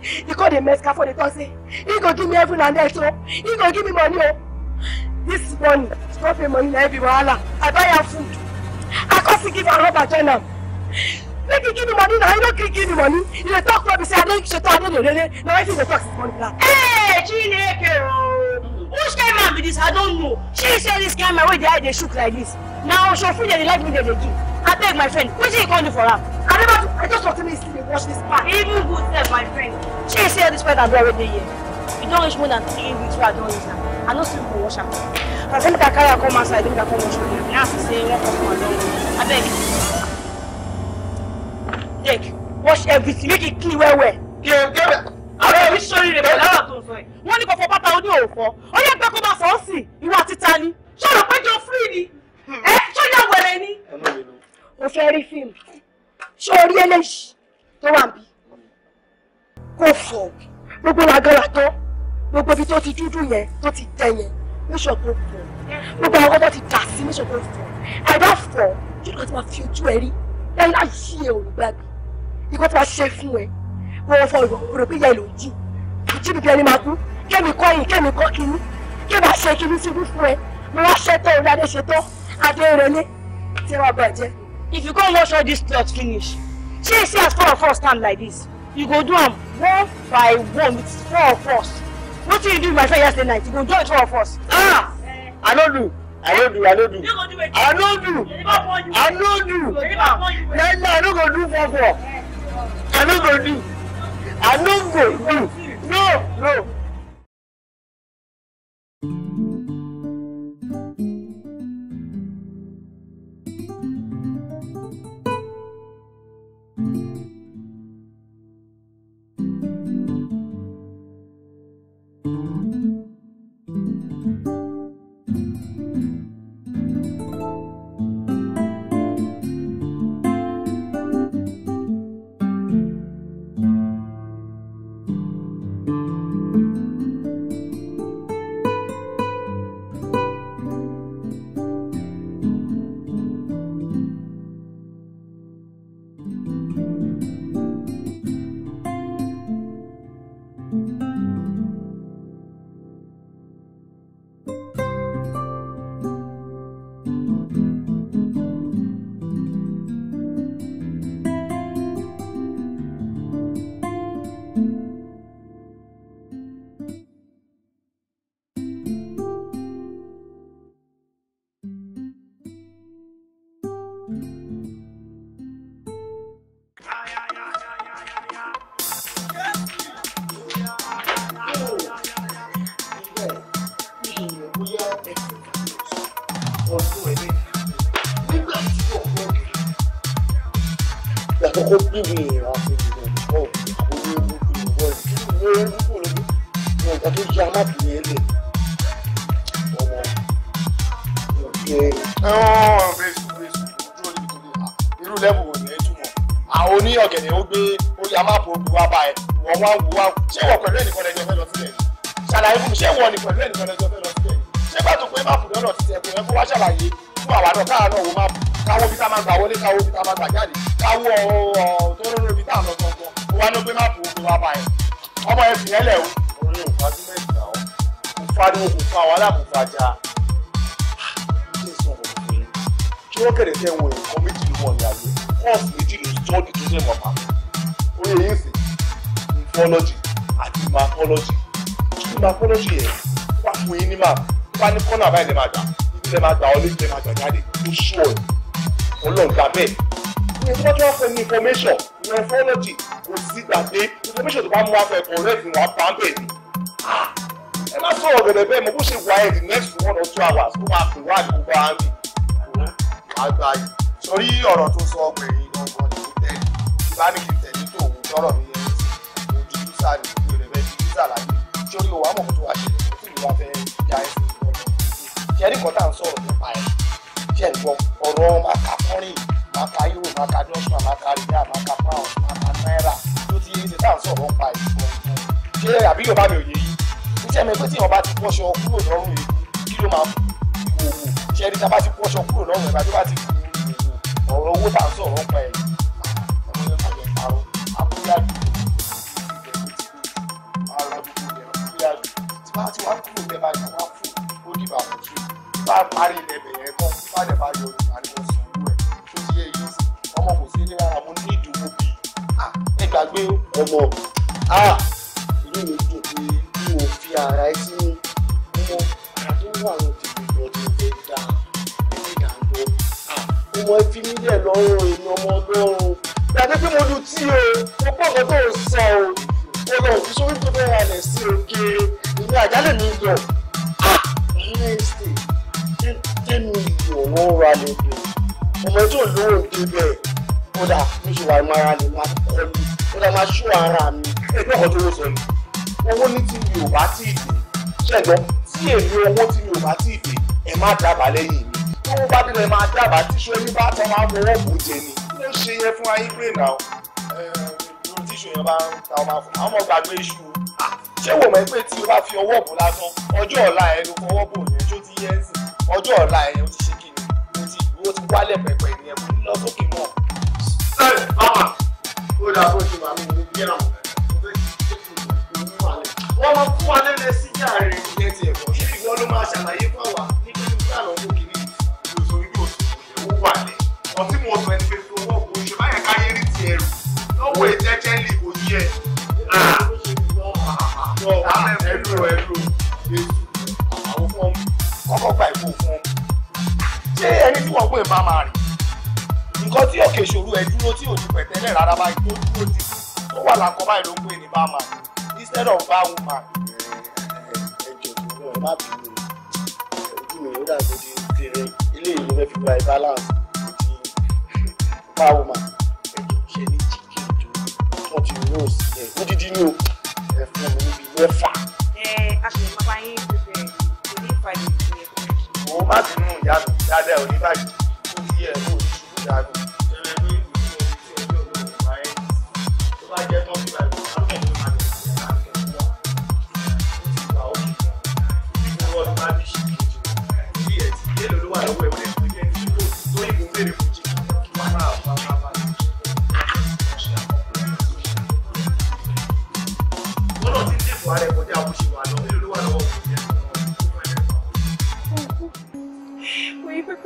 he called the mess car for the say he go give me heaven and earth o he go give me money o this money, stop pay money na heavy wahala i buy am food i can't still give am rubber join make you give me money now you no give me money you dey talk rubbish i no ṣetán i no dey rere na wetin talk since morning now. chineke ooo oh. which man be this i don't know She said this kind man wey they eye dey shook like this Now na that they like me dey dey give beg my friend wetin you come do for am i never i just talk to me still dey watch this part even good sef my friend She said this weather blow wey already here e don't reach more than three weeks wey i don use am i no still go wash am na say make i carry am come outside make i come wash am Now, so say I customer don go abeg deck wash everything make e clean well well. àwọn èmi sori rẹ̀ bẹ́ẹ̀ lára tó ń sọ yìí wọ́n ní kò fọ bàtà oní òòfọ́ ó yẹ pé kó máa fọ́ sí ìwà títa ni ṣọ̀rọ̀ péjọ free ni ẹ ṣọ́jà wẹ̀rẹ̀ ni. o fẹ́ rí fíìmù ṣé o rí eléyìí tó wà bí kò fọ gbogbo làgọ́là tán gbogbo ibi tó ti dúdú yẹn tó ti tẹ yẹn níṣọ kò fọ gbogbo àwọn ọmọ ti dà sí níṣọ kò fọ àìbá fọ jùlọ tí wọ́n fi ojú ẹ rí láyé láyé sí ẹ ò ní gbàgbé nǹkan tí wàá ṣe fún ẹ wọ́n fọ ìwọ rò pé ìyá ìlò jì jì bíbí ẹni máa kú kémi kọ́ yìí kémi kọ́ kínní kémi àṣẹ kínní síbí fún ẹ mo wá ṣètò orí adé ṣètò adé ìrẹ̀lẹ̀ tí wọ́n bàjẹ́. if you come wash all this cloth finish shey see as four of us stand like this you go do am one by one with four of us wetin you do with my friend yesterday night you go join four of us. ah i no eh? do i no do i no do i no do i no do laila i no go do four four. I don't go do. I don't go do. No, no. ẹ̀wọ̀n bẹ́sù bẹ́sù ojú orí mi tó lè irú lẹ́bù wò ní ẹ̀túmọ̀ àwọn oníyọ̀gẹ̀dẹ̀ ó gbé orí amáàpọ̀ òkú wa bá ẹ̀ wọ́n wá wò wá ṣé wọ́n pẹ̀lú ẹnìkan lẹ́jọ́ fẹ́ lọ sílẹ̀ ṣàlàyé fún mi ṣé wọ́n ní pẹ̀lú ẹnìkan lẹ́jọ́ fẹ́ lọ sílẹ̀ ṣé bá tó pé máàpù lọ́nà ti tẹ̀ pé wá ṣàlàyé fún àwa náà káà náà wò máàpù káwó bí tá máa gbà wọlé káwó bí tá máa gbà jáde káwó ọ̀ tó rọrùn bí tá à ń lọ gbọ̀ngàn ó wá ló gbé máàpù òkú wa bá ẹ̀ ọmọ ẹ̀ fìyẹ́lẹ̀ o òun yóò fa dúmẹ̀tì náà ó fa ni òkú fa wàhálà kò fa já kí wọ́n kẹ̀lé tẹ́ wọn nǹkan méjì ló wọ̀ ní àgbẹ̀ kọ́ọ̀sì méjì ló sọ́ọ̀dì tó sẹ̀ wọ́n pa orí èyí sì infology àti macology kí macology yẹn wà fún yín ní màá wà ní kọ́nà àbáyé lè máa gbà ibi lè máa gbà ọ lébi lè máa gbà jáde ó sú ọ ọlọ́ọ̀gá bẹ́ẹ̀ ní ìfọ́jú wọn fún ní information ní infology kò sí gbàgbé information tó bá mú afẹ́ correct ní wàá pa bẹ́ẹ̀ ni ah! ẹ má sọ̀rọ̀ bẹ̀rẹ̀ bẹ́ẹ̀ mo bó the next one or two hours kó máa pè wá àgbègbè àgbáyé sórí ọ̀rọ̀ tó sọ ọgbẹ̀yìn gangan ní tẹ́lẹ̀ ìbánikì tẹ̀lé tòun tọrọ mi yẹn sí ojú bísà ní ìlú rẹ̀ bẹ́ẹ̀ ti bísà láyé sórí òwò àmọ̀ tó wà ṣẹlẹ̀ tó ìlú wa fẹ́ ya ẹsẹ̀ ìwọ̀n jẹ́rìí kan tá à ń sọ̀rọ̀ nípa ẹ̀ jẹ́rìí kan ọ̀rọ̀ màkà kọ́rin màkà euro màkà dọ́gba màkà rìdá màkà pound màkà náírà tó ti ṣe tá à ń sọ̀rọ̀ pa ẹ̀ ṣe àbí Yorùbá mi ò yẹ yìí níṣẹ́ mi pé tí Yorùbá ti wọ́ṣọ kúrò lọ́rùn yìí kí ló máa ṣe rí tábà ti kó ọṣọ kúrò lọ́rùn ìgbà tó bá ti kú ọ̀rọ̀ owó tà ń sọ̀rọ̀ pa ẹ̀ láti wá kúrò bẹ́ẹ̀ bá yà wá fún ó dìbà kò tún bá parí ilẹ̀ bẹ̀rẹ̀ kọ́ bá dẹ̀ bá yọ olùkọ́ ni wọ́n sọ owó ẹ̀ tó ti yẹ yìí ọmọ kò sí ní rárá mo ní ìdúró bíi ẹ gbàgbé ọmọ inú mi dùn pé mo fi ara ẹ sínú mímọ́ àti wà lóde. ìmọ̀ fi mí lẹ̀ lọ́rùn èmi ọmọ ọgọ́rùn-ún dàdé pé mo lu tí o mo gbọ́ ọ̀gọ́ tó ń sọ o mo lọ fi sórí tó fẹ́ ra lẹ̀ sí òkè ìlú àjálẹ̀ mi yọ next day ten million wọ́n ra lẹ́bi ọmọ tó lóhùn débẹ̀ kódà mo ṣe wà mara lè máa kọ́ mi kódà máa ṣó ara mi ẹgbẹ́ ọ̀kan tó ló sọ yìí owó ní tí mi ò bá tí ì dé ṣẹ̀gbọ́n tí èmi owó tí mi ò bá tí ì dé ẹ má dábàá lẹ́yìn mi tí wọ́n bá tilẹ̀ máa dábàá tíṣú ẹni bá tán máa fọwọ́ bò jẹ ni kí ló ṣe yẹ fún ayé pé náà irun tíṣú yẹn bá ń ta ọmọ àfọ̀nà àwọn ọmọ gbàgbé iṣu ah, ṣé wò mọ̀ pé tí o bá fi ọwọ́ bò lásán ọjọ́ ọ̀la ẹ ló fọwọ́ bò yẹn tó ti yẹ ẹ̀sìn ọjọ́ ọ̀la ẹ ó ti ṣe kí ni ó ti ó ti wálẹ̀ pẹ̀pẹ̀ ni ẹ kò ní lọ sókè mọ́. ẹ bàbá ó dà bó ṣe wà mí ní bí àwọn wọ́n máa fún wa lẹ́nu ẹ sí yàrá rẹ̀ ní ẹ̀ tiẹ̀ bọ̀ ṣé ìwọ ló máa ṣàlàyé f owó ìtẹ́tẹ́ lè kò yẹ. ẹlò ẹlò àwọn fún ọmọ kọ́kọ́ gba ìfò fún ọmọ. ṣé ẹni tí wọ́n pè máa máa rìn nǹkan tí òkè ìṣòro ẹ dúró tí òjò pẹ̀tẹ́lẹ̀ rárá báyìí tó dúró ti tó wà lákọ báyìí ló ń pè ní bá máa rìn instead of bá wù máa rìn. ẹ jẹ ìdúró ẹ má bínú ojú mi ó dàgbò di tèrè ilé ìlú fẹ́ fi gba ìbálànsì ti bá wù máa rìn comfort you know ẹ dídí ní o ẹ fún mi níbi mẹ́fà. ẹ a sì máa bá yín ṣe onífàyè ìyẹn. òun má bínú ìyá mi dáadáa oníbàjẹ́ ó yẹ kó o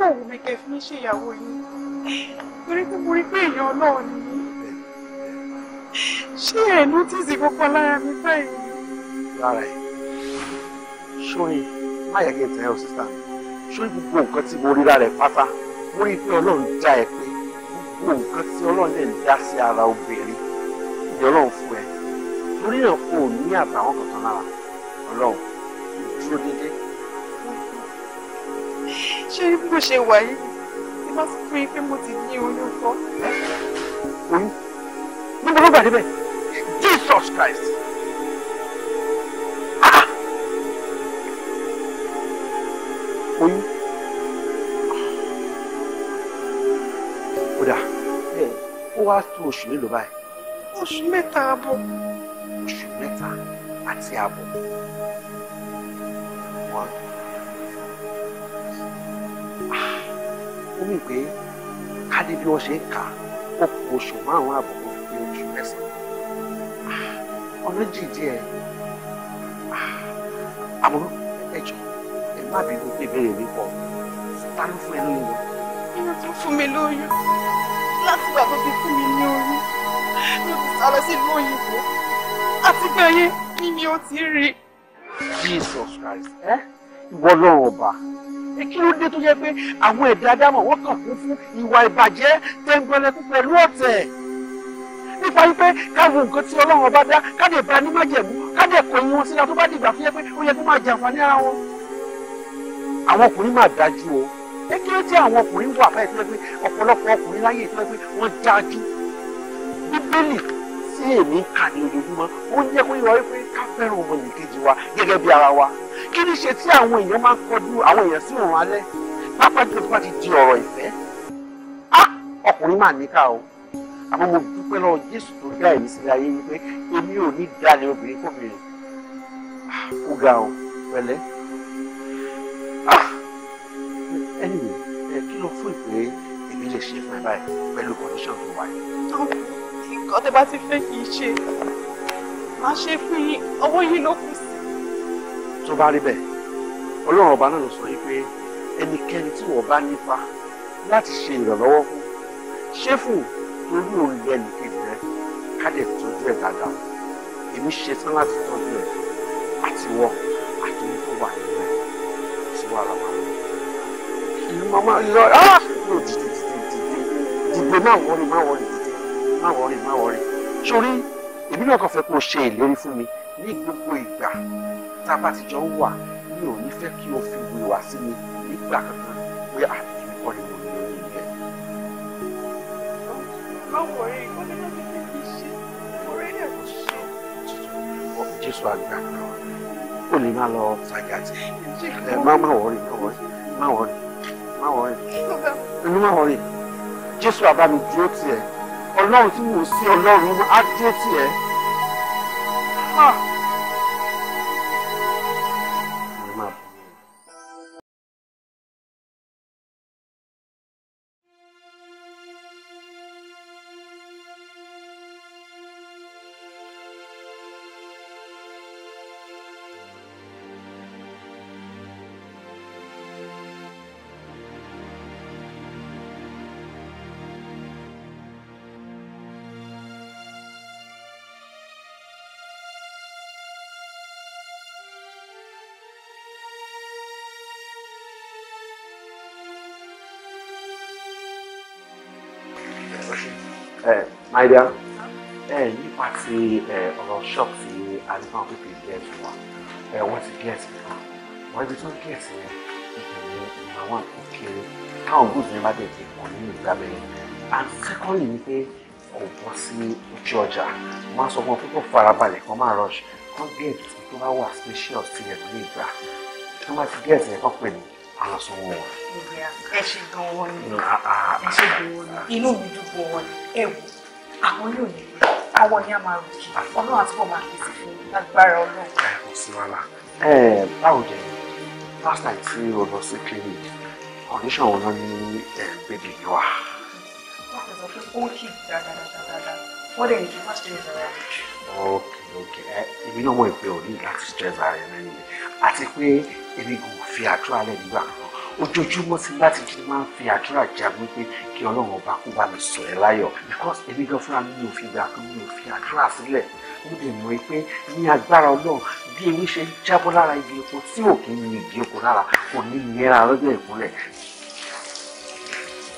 nígbà wo mi kẹ́ fi mí ṣèyàwó yín torí pé mo rí pé èèyàn ọlọ́run ni mí ṣé ẹ̀ nọ́tìsì gbogbo lára mi báyìí. lára ẹ sórí má yẹ kí n tẹ ẹ o sísá sórí gbogbo nǹkan tí mo rí lára ẹ pátá mo rí pé ọlọ́run já ẹ pé gbogbo nǹkan tí ọlọ́run lè dá sí ara obìnrin ni ọlọ́run fún ẹ torí náà kò ní àtàwọn kankan lára ọlọ́run dúró déédéé ṣé bó ṣe wà yìí tí bá fún yín pé mo ti ní oyún fọ́. oyún mo bọ́ gbàdé bẹ́ẹ̀ Jesus Christ. Ah! oyún kódà ó wá tó oṣù mélòó báyìí. oṣù mẹ́ta àbọ̀. oṣù mẹ́ta àti àbọ̀. one. ó mì pé kádé bí wọ́n ṣe ń kà ó kù oṣù márùn-ún àbọ̀ kó fi pé oṣù mẹ́sàn-án ah, ọ̀nà jì díẹ̀ ah, àmọ́ ẹ jọ ẹ má bínú pé ìbéèrè mi pọ̀ ta ló fún ẹ lóyún. ẹni tó fún mi lóyún láti gbà tó ti fún mi ní oyún ló ti sá lọ sílùú òyìnbó àtìgbà yẹn ni mi ò ti rí. Jesus Christ ẹ ìwọ lọ́rùn ọba kí ló dé tó yẹ pé àwọn ẹ̀dá dámọ̀ wọ́n kàn kún fún ìwà ìbàjẹ́ tẹ́ńgbẹ́lẹ́kún pẹ̀lú ọ̀tẹ̀ nípa wípé káwọn nǹkan tí ọlọ́run ọba dá káde bá ní májẹ̀mú káde kọ ìyẹn wọn síra tó bá dìgbà fún yẹ pé ó yẹ kó máa jàǹfààní ara wọn. àwọn ọkùnrin máa dájú o kékeré tí àwọn ọkùnrin wà báyìí tó yẹ pé ọ̀pọ̀lọpọ̀ ọkùnrin láyé tó yẹ pé wọ́n dájú. bíbélì tí èmi kà ojoojúmọ́ ó yẹ kó yẹ wá wípé ká fẹ́ràn ọmọnìkejì wa gẹ́gẹ́ bí ara wa kí ni ṣe tí àwọn èèyàn máa ń kọjú àwọn èèyàn sí òun alẹ́ pápá jù tó bá ti di ọ̀rọ̀ ìfẹ́ ọkùnrin máa níkà o àmọ́ mo dúpẹ́ lọ́wọ́ Jésù tó dá èmi sílẹ̀ ayé wípé èmi ò ní dalẹ̀ obìnrin kóbìnrin ó ga o pẹ̀lẹ́ anyway ẹ kí ló fún ìpè èmi lè ṣe fún ẹ báyìí pẹ̀lú condition tó wáyé. nǹkan tẹ́ bá ti fẹ́ kì í ṣe máa ṣe fún yín owó yín ló kù sí tó bá rí bẹ́ẹ̀ ọlọ́run ọba náà ló sọ wípé ẹnikẹ́ni tí wọ́n bá nípa láti ṣe ìrànlọ́wọ́ fún ṣéfù torí òun lẹ nìkejì rẹ ká lè tọ́jú ẹ̀ dáadáa èmi ṣe tán láti tọ́jú ẹ̀ àti wọ àti ní tó wà nínú ẹ̀ sí wàhálà wà ní. ìlú màmá lọ lò dìde dìde dìde dìde má wọrí má wọrí dìde má wọrí má wọrí sórí èmi náà kàn fẹ́ kó o ṣe ìlérí fún mi ní gbogbo ìgbà tá a bá ti jọ ń wà mi ò ní fẹ́ kí o fi wíwá sí mi nígbà kankan pé àbí kọ́ ni mo ní oyún yìí rẹ̀. lọ́wọ́ ní láti fi fi ṣe orí ẹ̀ kò ṣe. jésù àgbà náà ó lè má lọ sàgà jẹ ẹ má má wọrí jésù àbá dúró tiẹ̀ ọlọ́run tí mo sí ọlọ́run á dúró tiẹ̀. Ah! àìdá ẹ nípa ti ọ̀rọ̀ ṣọ́ọ̀bù tí àdìbọn pípé gẹ̀ẹ́sì wa ẹ wọ́n ti gẹ̀ẹ́sì fún wa wọ́n ibi tó ń gẹ̀ẹ́sì yẹn ìgbìmọ̀ ìmọ̀ àwọn òkèèrè táwọn gúúsù yẹn bá dẹ̀ ti pọ̀ nínú ìgbà bẹ́ẹ̀ and secondly ni pé kò bọ́ sí ojú ọjà máa sọ fún ọ pé kò farabalẹ̀ kó máa rush kó gẹ̀ẹ́sì tó bá wà special ti ẹ̀ lè gbà tó bá ti gẹ̀ẹ́sì yẹn kọ́ pè ní aláṣọ wọn. ẹ ṣe gan wọn ni mm, ah, ah, ẹ ṣe ah, gan wọn ni inú mi dùn àwọn yóò ní àwọn yẹn máa rò kí ọlọ́run àtúbọ̀ máa pèsè fún agbára ọlọ́run. kò sí wàhálà báwo jẹ last time tí o lọ sí clinic condition wo ló ní bébì yìí wà. wọ́n kò sọ pé ó kì í dáadáa ok ok ẹ èmi náà mọ̀ pé òní láti stress ara ẹ̀ lẹ́yìn àti pé èmi kò fi àtúrà lẹ́ nígbà kan ojoojúmọ́ tí bá ti máa ń fi àdúrà jagun pé kí ọlọ́run ọba kó bá mi sọ ẹ́ láyọ̀ because èmi gan fúnra mi ò fi gbà kan mi ò fi àdúrà sílẹ̀ mo lè mọ̀ pé ní agbára ọlọ́run bí ewé ṣe ń jábọ́ lára igi epo tí ò kí ń ní igi epo lára kò ní nira lọ́jọ́ ìkúnlẹ̀.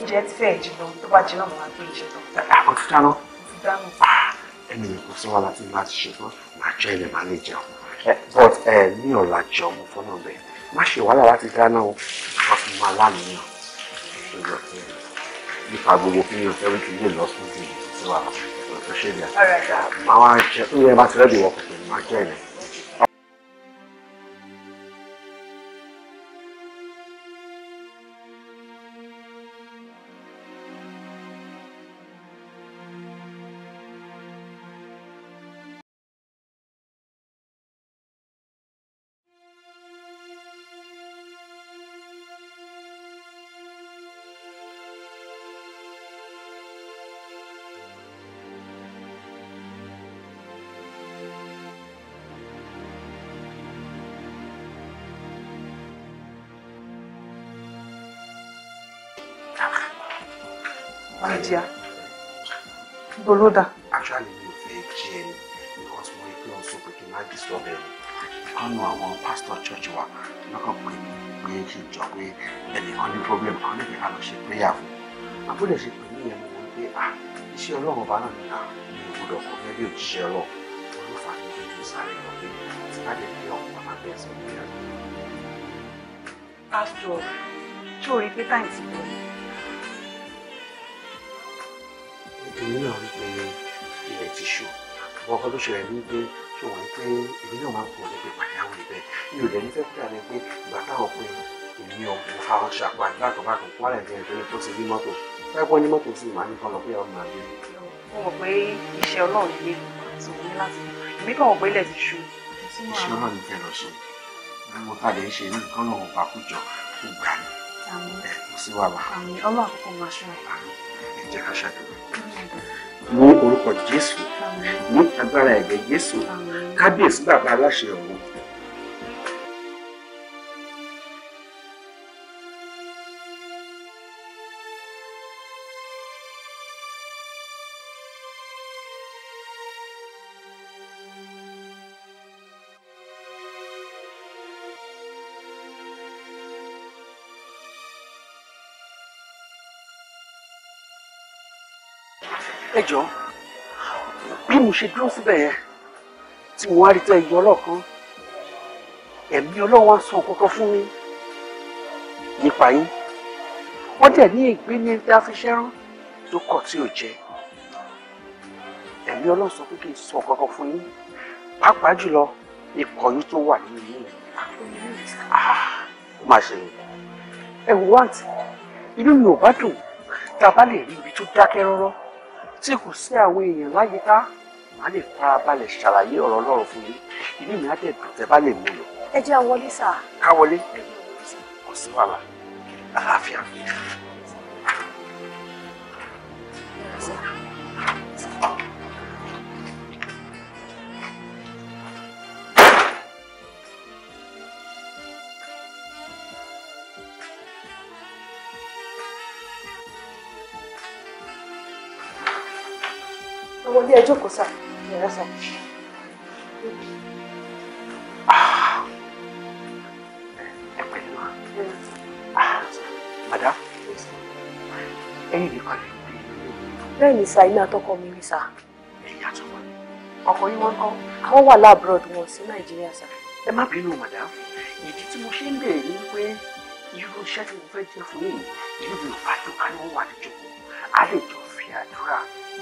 oúnjẹ ti fẹ́ jìnnà tó bá jìnnà máa gbé jìnnà. àwọn ah, ti dáná. ti dáná. Ah, ẹnì mi kò sí wàhálà tí màá ti ṣe fún màá ilẹ̀ màá lè jẹun eh, but eh, ní ọ̀la jẹun fọ́nà bẹ́ẹ̀ má ṣe wàhálà láti dáná o wọ́n fi máa lánìyàn ṣùgbọ́n kí ni nípa gbogbo kí ni o fẹ́ràn kí ilé lọ sókè sí wa ṣe ṣe bí i máa wá jẹ ó yẹ bá ti rẹ́dì wọ́pọ̀ pẹ̀lú máa jẹ́ ìrìn. Boloda. Actually, mi ò fẹ́ kí ẹ ní because mo rí pé o sọ pé kí n má disturb ẹ. Kánú àwọn pastor church wa lọ́kàn pé pé kí n jọ pé ẹnìkan ní problem kan níbi ká lọ ṣe prayer fún. Abúlé ṣe pè mí yẹn mo wọ pé ah iṣẹ́ Ọlọ́run bá náà nìyà mi ò gbọdọ̀ kọ́ gẹ́gẹ́ bí òjíṣẹ́ Ọlọ́run. Mo ló fà á ní kí n sáré lọ pé tí bá lè fi ọ̀hún bàbá bẹ́ẹ̀ sọ pé. Pastor, ṣé o rí pé táyì ti bọ̀? ti ṣù ṣùgbọ́n ọkọ ló ṣẹlẹ̀ ní pé ṣé wọ́n pé èmi náà máa ń pọ̀ níbi pàjáwìrì bẹ́ẹ̀ mi ò lẹ́ni fẹ́ kúrò ní pé ìgbà táwọn pé èmi ò kò fa ṣàpá ìgbàkọ̀bàkọ̀ kó àlẹ́ ìdíyẹn tó ní tó ti rí mọ́tò láìpẹ́ ní mọ́tò sì máa ní kọ́ lọ pé ọmọ àbí mi. mo mọ̀ pé iṣẹ́ ọlọ́run gbé tó ní láti èmi kàn mọ̀ pé ilẹ̀ ti ṣú. iṣẹ́ ọlọ́run fẹ́ lọ ṣe mo tàdé ṣe ní nǹkan lọ́wọ́ bàkújọ tó gbà ní. kò sí wàhálà. ọlọ́run àkókò máa ṣe é. ẹ jẹ́ ká ṣàdúrà ní orúkọ Jésù ní agbára ẹ̀jẹ̀ Jésù kábíyèsí bàbá aláṣẹ ọ̀hún. ẹ jọ bí mo ṣe dúró síbẹ̀ yẹn tí mo wá rí tẹ ìyọ ọlọ́kan ẹ̀mí ọlọ́wọ́ sọ kọ́kọ́ fún mi nípa yín wọ́n dẹ̀ ní ìgbín ní tá a fi ṣẹ́rán tó kọ̀ tí ò jẹ́ ẹ̀mí ọlọ́run sọ pé kí n sọ kọ́kọ́ fún yín pàápàá jùlọ ikọ̀ yín tó wà nínú yín ah, má ṣe yín ẹ wò wá àǹtí inú mi ò bá dùn tá a bá lè rí ibi tó dákẹ́ rọ́rọ́ tí kò sí àwọn èèyàn láyìíká màá lè farabalẹ̀ ṣàlàyé ọ̀rọ̀ ọlọ́run fún yín inú mi á dẹ̀ dùn tẹ́ bá lè mú lọ. ẹ jẹ́ àwọlé sáà. káwọlé kò sí wàhálà àlàáfíà. ẹ jókòó sá yàrá sá. ẹ pẹ̀lú àdá ẹ̀yin nìkan lè gbé ìlú. bẹ́ẹ̀ ni sá iná àtọkọ mi ni sá. ẹ̀yin àtọkọ mi ọkọ yín wọn kọ́. àwọn wà láàbùrọ̀dù wọn sí nàìjíríà sá. ẹ má bínú madam ìdí tí mo ṣe ń béèrè ni pé irú iṣẹ́ tí mo fẹ́ jẹ́ fún yìí ìlú yorùbá tó ká wà níjọ́ a lè jọ fi àdúrà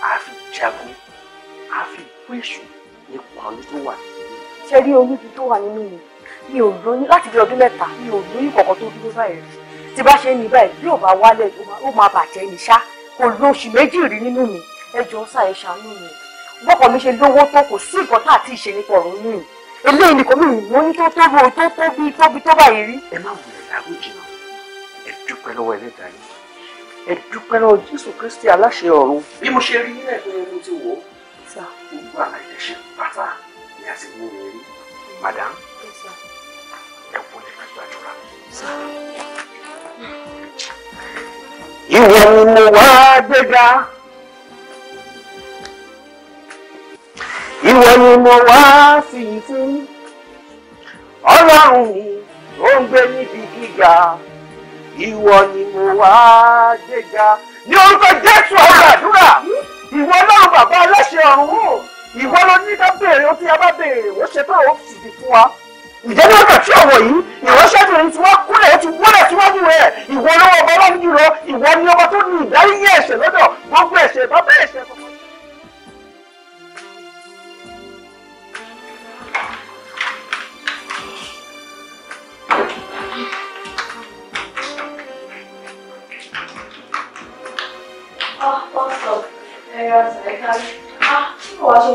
a fi jagun á fi nípa oyún tó wà nínú ṣe rí oyún ti wà nínú mi mi ò lóyún láti bí ọdún mẹ́ta mi ò lóyún kọ̀ọ̀kan tó dúró báyìí tí bá ṣe ní báyìí bí bá wálẹ̀ ó máa bàjẹ́ ní ṣá kò lóṣù méjì rí nínú mi ẹ jọ̀ọ́ ṣàánú mi bọ́kọ̀ mi ṣe lówó tó kò sí nǹkan tá àti ìṣe nípa ọ̀rọ̀ yìí eléyìí nìkan mi ò ní tó tó bó tó tó bí tó bí tó báyìí rí. ẹ má wulẹ̀ láàrú jìnnà ẹ dúpẹ́ lọ́wọ́ ẹlẹ́dàá yìí ẹ dúpẹ́ lọ́wọ́ Jésù Kristi aláṣẹ ọ̀run bí mo ṣe rí nílẹ̀ tó yẹ mo wò ó gbogbo àlàyé ṣe pátá ni a ti mú mi rí madam ẹ kú lè gbàdúrà. ìwọ ni mo wá gbéga. ìwọ ni mo wá sí i fún ọlọ́run mi ó ń gbé níbi gíga ìwọ ni mo wá gbéga ní orúkọ jésù ọgbàdúrà ìwọ ọlọ́run bàbá aláṣẹ ọ̀run wò ìwọ ló ní ká béèrè ó tí a bá béèrè ó ṣe tó ó sì fi fún wa. ìjẹ́ ní ọ̀dọ̀ tí ọ̀wọ̀ yìí ìránṣẹ́ tòun ti wá kúlẹ̀ ó ti wọlé síwájú rẹ̀ ìwọ lọ́wọ́ ọba ọlọ́run jùlọ ìwọ ni ọba tó ní ìdáríyé ẹ̀ṣẹ̀ lọ́dọ̀ gbogbo ẹ̀ṣẹ̀ bàbá ẹ̀ṣẹ̀ kọ̀ọ̀kan. èmi náà mọ̀ ìpè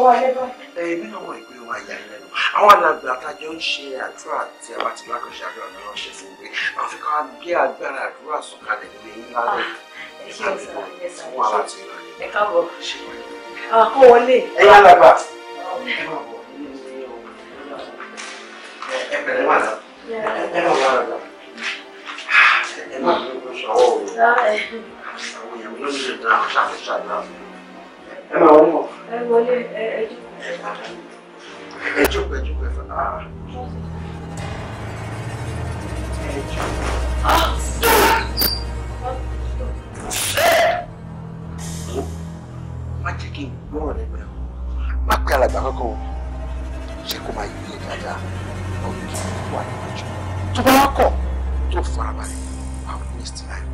wa yà lẹ́nu àwọn alàgbà àtàjọ ń ṣe àdúrà àti abátìlá kan ṣe àdúrà ní ránṣẹ́ sí gbé àwọn fi ká gbé agbára àdúrà sọ̀kalẹ̀ nílé yín lálẹ́ fún wa láti rà ní. ẹ káàbọ̀ kó wọlé. ẹ yá alàgbà ẹ má bọ̀ ẹ bẹ̀rẹ̀ wà lá ah, ẹ má wà lá ẹ má bí o sọ ọ́ ẹ máa wọ́n mọ̀. ẹ wọlé ẹ jókòó ẹ jókòó ẹ jókòó ẹ fà á. Ah. ẹ jókòó. Ah. má jẹ́ kí n gbọ́rọ̀ lẹ́gbẹ̀ẹ́ o má pẹ́ alàgbà kọ́kọ́ o ṣé kó máa yí ẹ dáadáa ọ̀rọ̀ tó wà níwájú tó bá wá kọ̀ tó farabalẹ̀ wà waste time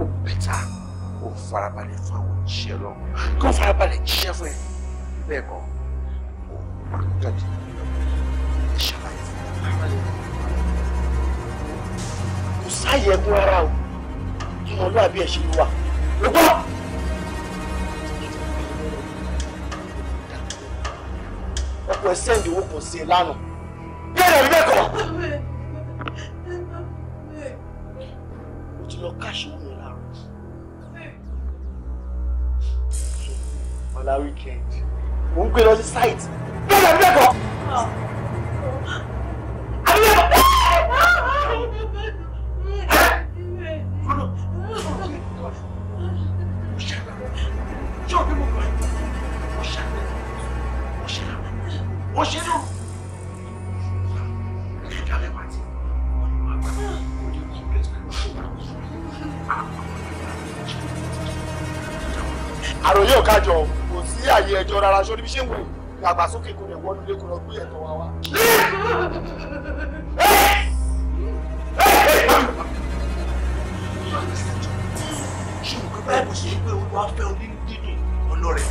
ó bẹ̀ta kó farabalẹ̀ fún àwọn òjíṣẹ́ lọ kó farabalẹ̀ jíṣẹ́ fún ẹ bẹ́ẹ̀ kọ́ ó máa ń jáde ẹ ṣàlàyé fún farabalẹ̀ kò sáàyè ẹkún ara o kí wọn lóàbí ẹ ṣe ló wà ó gbọ́. ọkọ ẹ sẹ́ndì owó kan sí ẹ lánàá bẹ́ẹ̀ ni bẹ́ẹ̀ kọ́. ó ti lọ káṣí wọn. ọ̀la weekend mò ń gbé lọ sí site bẹ́ẹ̀ ni bẹ́ẹ̀ kọ́. Ah. Ah. kájọ o sí àyè ẹjọ́ rárá sórí bí ṣé ń wò dàgbàsókè kò lè wọ́n nílé kò gbé ẹ̀tọ́ wa wá. ṣé o kò báyìí kò ṣe é pé olú afẹ́ onídìdì ọlọ́rẹ̀.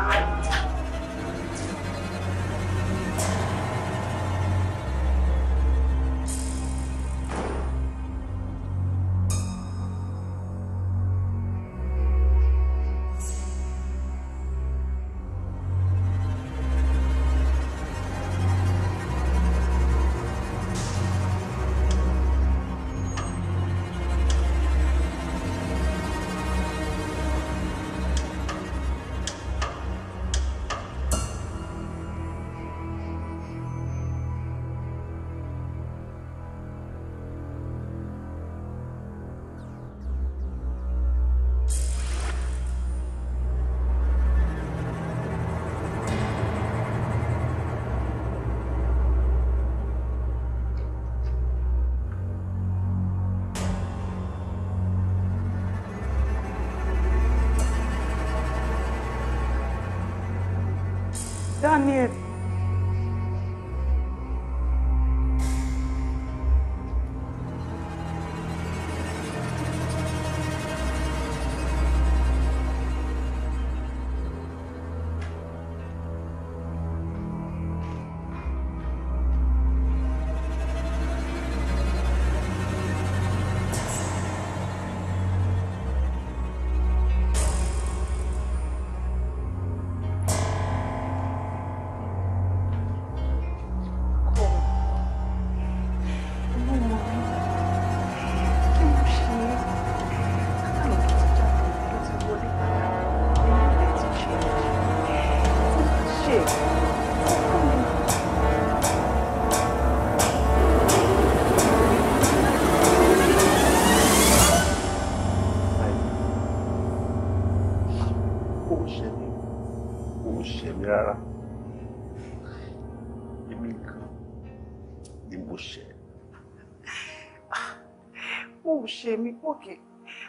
mo ò ṣe mí òkè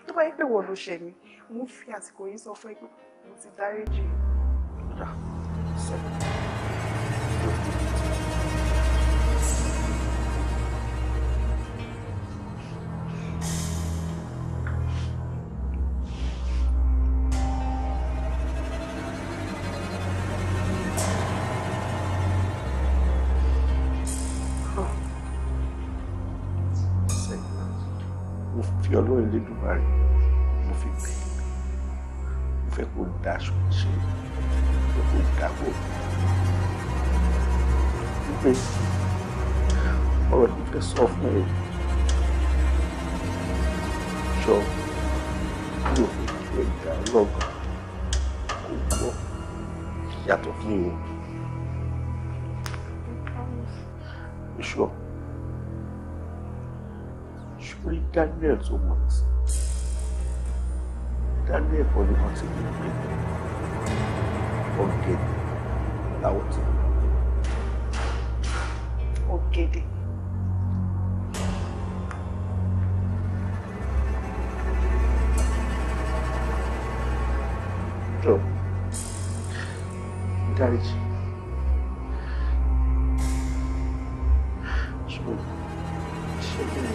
tó bá yẹ pé wọ́n ló ṣe mí mo fi àsìkò yìí sọ fún ẹ mo ti dáríjì. sọ. ọlọ́run Elédùmarè mo fi bẹ̀ mo fẹ́ kó daṣọ ṣe mo fẹ́ kó dàgbò wípé ọ̀rọ̀ tí mo fẹ́ sọ fún ẹ sọ kúrò ẹ̀dá lọ́gàn kò gbọ́ yàtọ̀ fún ìwọ̀n. Sure fún Daniel tó mọ̀ tí Daniel kọ́ ni wọ́n ti mú pé ọ̀gẹ̀dẹ̀ làwọn ti mú. ọ̀gẹ̀dẹ̀. Tó dáríjì. Ṣùgbọ́n ṣé kí ni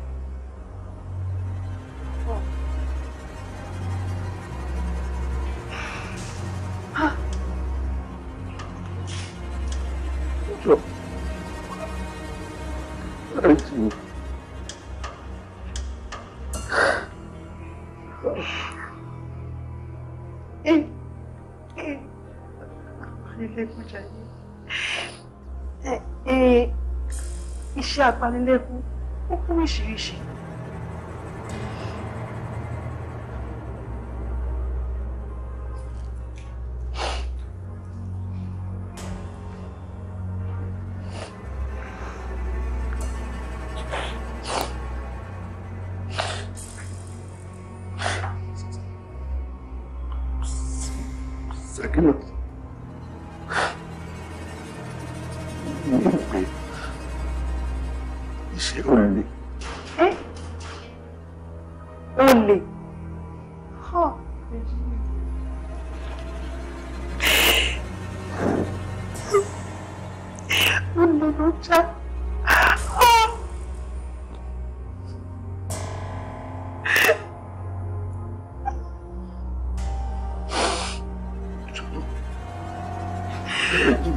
apanilẹ́kún ó kú oríṣiríṣi Yeah.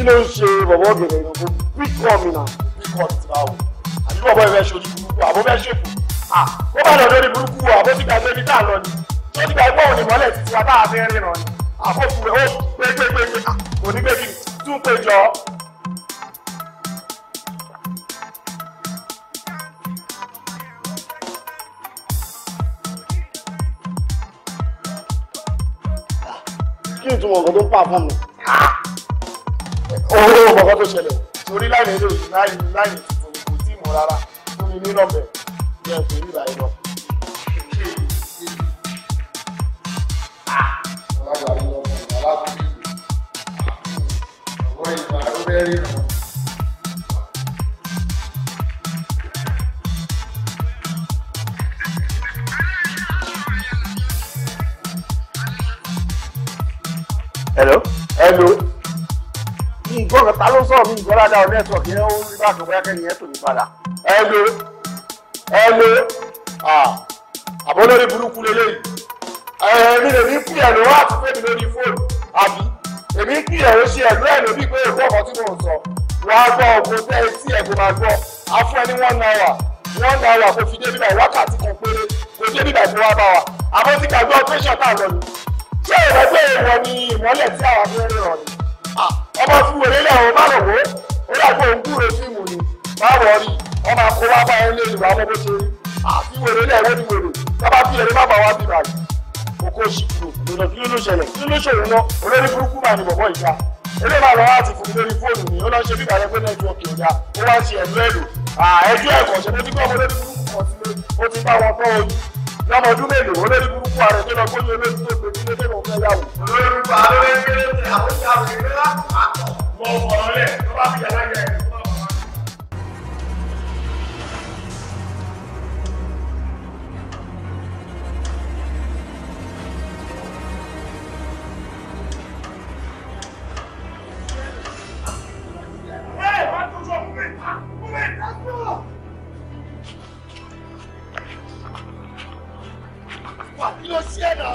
kí ló ń ṣe bọ̀bọ̀ ọ̀gẹ̀dẹ̀ ìrọ̀bọ̀ quick call mi na quick call ti báwo àbí bọ̀bọ̀ ìfẹ́ ṣojú burúkú àbó fẹ́ ṣèkù à ó bá dọ̀dọ̀ ní burúkú àbó ti gbàgbé ibi tá a lọ ni ó ti gbàgbé òun ìmọ̀lẹ̀ títí wa tá a fi ń rìnà ni àbó fún mi ó péjépéjé kò ní péjì tún péjọ. kí n tún mọ̀ nǹkan tó pà fún mi ṣẹlẹ̀ torí láyé lè láyé láyé kò tí ì mọ̀ rárá fún mi ní nọ́mbẹ̀ bá dá ọ nẹ́tíwọ̀kì yẹn ó rí bá bóyá kẹ́ni yẹn tò ní padà. ẹ lo ẹ lo àbọ̀lórí burúkú lélẹ́yìí èmi lèmi kí ẹ̀ ló wá àtúntò lórí fóònù àbí èmi kí ẹ̀ ó ṣe ẹ̀lú ẹ̀ lórí pé èkó ọ̀kan tí mò ń sọ wàá gbọ́ ọ̀gbọ́n tẹ́ ẹ tí ẹ̀gbọ́n máa gbọ́ afún ẹni one naira one naira kò fi dé bíbá wákàtí kan péré kò dé bíbá ìfowó wa bá wa àmọ́ ti gbàgbé operation náà lọ ni ṣé ìrẹ́gbẹ́ ìwọ ni ìmọ́lẹ̀ tí àwọn akérè rọ̀ ni ọmọ fún wèrè lẹ́wọ̀n má lọ wò dàgbò ògúre fíìmù ni wàá wọ̀ rí wọ́n máa kó wá lé ìwà ọmọ bó ṣe rí àti wèrè ní ẹ̀rọ ìwèrè bàbá bí ẹ̀rẹ́ bàbá wa bí bàbá oko ṣìkìlò ìrìnà kí ló ló ṣẹlẹ̀ kí ló ṣòro lọ olórí burúkú máa ní bọ̀bọ̀ ìjà eré máa lọ láti fún mi lórí fóònù mi ó lọ ṣe bíbá ẹgbẹ́ nẹ́tíwọ̀kì ọ̀dà ó wá ṣe ẹ̀dú ẹ̀dù ẹjọ́ ẹ̀kọ́ ṣe mo ti kọ́ olórí burúkú kan sílé ó ti bá wọn fọ́ ojú lọ́mọdún mélòó olórí burúkú ààrẹ tó lọ gbóyè olórí tó gbé fẹ́ yà wò. olórí bá a lórí kéré àwọn ìyá rẹ̀ ní láti máa tọ̀ lẹ̀ tó bá fi yàrá yẹ Wà kí ló ṣe é náà?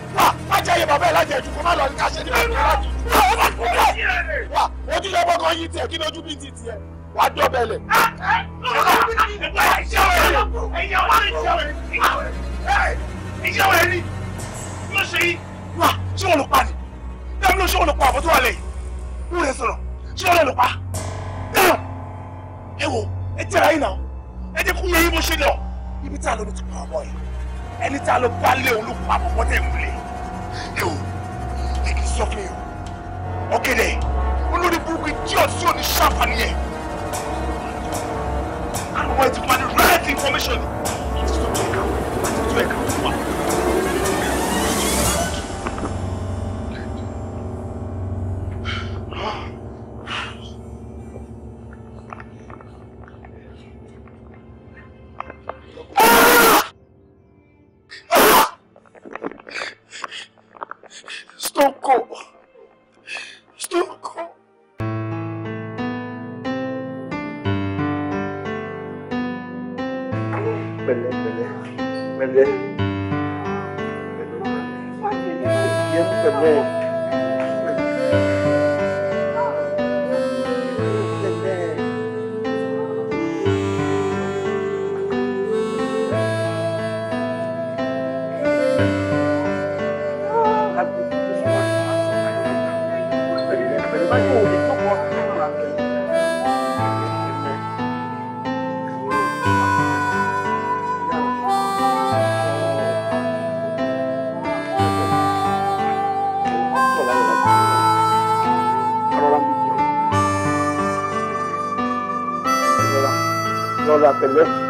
wà má jẹ iye bàbá ẹ lájẹ ìdùkú má lọ ní ká ṣe ní bàbá ẹ lájẹ àwọn bá kú bẹ́ẹ̀ wà ojú yẹ gbọ́kàn yín tiẹ̀ kí ni ojú bí ti tiẹ̀ wà á dọ̀bẹ̀lẹ̀. ìyá wa ni yóò ṣe yí wà ṣé wọn lò pa ni bẹ́ẹ̀ ló ṣé wọn lò pa àbọ̀tún àlẹ́ yìí wúrẹ̀ sọ̀rọ̀ ṣé wọn lò pa ẹ wo ẹ tẹ̀ra yín náà ẹ jẹ́ kó yẹ yín bó ṣe lọ ibi tí a lọ ló ti pa ọmọ yìí ẹni tá a lọ bá lé òun ló pa àpòpọ̀ tẹ̀ ń wulẹ̀ ẹ o ẹ kì í sọ fún yìí o ọ̀gẹ̀dẹ̀ olórí burúkú tí ò sí òní ṣàǹfààní àwọn ẹ̀ ti pa ní right information ni ìtútù ẹ̀ka àti ìtútù ẹ̀ka fún wa. the next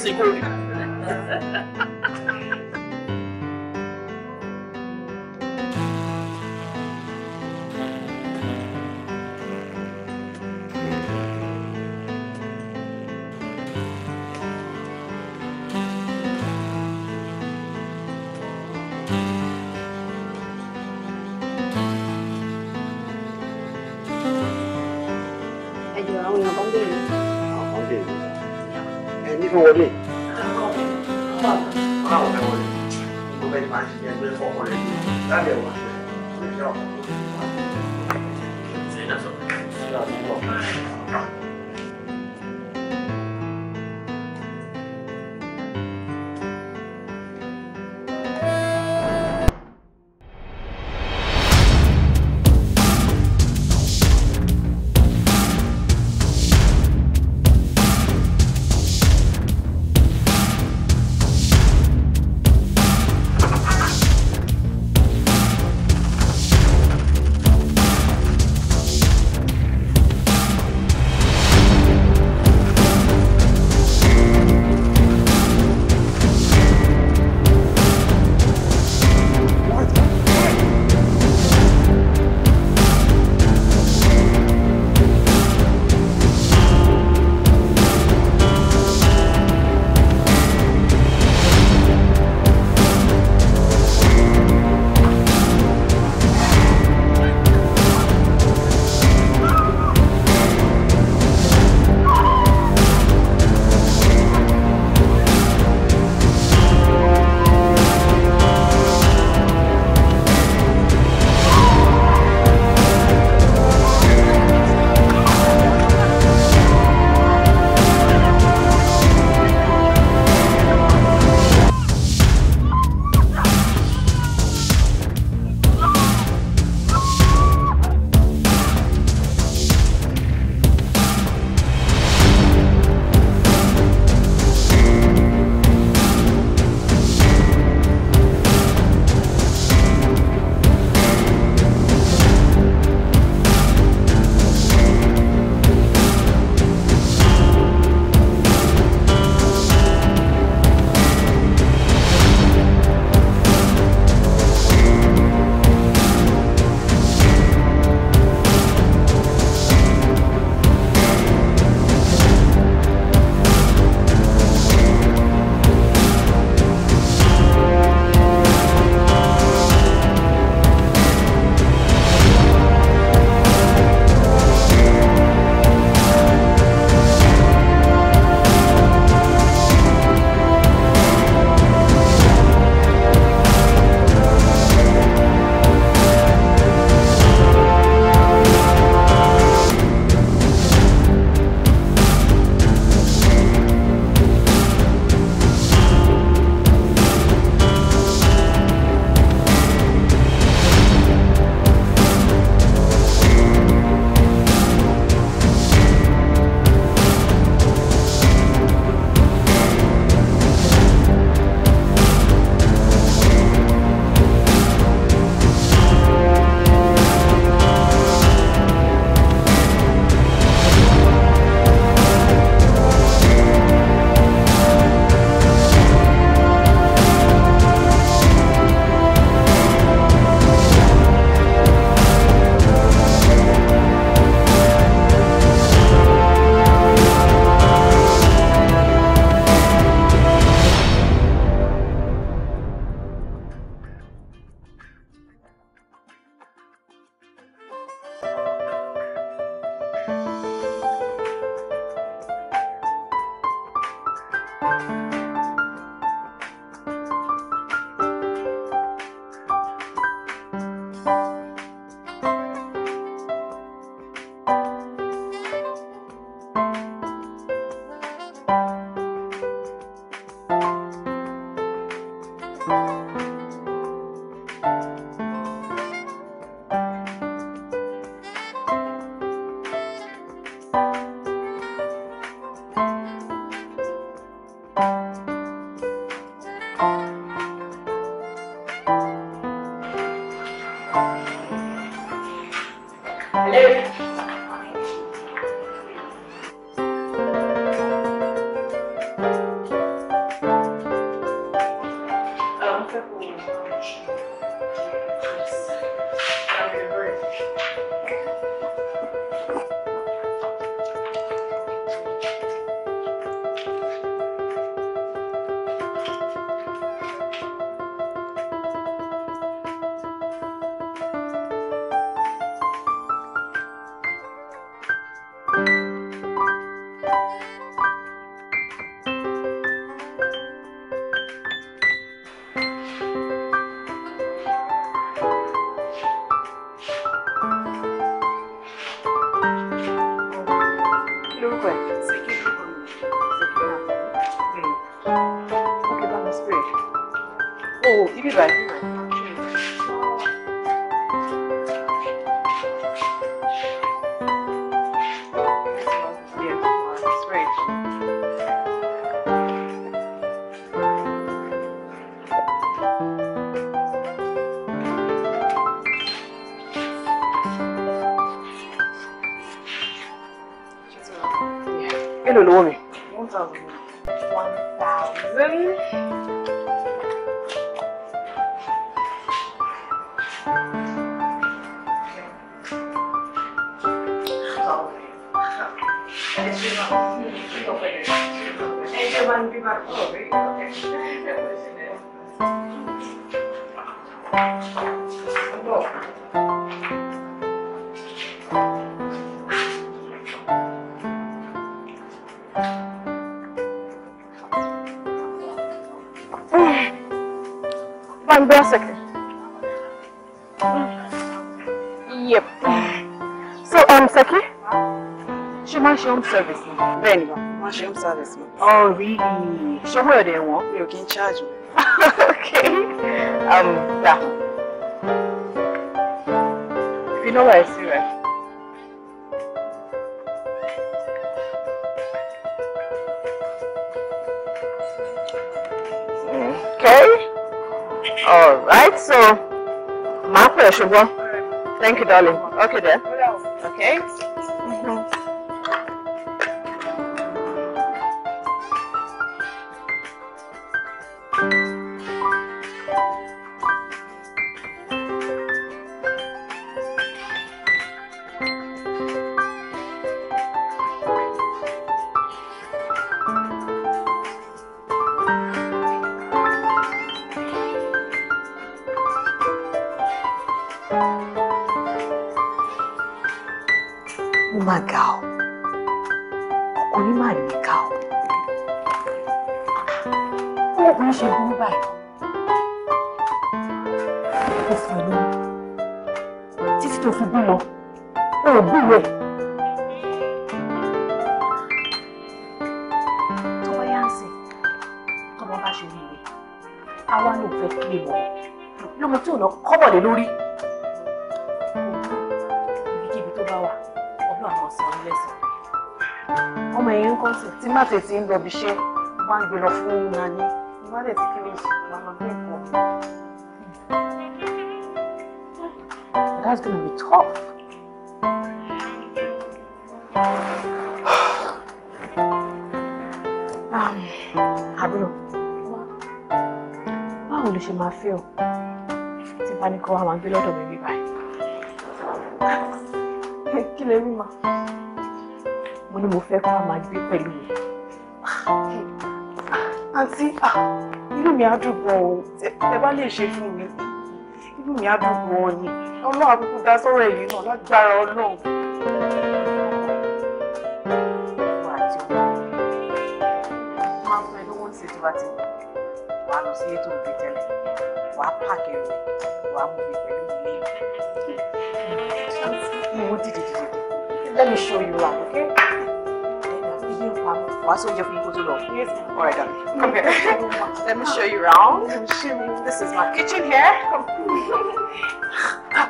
single Oh, really? Somewhere they want me. not can in charge. okay. Um, yeah. If you know what I see, right? Okay. All right. So, my pleasure. thank you, darling. Okay, then. ń lọ bí iṣẹ́ wá ń gbé lọ fún nani wá dẹ̀ ti kéré sí màmá bẹ́ẹ̀ kọ́. That's gonna be tough. Um, àbúrò báwo ló ṣe máa fẹ́ ọ tí bá ní kọ́ wa máa gbé lọ́dọ̀ mi bí báyìí kí lè rí ma mo ní mo fẹ́ kọ́ wa máa pẹ̀lú àǹtí ah, inú mi á dùn gan o ẹ bá lè ṣe fún mi inú mi á dùn gan ni ọlọ́run àkókò dá sọ́rọ̀ èyí náà lágbára ọlọ́run. máa ń fẹ́ lówó ń ṣètò àti wà á lọ sí ètò òbí tẹ́lẹ̀ wà á pààkì rẹ̀ wà á mú mi pẹ̀lú ilé mi. mo dìde dìde let me show you around okay. passage of Yes. All right, darling. Mm. Come here. Let me show you around. Let me show you. This is my kitchen here.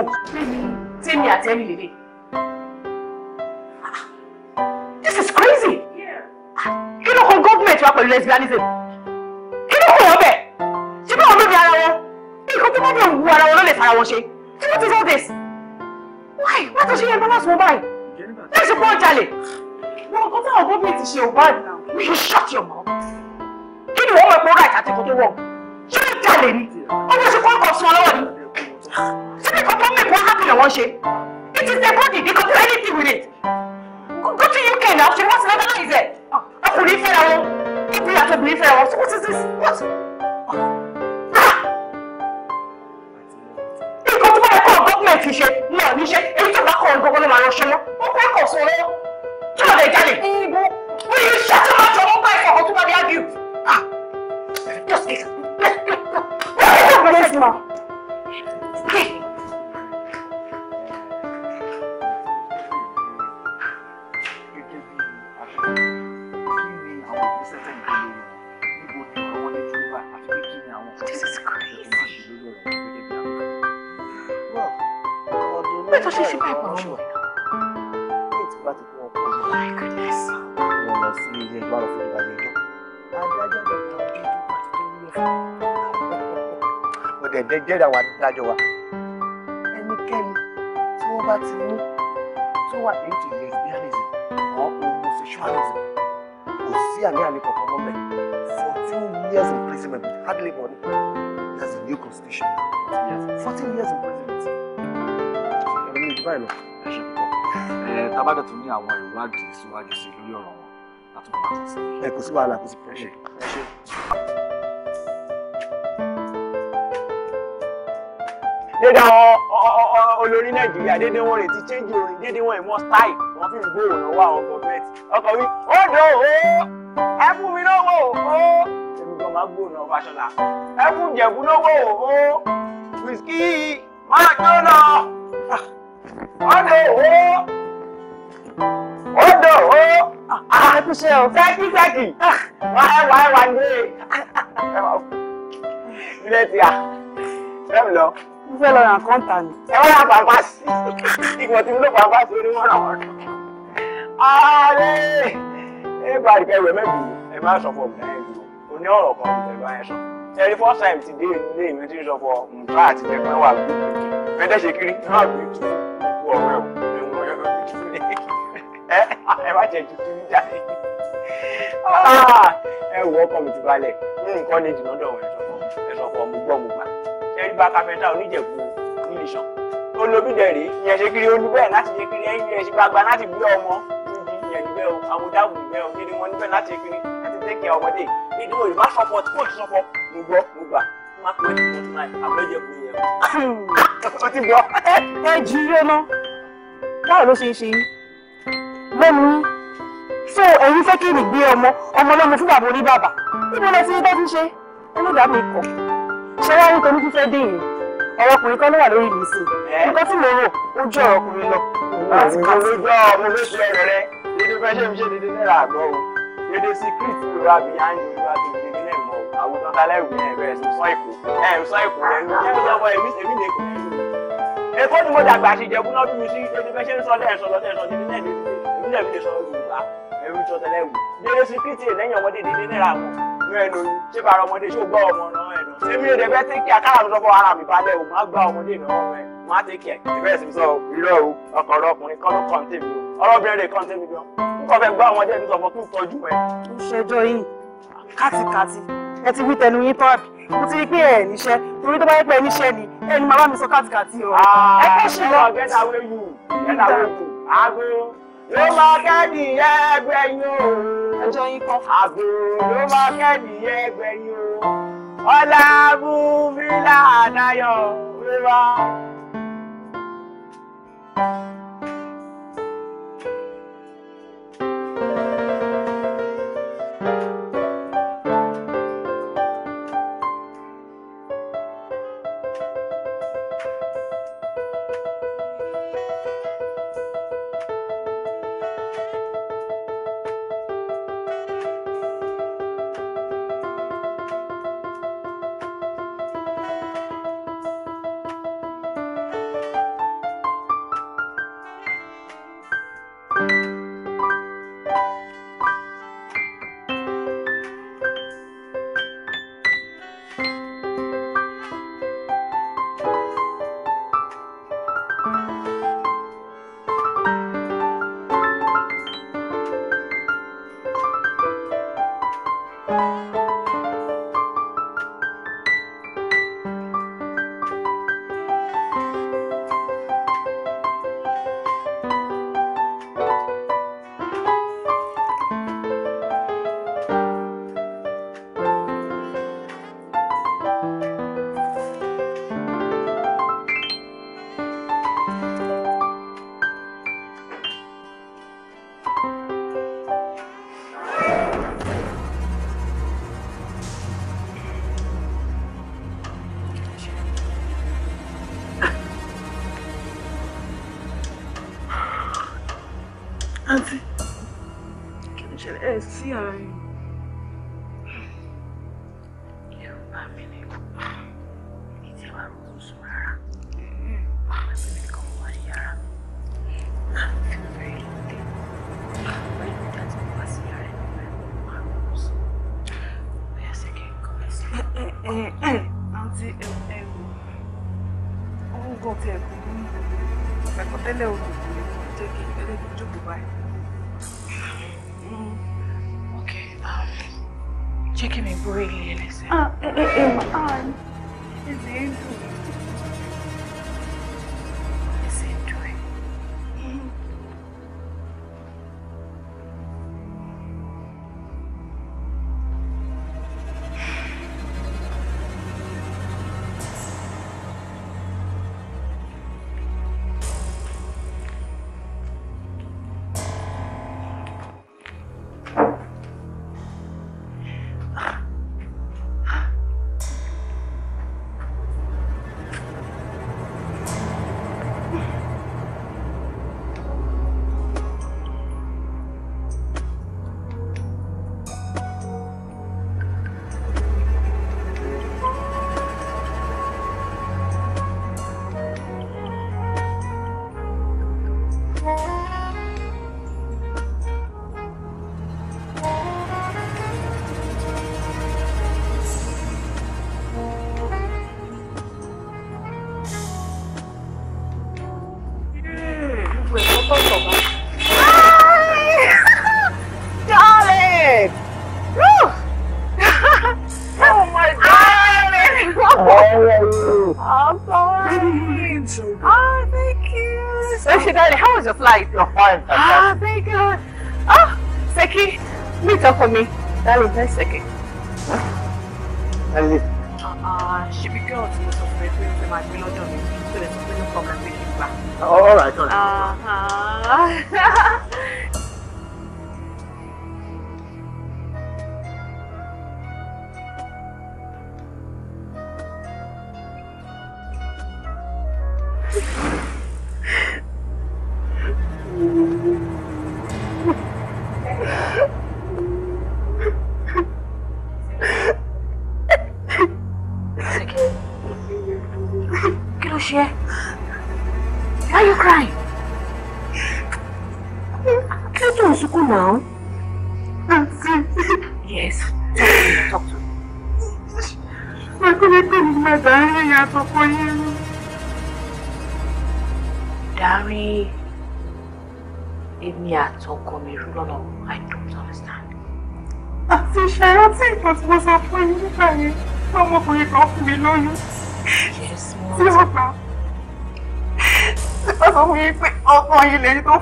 Tell me, tell me, lèlè. This is crazy. Kí ló kan gọ́ọ̀mẹ̀ntì wa pẹ̀lú lesbianism? Kí ló kàn wọ́n bẹ̀? Ṣé bí wọ́n lóbi ara wọn? Bí nǹkan tó bá dẹ̀ wù ara wọn ló lè fara wọn ṣe. What is all this? Why? Wọ́n tó ṣe yẹn balance wọn báyìí. Láì ṣe pọ́n you Wọ́n kọ́ táwọn gọ́ọ̀mẹ̀ntì ṣe ò bá àdìgbà. Will you shut your mouth? Kí ni wọ́n mọ̀ pé ó rà ìtàtìkọ́ tó you Ṣé ó jalè ni? Ó wọ́n ṣe fọ́ọ̀kọ̀ sí wọn lọ́wọ́ ni? Something can make what happen in one It is their body. They can do anything with it. Go, go to UK now. She wants another one, is it? I believe her. I you have to believe her. So what is this? What? Ah! Nǹkan tí wọ́n kọ́ gọ́ọ̀mẹ̀ntì ṣe ní àmì iṣẹ́ èyí tó bá kọ́ ọ̀gbọ́n ló máa lọ ṣọwọ́. Ó kọ́ ẹ̀kọ́ sọ lọ́wọ́. Kí you shut your mouth? Ọmọ bá ìfọ̀kọ̀ tó bá dé argue. Ah! Just this. Bless ma. Quick! jẹ́rìí àwọn adájọ́ wa ẹnikẹ́ni tí wọ́n bá ti mú tó wà nídìí lesbianism or homosexualism kò sí àní àní kankan mọ́ bẹ́ẹ̀ fourteen years imprisonment with hard labour ni that's the new constitution fourteen years imprisonment. ẹ̀rọ mi ìdí báyìí lọ. ẹ ṣe púpọ̀ ẹ tábàdàn tún ní àwọn ìwádìí síwájú sí lórí ọ̀rọ̀ wọn látọ̀kọ̀ àti sí. ẹ kò sí wàhálà kò sí pressure. dédé àwọn olórí nàìjíríà dédé wọn retí change orin dédé wọn ìmọ̀ style wọn fi gbó òun lọ́wọ́ àwọn gọ́ọ̀mẹ̀tì ọkọ̀ wí ó dò ó ẹ fún mi lówó ó èmi gan máa gbó òun Fáṣọlá ẹ fún jẹ̀bú lówó ó wìsíkì máa jó lọ ó dò ó ó dò ó àkúṣe ò sákìsákì wàá wà ní ilé tí a fẹ́ mi lọ mo fẹ́ lọ ra nǹkan ẹ wọ́n ra pàpà sí ìgbọ̀n tí mo lọ pàpà sí ni wọ́n ra kan. ààrẹ ẹ bá rí kẹwẹ mẹ́bìí ẹ má sọ fún ọ̀gbìn ẹ̀ o ní ọ̀rọ̀ kan ọ̀gbìn ẹ̀ sọ. ẹni first time ti dé ilé ìwé tí ń sọ fún mùtá àti ẹgbẹ́ wà lókè fẹ́ẹ́ dẹ́sẹ̀ kiri náà gbé mi ti balẹ̀ nǹkan lè jìnnà dọ̀wọ̀ ẹ̀ sọ fún ọmọ gbọ́ gbogbo tẹrí bá káfẹ́ńtà oníjẹ̀bú nílìṣàn olóbìdẹ̀ rèé ìyẹn ṣe kiri olú bẹ́ẹ̀ láti ṣe kiri ẹ̀yìn ẹ̀ṣin gbagba láti gbé ọmọ níbi ìyẹn ìgbẹ́ o àwòdà ìgbẹ́ o kí ni níbẹ̀ láti ṣe kiri láti tẹ́kẹ̀ ọmọdé ìdí òyìn má sọ fọ́ọ̀tì kóòtù sọ mo gbọ́ mo gbà má pẹ́ so ẹ̀yin fẹ́ kí ni gbé ọmọ ọmọ lọ́mọ fún bàbá oníbàbà níbo lẹ ti ń tẹ́tí ṣe ẹ ló dá mi kọ̀ ṣé wàá rí torí fífẹ́ dé yìí ọ̀rọ̀ ọkùnrin kan ló wà lórí mi sí nǹkan tí mo rò ó jọ ọkùnrin lọ. láti kọ́ ló jọ ọmọ olóṣù ẹ̀rọ rẹ dédé fẹ́ ṣe ń ṣe dédé náírà àgbọ̀ o dédé secret ló wà bí yáǹdì wà bí dédé náà mọ̀ àwùjọ kalẹ̀ ìwé ẹ̀ bẹ̀rẹ̀ sọ ìkù ẹ̀ sọ ìkù rẹ̀ ní kí ló wọ èmi èmi lè èkó ni mo dàgbà àṣejẹ fún lọ́dún mi sí dédé fẹ́ ṣe ń sọ lẹ́ẹ̀ sọ lọ́dún ẹ̀ sọ dédé náà èmi náà fi lè sọ Yorùbá ẹ̀rù ìjọ tẹ̀lé wù dédé secret lẹ́yìn ọmọdé dédé náírà mọ̀ ní ẹnu ṣé bàrọ̀ ọmọdé ṣó gbọ́ ọmọ náà èmi ò dẹ̀gbẹ́ tí kí akára mi lọ́kọ́ ara mi balẹ̀ o máa gba ọmọdé mi ọmọ ẹ̀ máa tẹ̀ ẹ̀ ìbẹ̀rẹ̀ sí sọ irọ́ o ọkọ̀ ọ̀rọ̀ ọkùnrin ló kàn tèmi o ọlọ́bìnrin rẹ̀ kàn tèmi gan nǹkan fẹ́ gbọ́ ọmọdé mi sọ̀fọ̀ kí n tọ́jú ẹ̀. mo ṣẹjọ́ yìí kátikáti ẹ ti wí tẹnu yín tọ́ọ̀bì mo ti rí pé ẹ níṣẹ́ torí tó bá yẹ pé ẹ níṣẹ́ ni ẹ màmá mi sọ kátikáti o. Ah, get away you you ló máa kẹ́ni ẹgbẹ́ yín o. ẹjọ́ yín kọ́. àgbo ló máa kẹ́ni ẹgbẹ́ yín o ọlá mú fílà àdáyọ̀ wíwá. i dale, sé que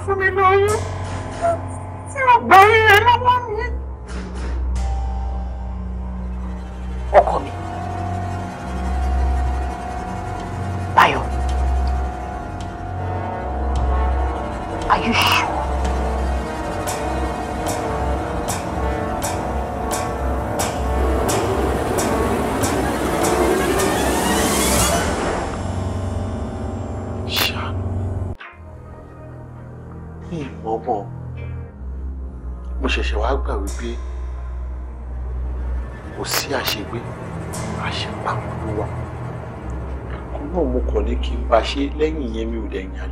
Come you. bá ṣe lẹ́yìn yẹn mi ò dẹ̀ yàn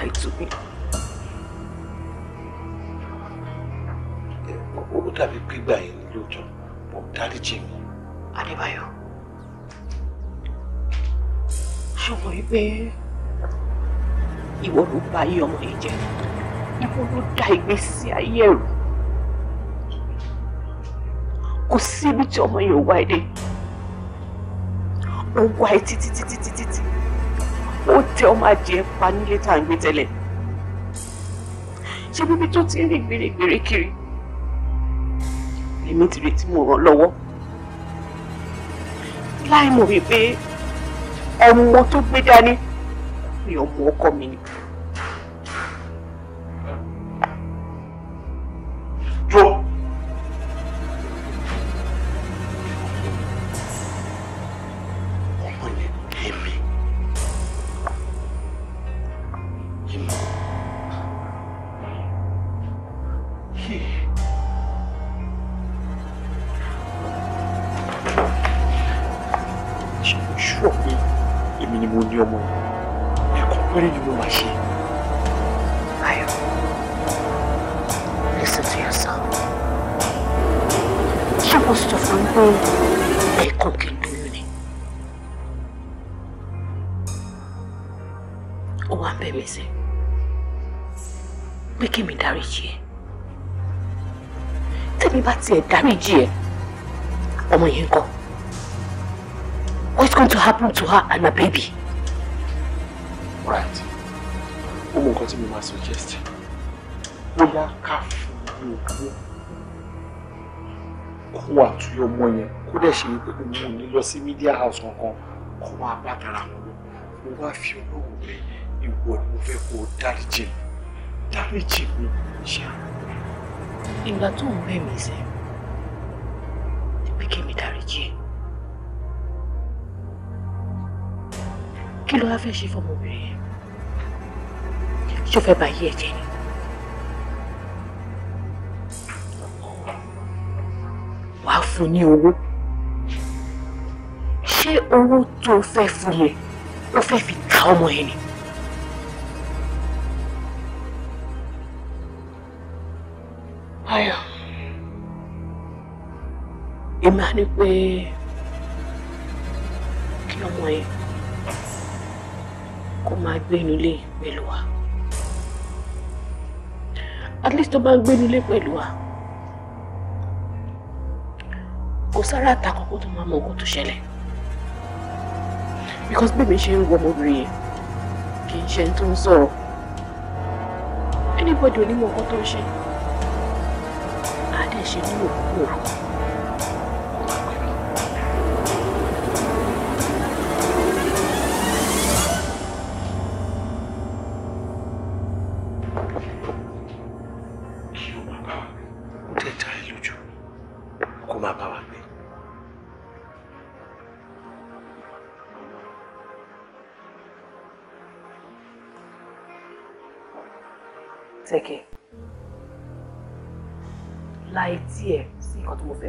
lie to me. ó dàbí gbígbà yẹn ní lóòótọ́ mo dáríjì mi. Adébáyọ̀ ṣùgbọ́n wípé ìwọ ló bà ayé ọmọ yìí jẹ́ ìwọ ló da ìgbésí ayé ẹ̀rù kò sí tí ọmọ yìí ò wá dé ó wá títí títí títí títí ó tẹ ọmọ adìẹ pa nílé tá à ń gbé tẹ́lẹ̀ ṣé bíbí tó ti ń rìn gbèrègbèrè kiri èmi ti retí mo ràn lọ́wọ́ láì mọ̀ wípé ọmọ tó gbé dání ni ọmọ ọkọ mi nìkan. tiẹ̀ dáríjì ẹ̀ ọmọ yẹn kọ́ what's going to happen to her and her baby. right ó mọ nǹkan tí mo máa suggest bóyá ká fún un ní owó kó wà tún yọ ọmọ yẹn kó dẹ̀ ṣe wípé mo mú un ní lọ sí media house kankan kó wá bá tara wọn lọ mo wá fi olóhùn pé ìwọ ni mo fẹ́ kó o dáríjì mi dáríjì mi ṣáà. ìgbà tó ń bẹ̀ mí sẹ́yìn pé kémi dáríjì ẹ kí ló wá fẹ́ ṣe fọmọbìnrin yẹn ṣó fẹ́ bà yí ẹ̀jẹ̀ ni. wàá fún ní owó ṣé owó tó fẹ́ fún yẹn ó fẹ́ fi ta ọmọ yẹn ni. ayọ̀ èmi á ní pé kí ọmọ yẹn kó máa gbé inú ilé pẹ̀lú wa at least tó bá ń gbé inú ilé pẹ̀lú wa kò sára àtàkọ́kọ́ tó máa mọ nǹkan tó ṣẹlẹ̀ because bẹ́ẹ̀ mi ṣe ń wọ ọmọbìnrin yẹn kì í ṣe tó ń sọ̀rọ̀ anybody onímọ̀ nǹkan tó ń ṣe àdéṣe ní òkú òru.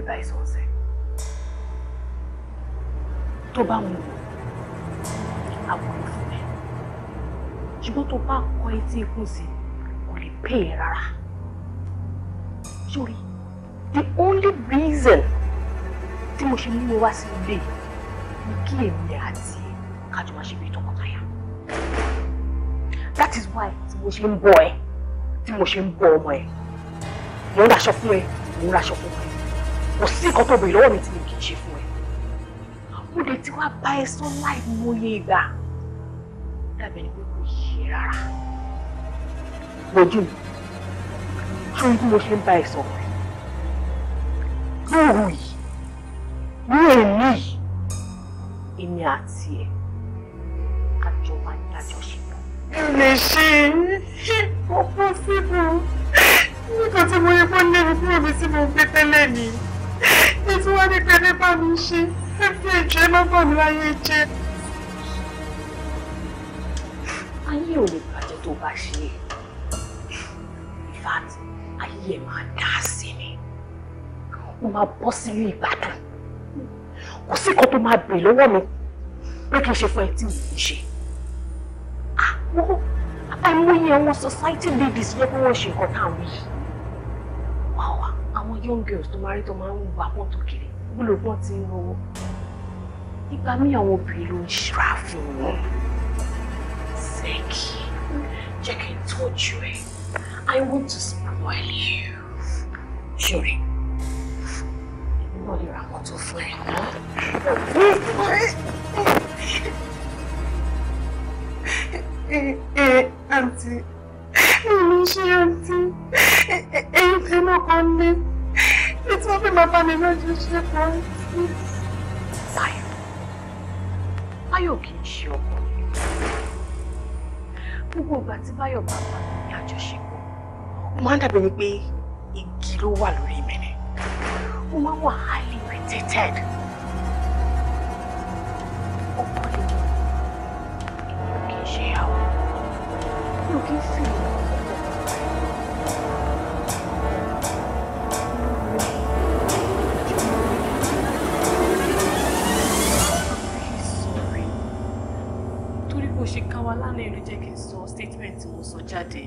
fẹ́ bá ìsọ̀ ọ̀sẹ̀ tó bá wù ú àwòrán fún ẹ ṣùgbọ́n tó bá kọ etí ikún sí kò lè pè é rárá sórí the only reason tí mo ṣe mú wá sí ilé ni kí èmi àti kájọ máa ṣe bí tọkọtaya that is why tí mo ṣe ń bọ ẹ tí mo ṣe ń bọ ọmọ ẹ mo ń raṣọ fún ẹ mo ń raṣọ fún ẹ kò sí nǹkan tó bèrè lọ́wọ́ mi tí mo kì í ṣe fún ẹ mo lè ti wá bá ẹ sọ láì mọye ìgbà dàbí ẹni pé kò yé rárá lójú mi tó ń bí mo ṣe ń bá ẹ sọ lóru yìí ní èmi yìí èmi àti ẹ kájọ wá ní àjọṣepọ̀. lè ṣe ọkùnrin síbò nígbà tí mo yẹ kó lé mi kúrò mi sí mo gbé tẹ́lẹ̀ ni ẹ tí wọ́n ní pẹ̀lẹ́ bá mi ṣe ẹ fi ẹ̀jẹ̀ má bà mí láyé jẹ́. ayé ò lè bàjẹ́ tó bá ṣe é in fact ayé ẹ̀ máa dá sí ni mo máa bọ́ sínú ìgbádùn kò sí kan tó máa bè lọ́wọ́ mi pé kí n ṣe fún ẹ tí mo ń ṣe àwọn àìmọye àwọn society ladies yẹ kí wọ́n ṣe nǹkan táwọn yìí wá wá àwọn young girls tó máa rí tó máa ń wà mọ́tò kiri gbólógbọ́n ti ń rówó nígbà míì àwọn obìnrin ló ń ṣra fún wọn sẹ́kì jẹ́ kí n tọ́jú ẹ I want to spoil you ṣòrí èmi náà lè ra mọ́tò fún ẹ mọ́. àǹtí mo ṣe àǹtí èyí tẹ́ náà kọ́ ní ní tí wọ́n fi máa bá mi lójú ṣe pọ̀ sí. Táyọ̀ Báyọ̀ kì í ṣe ọkọ mi. Gbogbo ìgbà tí Báyọ̀ bá wà ní àjọṣepọ̀, ó máa ń dàbí ni igi ló wà lórí mi ni. Mo máa ń wà highly irritated. Ọkọ lè mú èmi ṣe ìyàwó. Mi ò kì í fi jáde.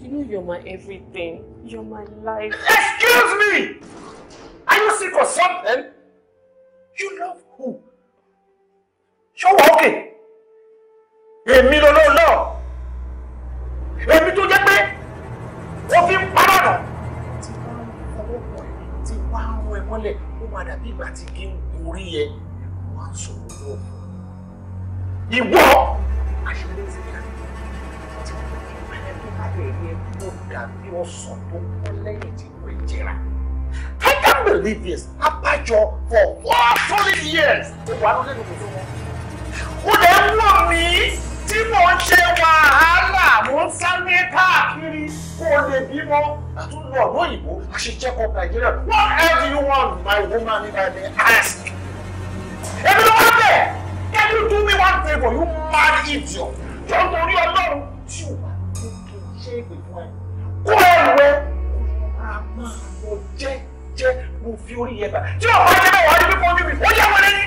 You know you're my everything. You're my life. Excuse me! Are you sick or something? Eh? You love who? Ṣé wà ókè? Èmi no ló lọ. Èmi tó jẹ́ pé wọ́n fi ń parọ́. Tí wá ń fọwọ́ pọ̀ ẹ̀, tí wá ń rún ẹ mọ́lẹ̀, ó máa dàbí ìgbà tí kì í orí ẹ. Wọ́n á sọ̀rọ̀ ti kàrí àti tó bá lè rí ẹbí yóò dàbí ọsàn tó kún lẹ́yìn tí kò jẹrà. I can't believe this abájọ for four solid years. ó wà ló lẹ́nu kò tó wọn. ó lè ń wọ̀ mí tí mò ń ṣe wàhálà mò ń sáré káàkiri kó o lè bímọ àtúntò ọ̀nà òyìnbó àṣejẹ́kọ̀ọ́ Nàìjíríà what else you want my woman if I may ask. èmi ló wá bẹ̀ can you do me one favour you mad idiot. Don't worry Ọlọ́run tí o bá tó tó ṣe é pè fún ẹ kó ẹrù ẹ a máa lọ jẹ́jẹ́ mo fi orí yẹn bá tí o bá jẹ́ bẹ́ẹ̀ wà á ní fífọ́ ojú mi ó yẹ wọlé ní.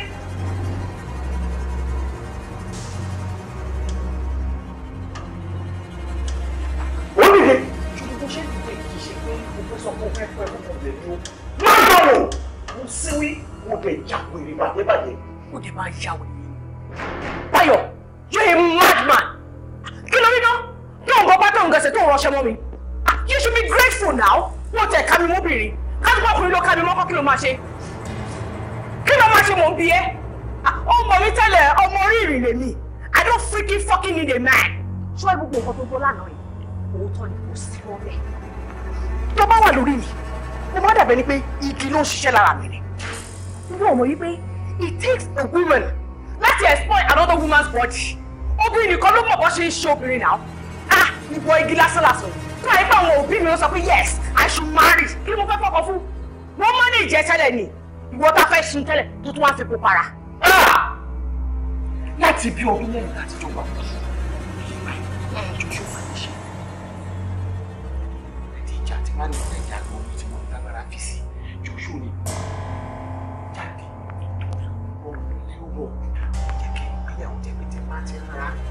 ó nìyẹn ṣùgbọ́n bó ṣe ń pè kì í ṣe pé mo fẹ́ sọ pé mo fẹ́ fẹ́ mo kò lè dúró má dọ̀wọ̀ mo síwí mo bẹ̀ jà pèrè bàjẹ́ bàjẹ́. ó dẹ̀ máa ń ṣàwẹ̀ yìí. Báyọ̀ yóò mú gẹ̀ẹ́sẹ̀ tó rọṣẹ́ mọ́ mi ah, you should be grateful now wọ́n tẹ̀ ká mi mọ́bìnrin ká tó bá ọkùnrin ló ká mi mọ́kọ́ kí ló máa ṣe kí ló máa ṣe mò ń bi ẹ́ ah, ọmọ mi tẹ́lẹ̀ ọmọ orí ìrìn lèmi I don't freaking fucking need a man ṣọ́ ẹ gbogbo nǹkan tó gbọ́ lánàá yìí òótọ́ ni kò sí wọn bẹ́ẹ̀ tó bá wà lórí mi mo má dàbẹ́ ni pé igi ló ń ṣiṣẹ́ lára mi ni irú ọmọ yìí pé it takes a woman láti exploit another woman's body obìnrin nìkan ló mọ̀ bó ṣe ń ṣe obìnrin náà níbo igi lásán lásán ká ipá àwọn òbí mi ó sọ pé yes i should marry kí ni mo fẹ́ fọkàn fún wọ́n mọ́ ní ìjẹ́ tẹ́lẹ̀ ni ìwọ ta fẹ́ sun tẹ́lẹ̀ tó tún wá fi kó para. Ah! láti bí ọdún mẹ́rin láti jọ wà pẹ̀lú ìjọ máa ń ṣe àti ìjà tí máa ń lọ ẹ̀já lóhun tí wọ́n lágbára fi sí jòṣù ni jáde ọ̀rọ̀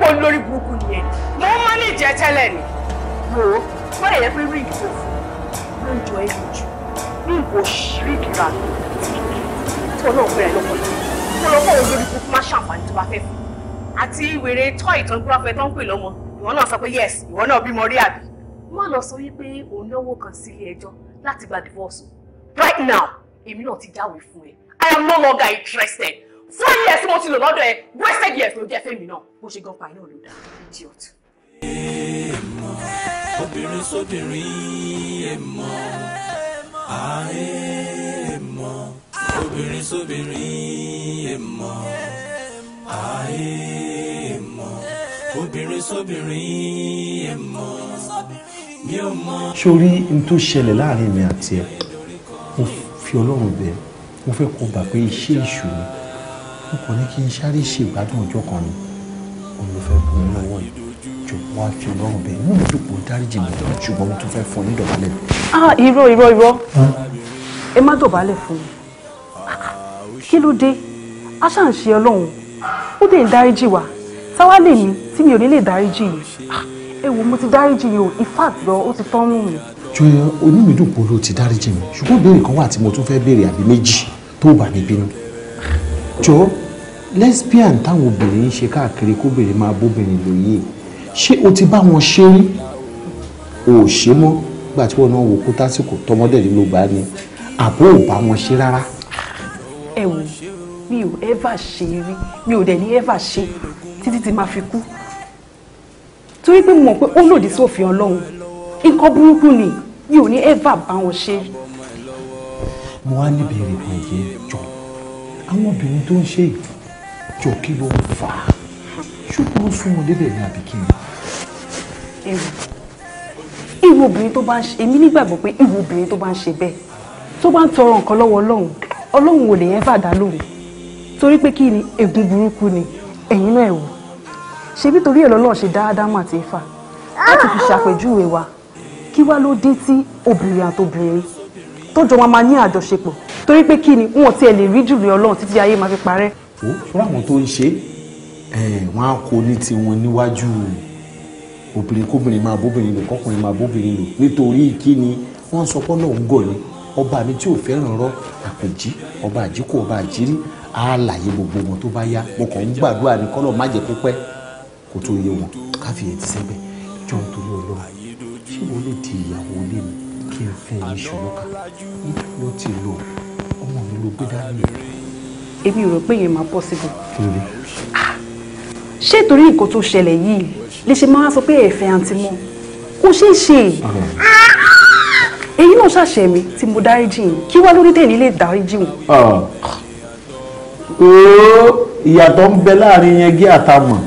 pọ̀ lórí burúkú nìyẹn mo máa ní ìjẹ́ tẹ́lẹ̀ ni mo wọ́n lè yẹ pé rí ìjọ ló ń jọ ẹ́ lójú ní ìbò ṣírí ìkìlá tó náà bẹ̀rẹ̀ lọ́pọ̀lọpọ̀ mo lọ́pọ̀ òun lórí burúkú má ṣàǹfààní tó bá fẹ́ fún àti wèrè tọ́ ìtàn gbúráfẹ́ tó ń pè lọ́mọ ìwọ náà sọ pé yes ìwọ náà bímọ rí àbí wọ́n lọ sọ wípé òun náwó kan sí ilé ẹjọ́ láti gba divorce right now èmi náà ti jáwèé fún ẹ I am no longer interested three years mo ti lò lọ́dọ̀ ẹ wasted years ló jẹ́ fẹ́mi náà bó ṣe gan pa iná ló idiot. èèmọ̀ obìnrin sóbìnrin èèmọ̀ àìmọ̀ obìnrin sóbìnrin èèmọ̀ àìmọ̀ obìnrin sóbìnrin èèmọ̀ mi ò mọ̀. sórí n tó ṣẹlẹ̀ láàrin mi àti ẹ̀ mo fi ọlọ́run bẹ̀ mo fẹ́ kó gbà pé iṣẹ́ ìṣòro mo kàn ní kí n sáré ṣègbádùn ọjọ́ kan ni òun ló fẹ́ bu mi lọ́wọ́ yìí jọ̀wọ́ wá fi ọlọ́run bẹ́ẹ̀ inú mi dùn pé ó dáríjì mi lọ ṣùgbọ́n mo tún fẹ́ fún un ní ìdọ̀bálẹ̀. ah irọ́ irọ́ irọ́ ẹ má dọ̀bálẹ̀ fún mi kí ló dé a ṣáà ń ṣe ọlọ́run ó dé ń dáríjì wá táwa lè mí tí mi ò ní lè dáríjì yìí ah, ẹ wò mo ti dáríjì yìí o in fact lọ ó ti tọ́nú mi. jọ̀ọ́ onímìdùn polo ti dáríjì mi ṣùgbọ́n ìbéèrè kan wà tí mo tún fẹ́ béèrè àbí méjì tó bá mi bínú jọ lesbian táwọn obìnrin ń ṣe káàkiri kóbìnrin máa bóbìnrin lóye ṣé o ti bá wọn ṣe rí o ò ṣe mọ́ nígbà tí wọn náà wò kó tásìkò tọmọdé ló gbà ni àbó ò bá wọn ṣe rárá. ẹ wò mi ò ever ṣe rí mi ò dẹ̀ ní ever ṣe títí tí máa fi kú torí pé mo mọ̀ pé ó lòdì sí òfin ọlọ́run nǹkan burúkú ni mi ò ní ever bá wọn ṣe. mo wá níbèrè kan jọ àwọn obìnrin tó ń ṣe ìjọ kí ló ń fà á ṣùgbọ́n ó sún wọn débẹ̀ ní àbíkí ìwọ obìnrin tó bá ń ṣe èmi nígbàgbọ́ pé ìwọ obìnrin tó bá ń ṣe bẹ́ẹ̀ tó bá ń tọrọ nǹkan lọ́wọ́ ọlọ́run ọlọ́run ò lè yẹn fàdá lóhùn torí pé kí ni ègún burúkú ni ẹ̀yin náà ẹ̀ wò ṣebí torí ẹ̀ lọ́lọ́run ṣe dáadáa mà ti fà láti fi ṣàpèjúwe wa kí wá ló dé tí obìnrin àtobìnrin tọ́jọ́ wọn máa ní àjọṣepọ̀ torí pé kí ni wọn tiẹ̀ lè rí jùlọ ọlọ́run títí ayé máa fi parẹ́. ó fúnra àwọn tó ń ṣe wọn á kó ní tiwọn níwájú obìnrin kóbìnrin máa bóbìnrin lò kọkùnrin máa bóbìnrin lò nítorí kí ni wọn sọ pé Ọlọ́run gọ̀ ni ọba mi tí ò fẹ́ràn rọ àpèjì ọba àjíkò ọba àjírí àlàyé gbogbo wọn tó bá yá mo kàn ń gbàdúrà ní kọ́lọ̀ má jẹ́ pípẹ́ kó tó yé wọn káfíyè ti sẹ́gbẹ̀ẹ́ jọ fẹ́ yìí ṣòlókà ló ti lò ọmọ mi ló gbé dání. èmi ò rò pé yẹn máa possible. kí ló dé. Ah! ṣé torí nǹkan tó ṣẹlẹ̀ yìí lè ṣe máa sọ pé ẹ̀fẹ̀ àǹtí mọ́ kò ṣeé ṣe èyí ah! náà ṣàṣẹ mi tí mo dáríjì yìí kí wá lórí tẹ̀lé lè dáríjì wọn. Ah! ìyàtọ̀ ń bẹ láàrin yẹn gé àtàmọ̀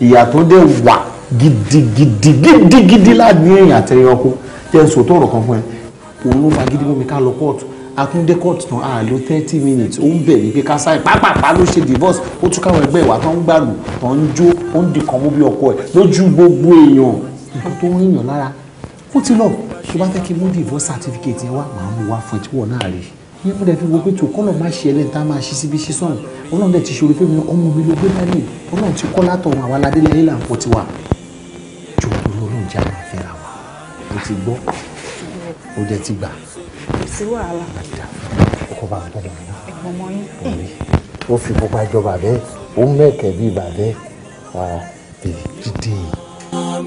ìyàtọ̀ dẹ̀ wà gidigidi gidigidi láàrin èèyàn àtẹ̀yìn ọkọ jẹ́ sòtò ọ̀rọ̀ kan fún ẹ òun ló fagídí mọ́ mi ká lọ kóòtù akúndé kóòtù tán a lò thirty minutes ó ń bẹ̀ mí pé ká sáré pápápá ló ṣe divorce ó tún káwọn ẹgbẹ́ ìwà tán ń gbàlù tán ń jó ó ń dìkan mú bí ọkọ ẹ̀ lójú gbogbo èèyàn nǹkan tó ń rìnyàn lára ó ti lọ tó bá fẹ́ kí mú divorce certificate yẹn wá màá mú wá fún ẹ tí wọ́n náà rí yẹn mo dẹ̀ fi wo pé tó kọ́ má ṣe ẹlẹ́ni tá a máa ṣe síbi ṣe sọ̀rọ̀ ọlọ́run dẹ̀ ti ṣòro fún mi ọmọ mi ló gbé dání ọlọ́run ti kọ́ látọ̀run àwa ládélẹ́yìn là ń pọ̀ tiwa jòkó lọ́rùn jẹ́ àwọn ó dẹ̀ ti gbà. kò wàhálà. ọkọ bá ń bọ̀ mọ́ yín. ẹ̀gbọ́n yín. ó fi pupa jọ bàbẹ́ ó mẹ́kẹ̀ẹ́ bíi bàbẹ́ bèbí dídé.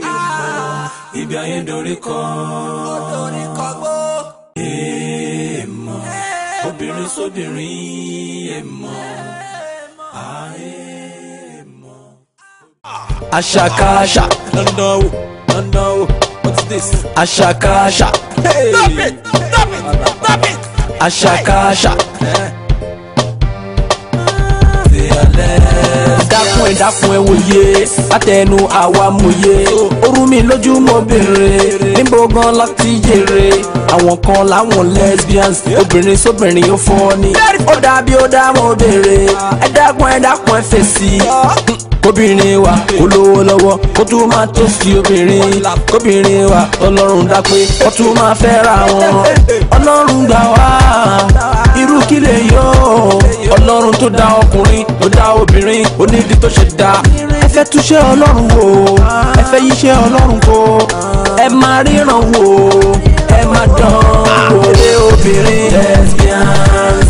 Ah, ibi ayé dorí kọ́. ó dorí kọ́ gbó. èèmọ̀ obìnrin sóbìnrin èèmọ̀ àìmọ̀. Ah. àṣàkáṣà dandan wo dandan wo. What's this? Ashakasha. Hey. Stop it! Stop it! Stop it! Ashakasha. dákun ẹ dákun ẹ wòye látẹnu àwa mòye orú mi lójú mọ bèrè níbo gan la ti jèrè àwọn kan láwọn lesbians obìnrin sóbìnrin ó fọ́ ni ó dàbí ó dá wọn bèrè ẹ dákun ẹ dákun ẹ fèsì kóbìnrin wa kó lówó lọ́wọ́ kó tún máa tó sí obìnrin kóbìnrin wa ọlọ́run dápé kó tún máa fẹ́ ra wọn ọlọ́run gbà wá irú kí lè yọ ọlọ́run tó dá ọkùnrin tó dá obìnrin onídìí tó ṣe dá ẹ fẹ́ túṣẹ́ ọlọ́run wò ẹ fẹ́ yíṣẹ́ ọlọ́run kó ẹ máa ríran wò ẹ máa dán wò lé obìnrin lesbian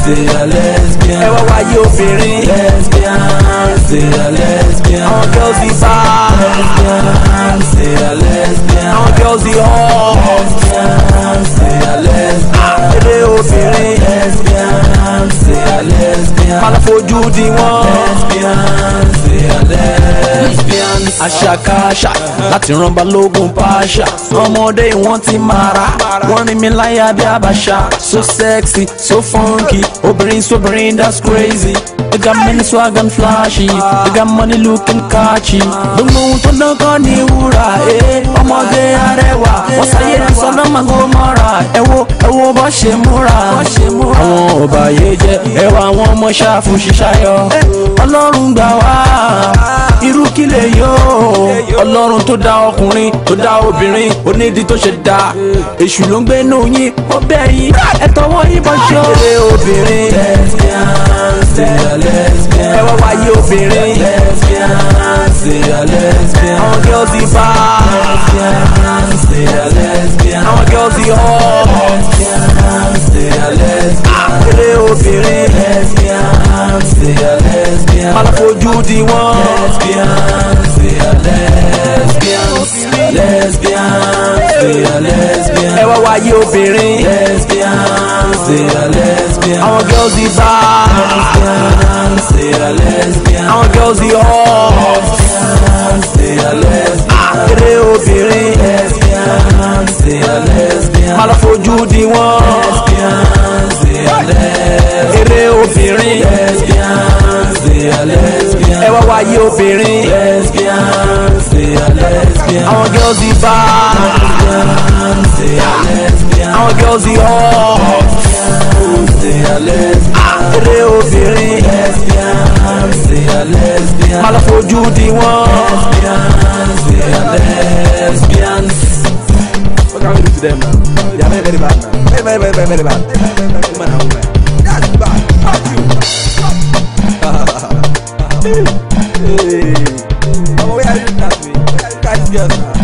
ṣe lesbian ẹ wá wáyé obìnrin lesbian. say a lesbian. All girls be bad. Lesbian, say a lesbian. All girls be hot. Lesbian, say a lesbian. Ebe obìnrin. Lesbian, say a lesbian. Malafojú di wọ́n. Lesbian, say a lesbian. lesbian aṣakáṣà láti ran balógun pàṣà ọmọdé ìwọ́n ti máa ra wọ́n rí mi láyà bí àbàṣà so sexy so funky obìnrin sobìnrin that's crazy. They got many swag and flashy They got money looking catchy The moon Gbogbo eh. tó dán kan ní wúrà eh. ọmọge arẹwà Wọ́n sáyé ti sọ lọ́mọ go mora? Ẹ wo ẹ wo bọ́ ṣe múra Àwọn ọba yé jẹ ẹwà àwọn ọmọ ṣáfù ṣiṣayọ Ọlọ́run gbà wá irú irú kí lè yọ ọlọ́run tó dá ọkùnrin tó dá obìnrin onídìí tó ṣe dá èṣù ló ń gbé inú yín ó bẹ̀ yín ẹ tọwọ́ yín bọ́ ṣọ́. ẹ obìnrin ẹ wá wáyé obìnrin àwọn girls ti bá àwọn girls ti họ́ ẹ obìnrin. say a lesbian. Malafoju di wọn. Lesbian, say a lesbian. Lesbian, say a lesbian. Ẹ wá wáyé obìnrin. Lesbian, say a lesbian. Àwọn girls di bá. Lesbian, say a lesbian. Àwọn girls di hall. Lesbian, say a lesbian. Akéré be Lesbian. lesbians, they are lesbians. Má lọ fojú di wọn. Lesbians, they are lesbians. Eré obìnrin. Lesbians, lesbians. Ẹ wá wáyé obìnrin. Lesbians, they are lesbians. Àwọn girls di bá. Lesbians, they are lesbians. Àwọn girls di họ́. Lesbians, they are lesbians. Eré obìnrin. Lesbians, they are lesbians. Má lọ fojú di wọn. Lesbians, lesbians can we do to them now? They are very, very bad now. Very, very, very, very, very bad. Woman and woman. That's bad. Fuck you. hey. Oh, where are you at me? Where are you guys girls now?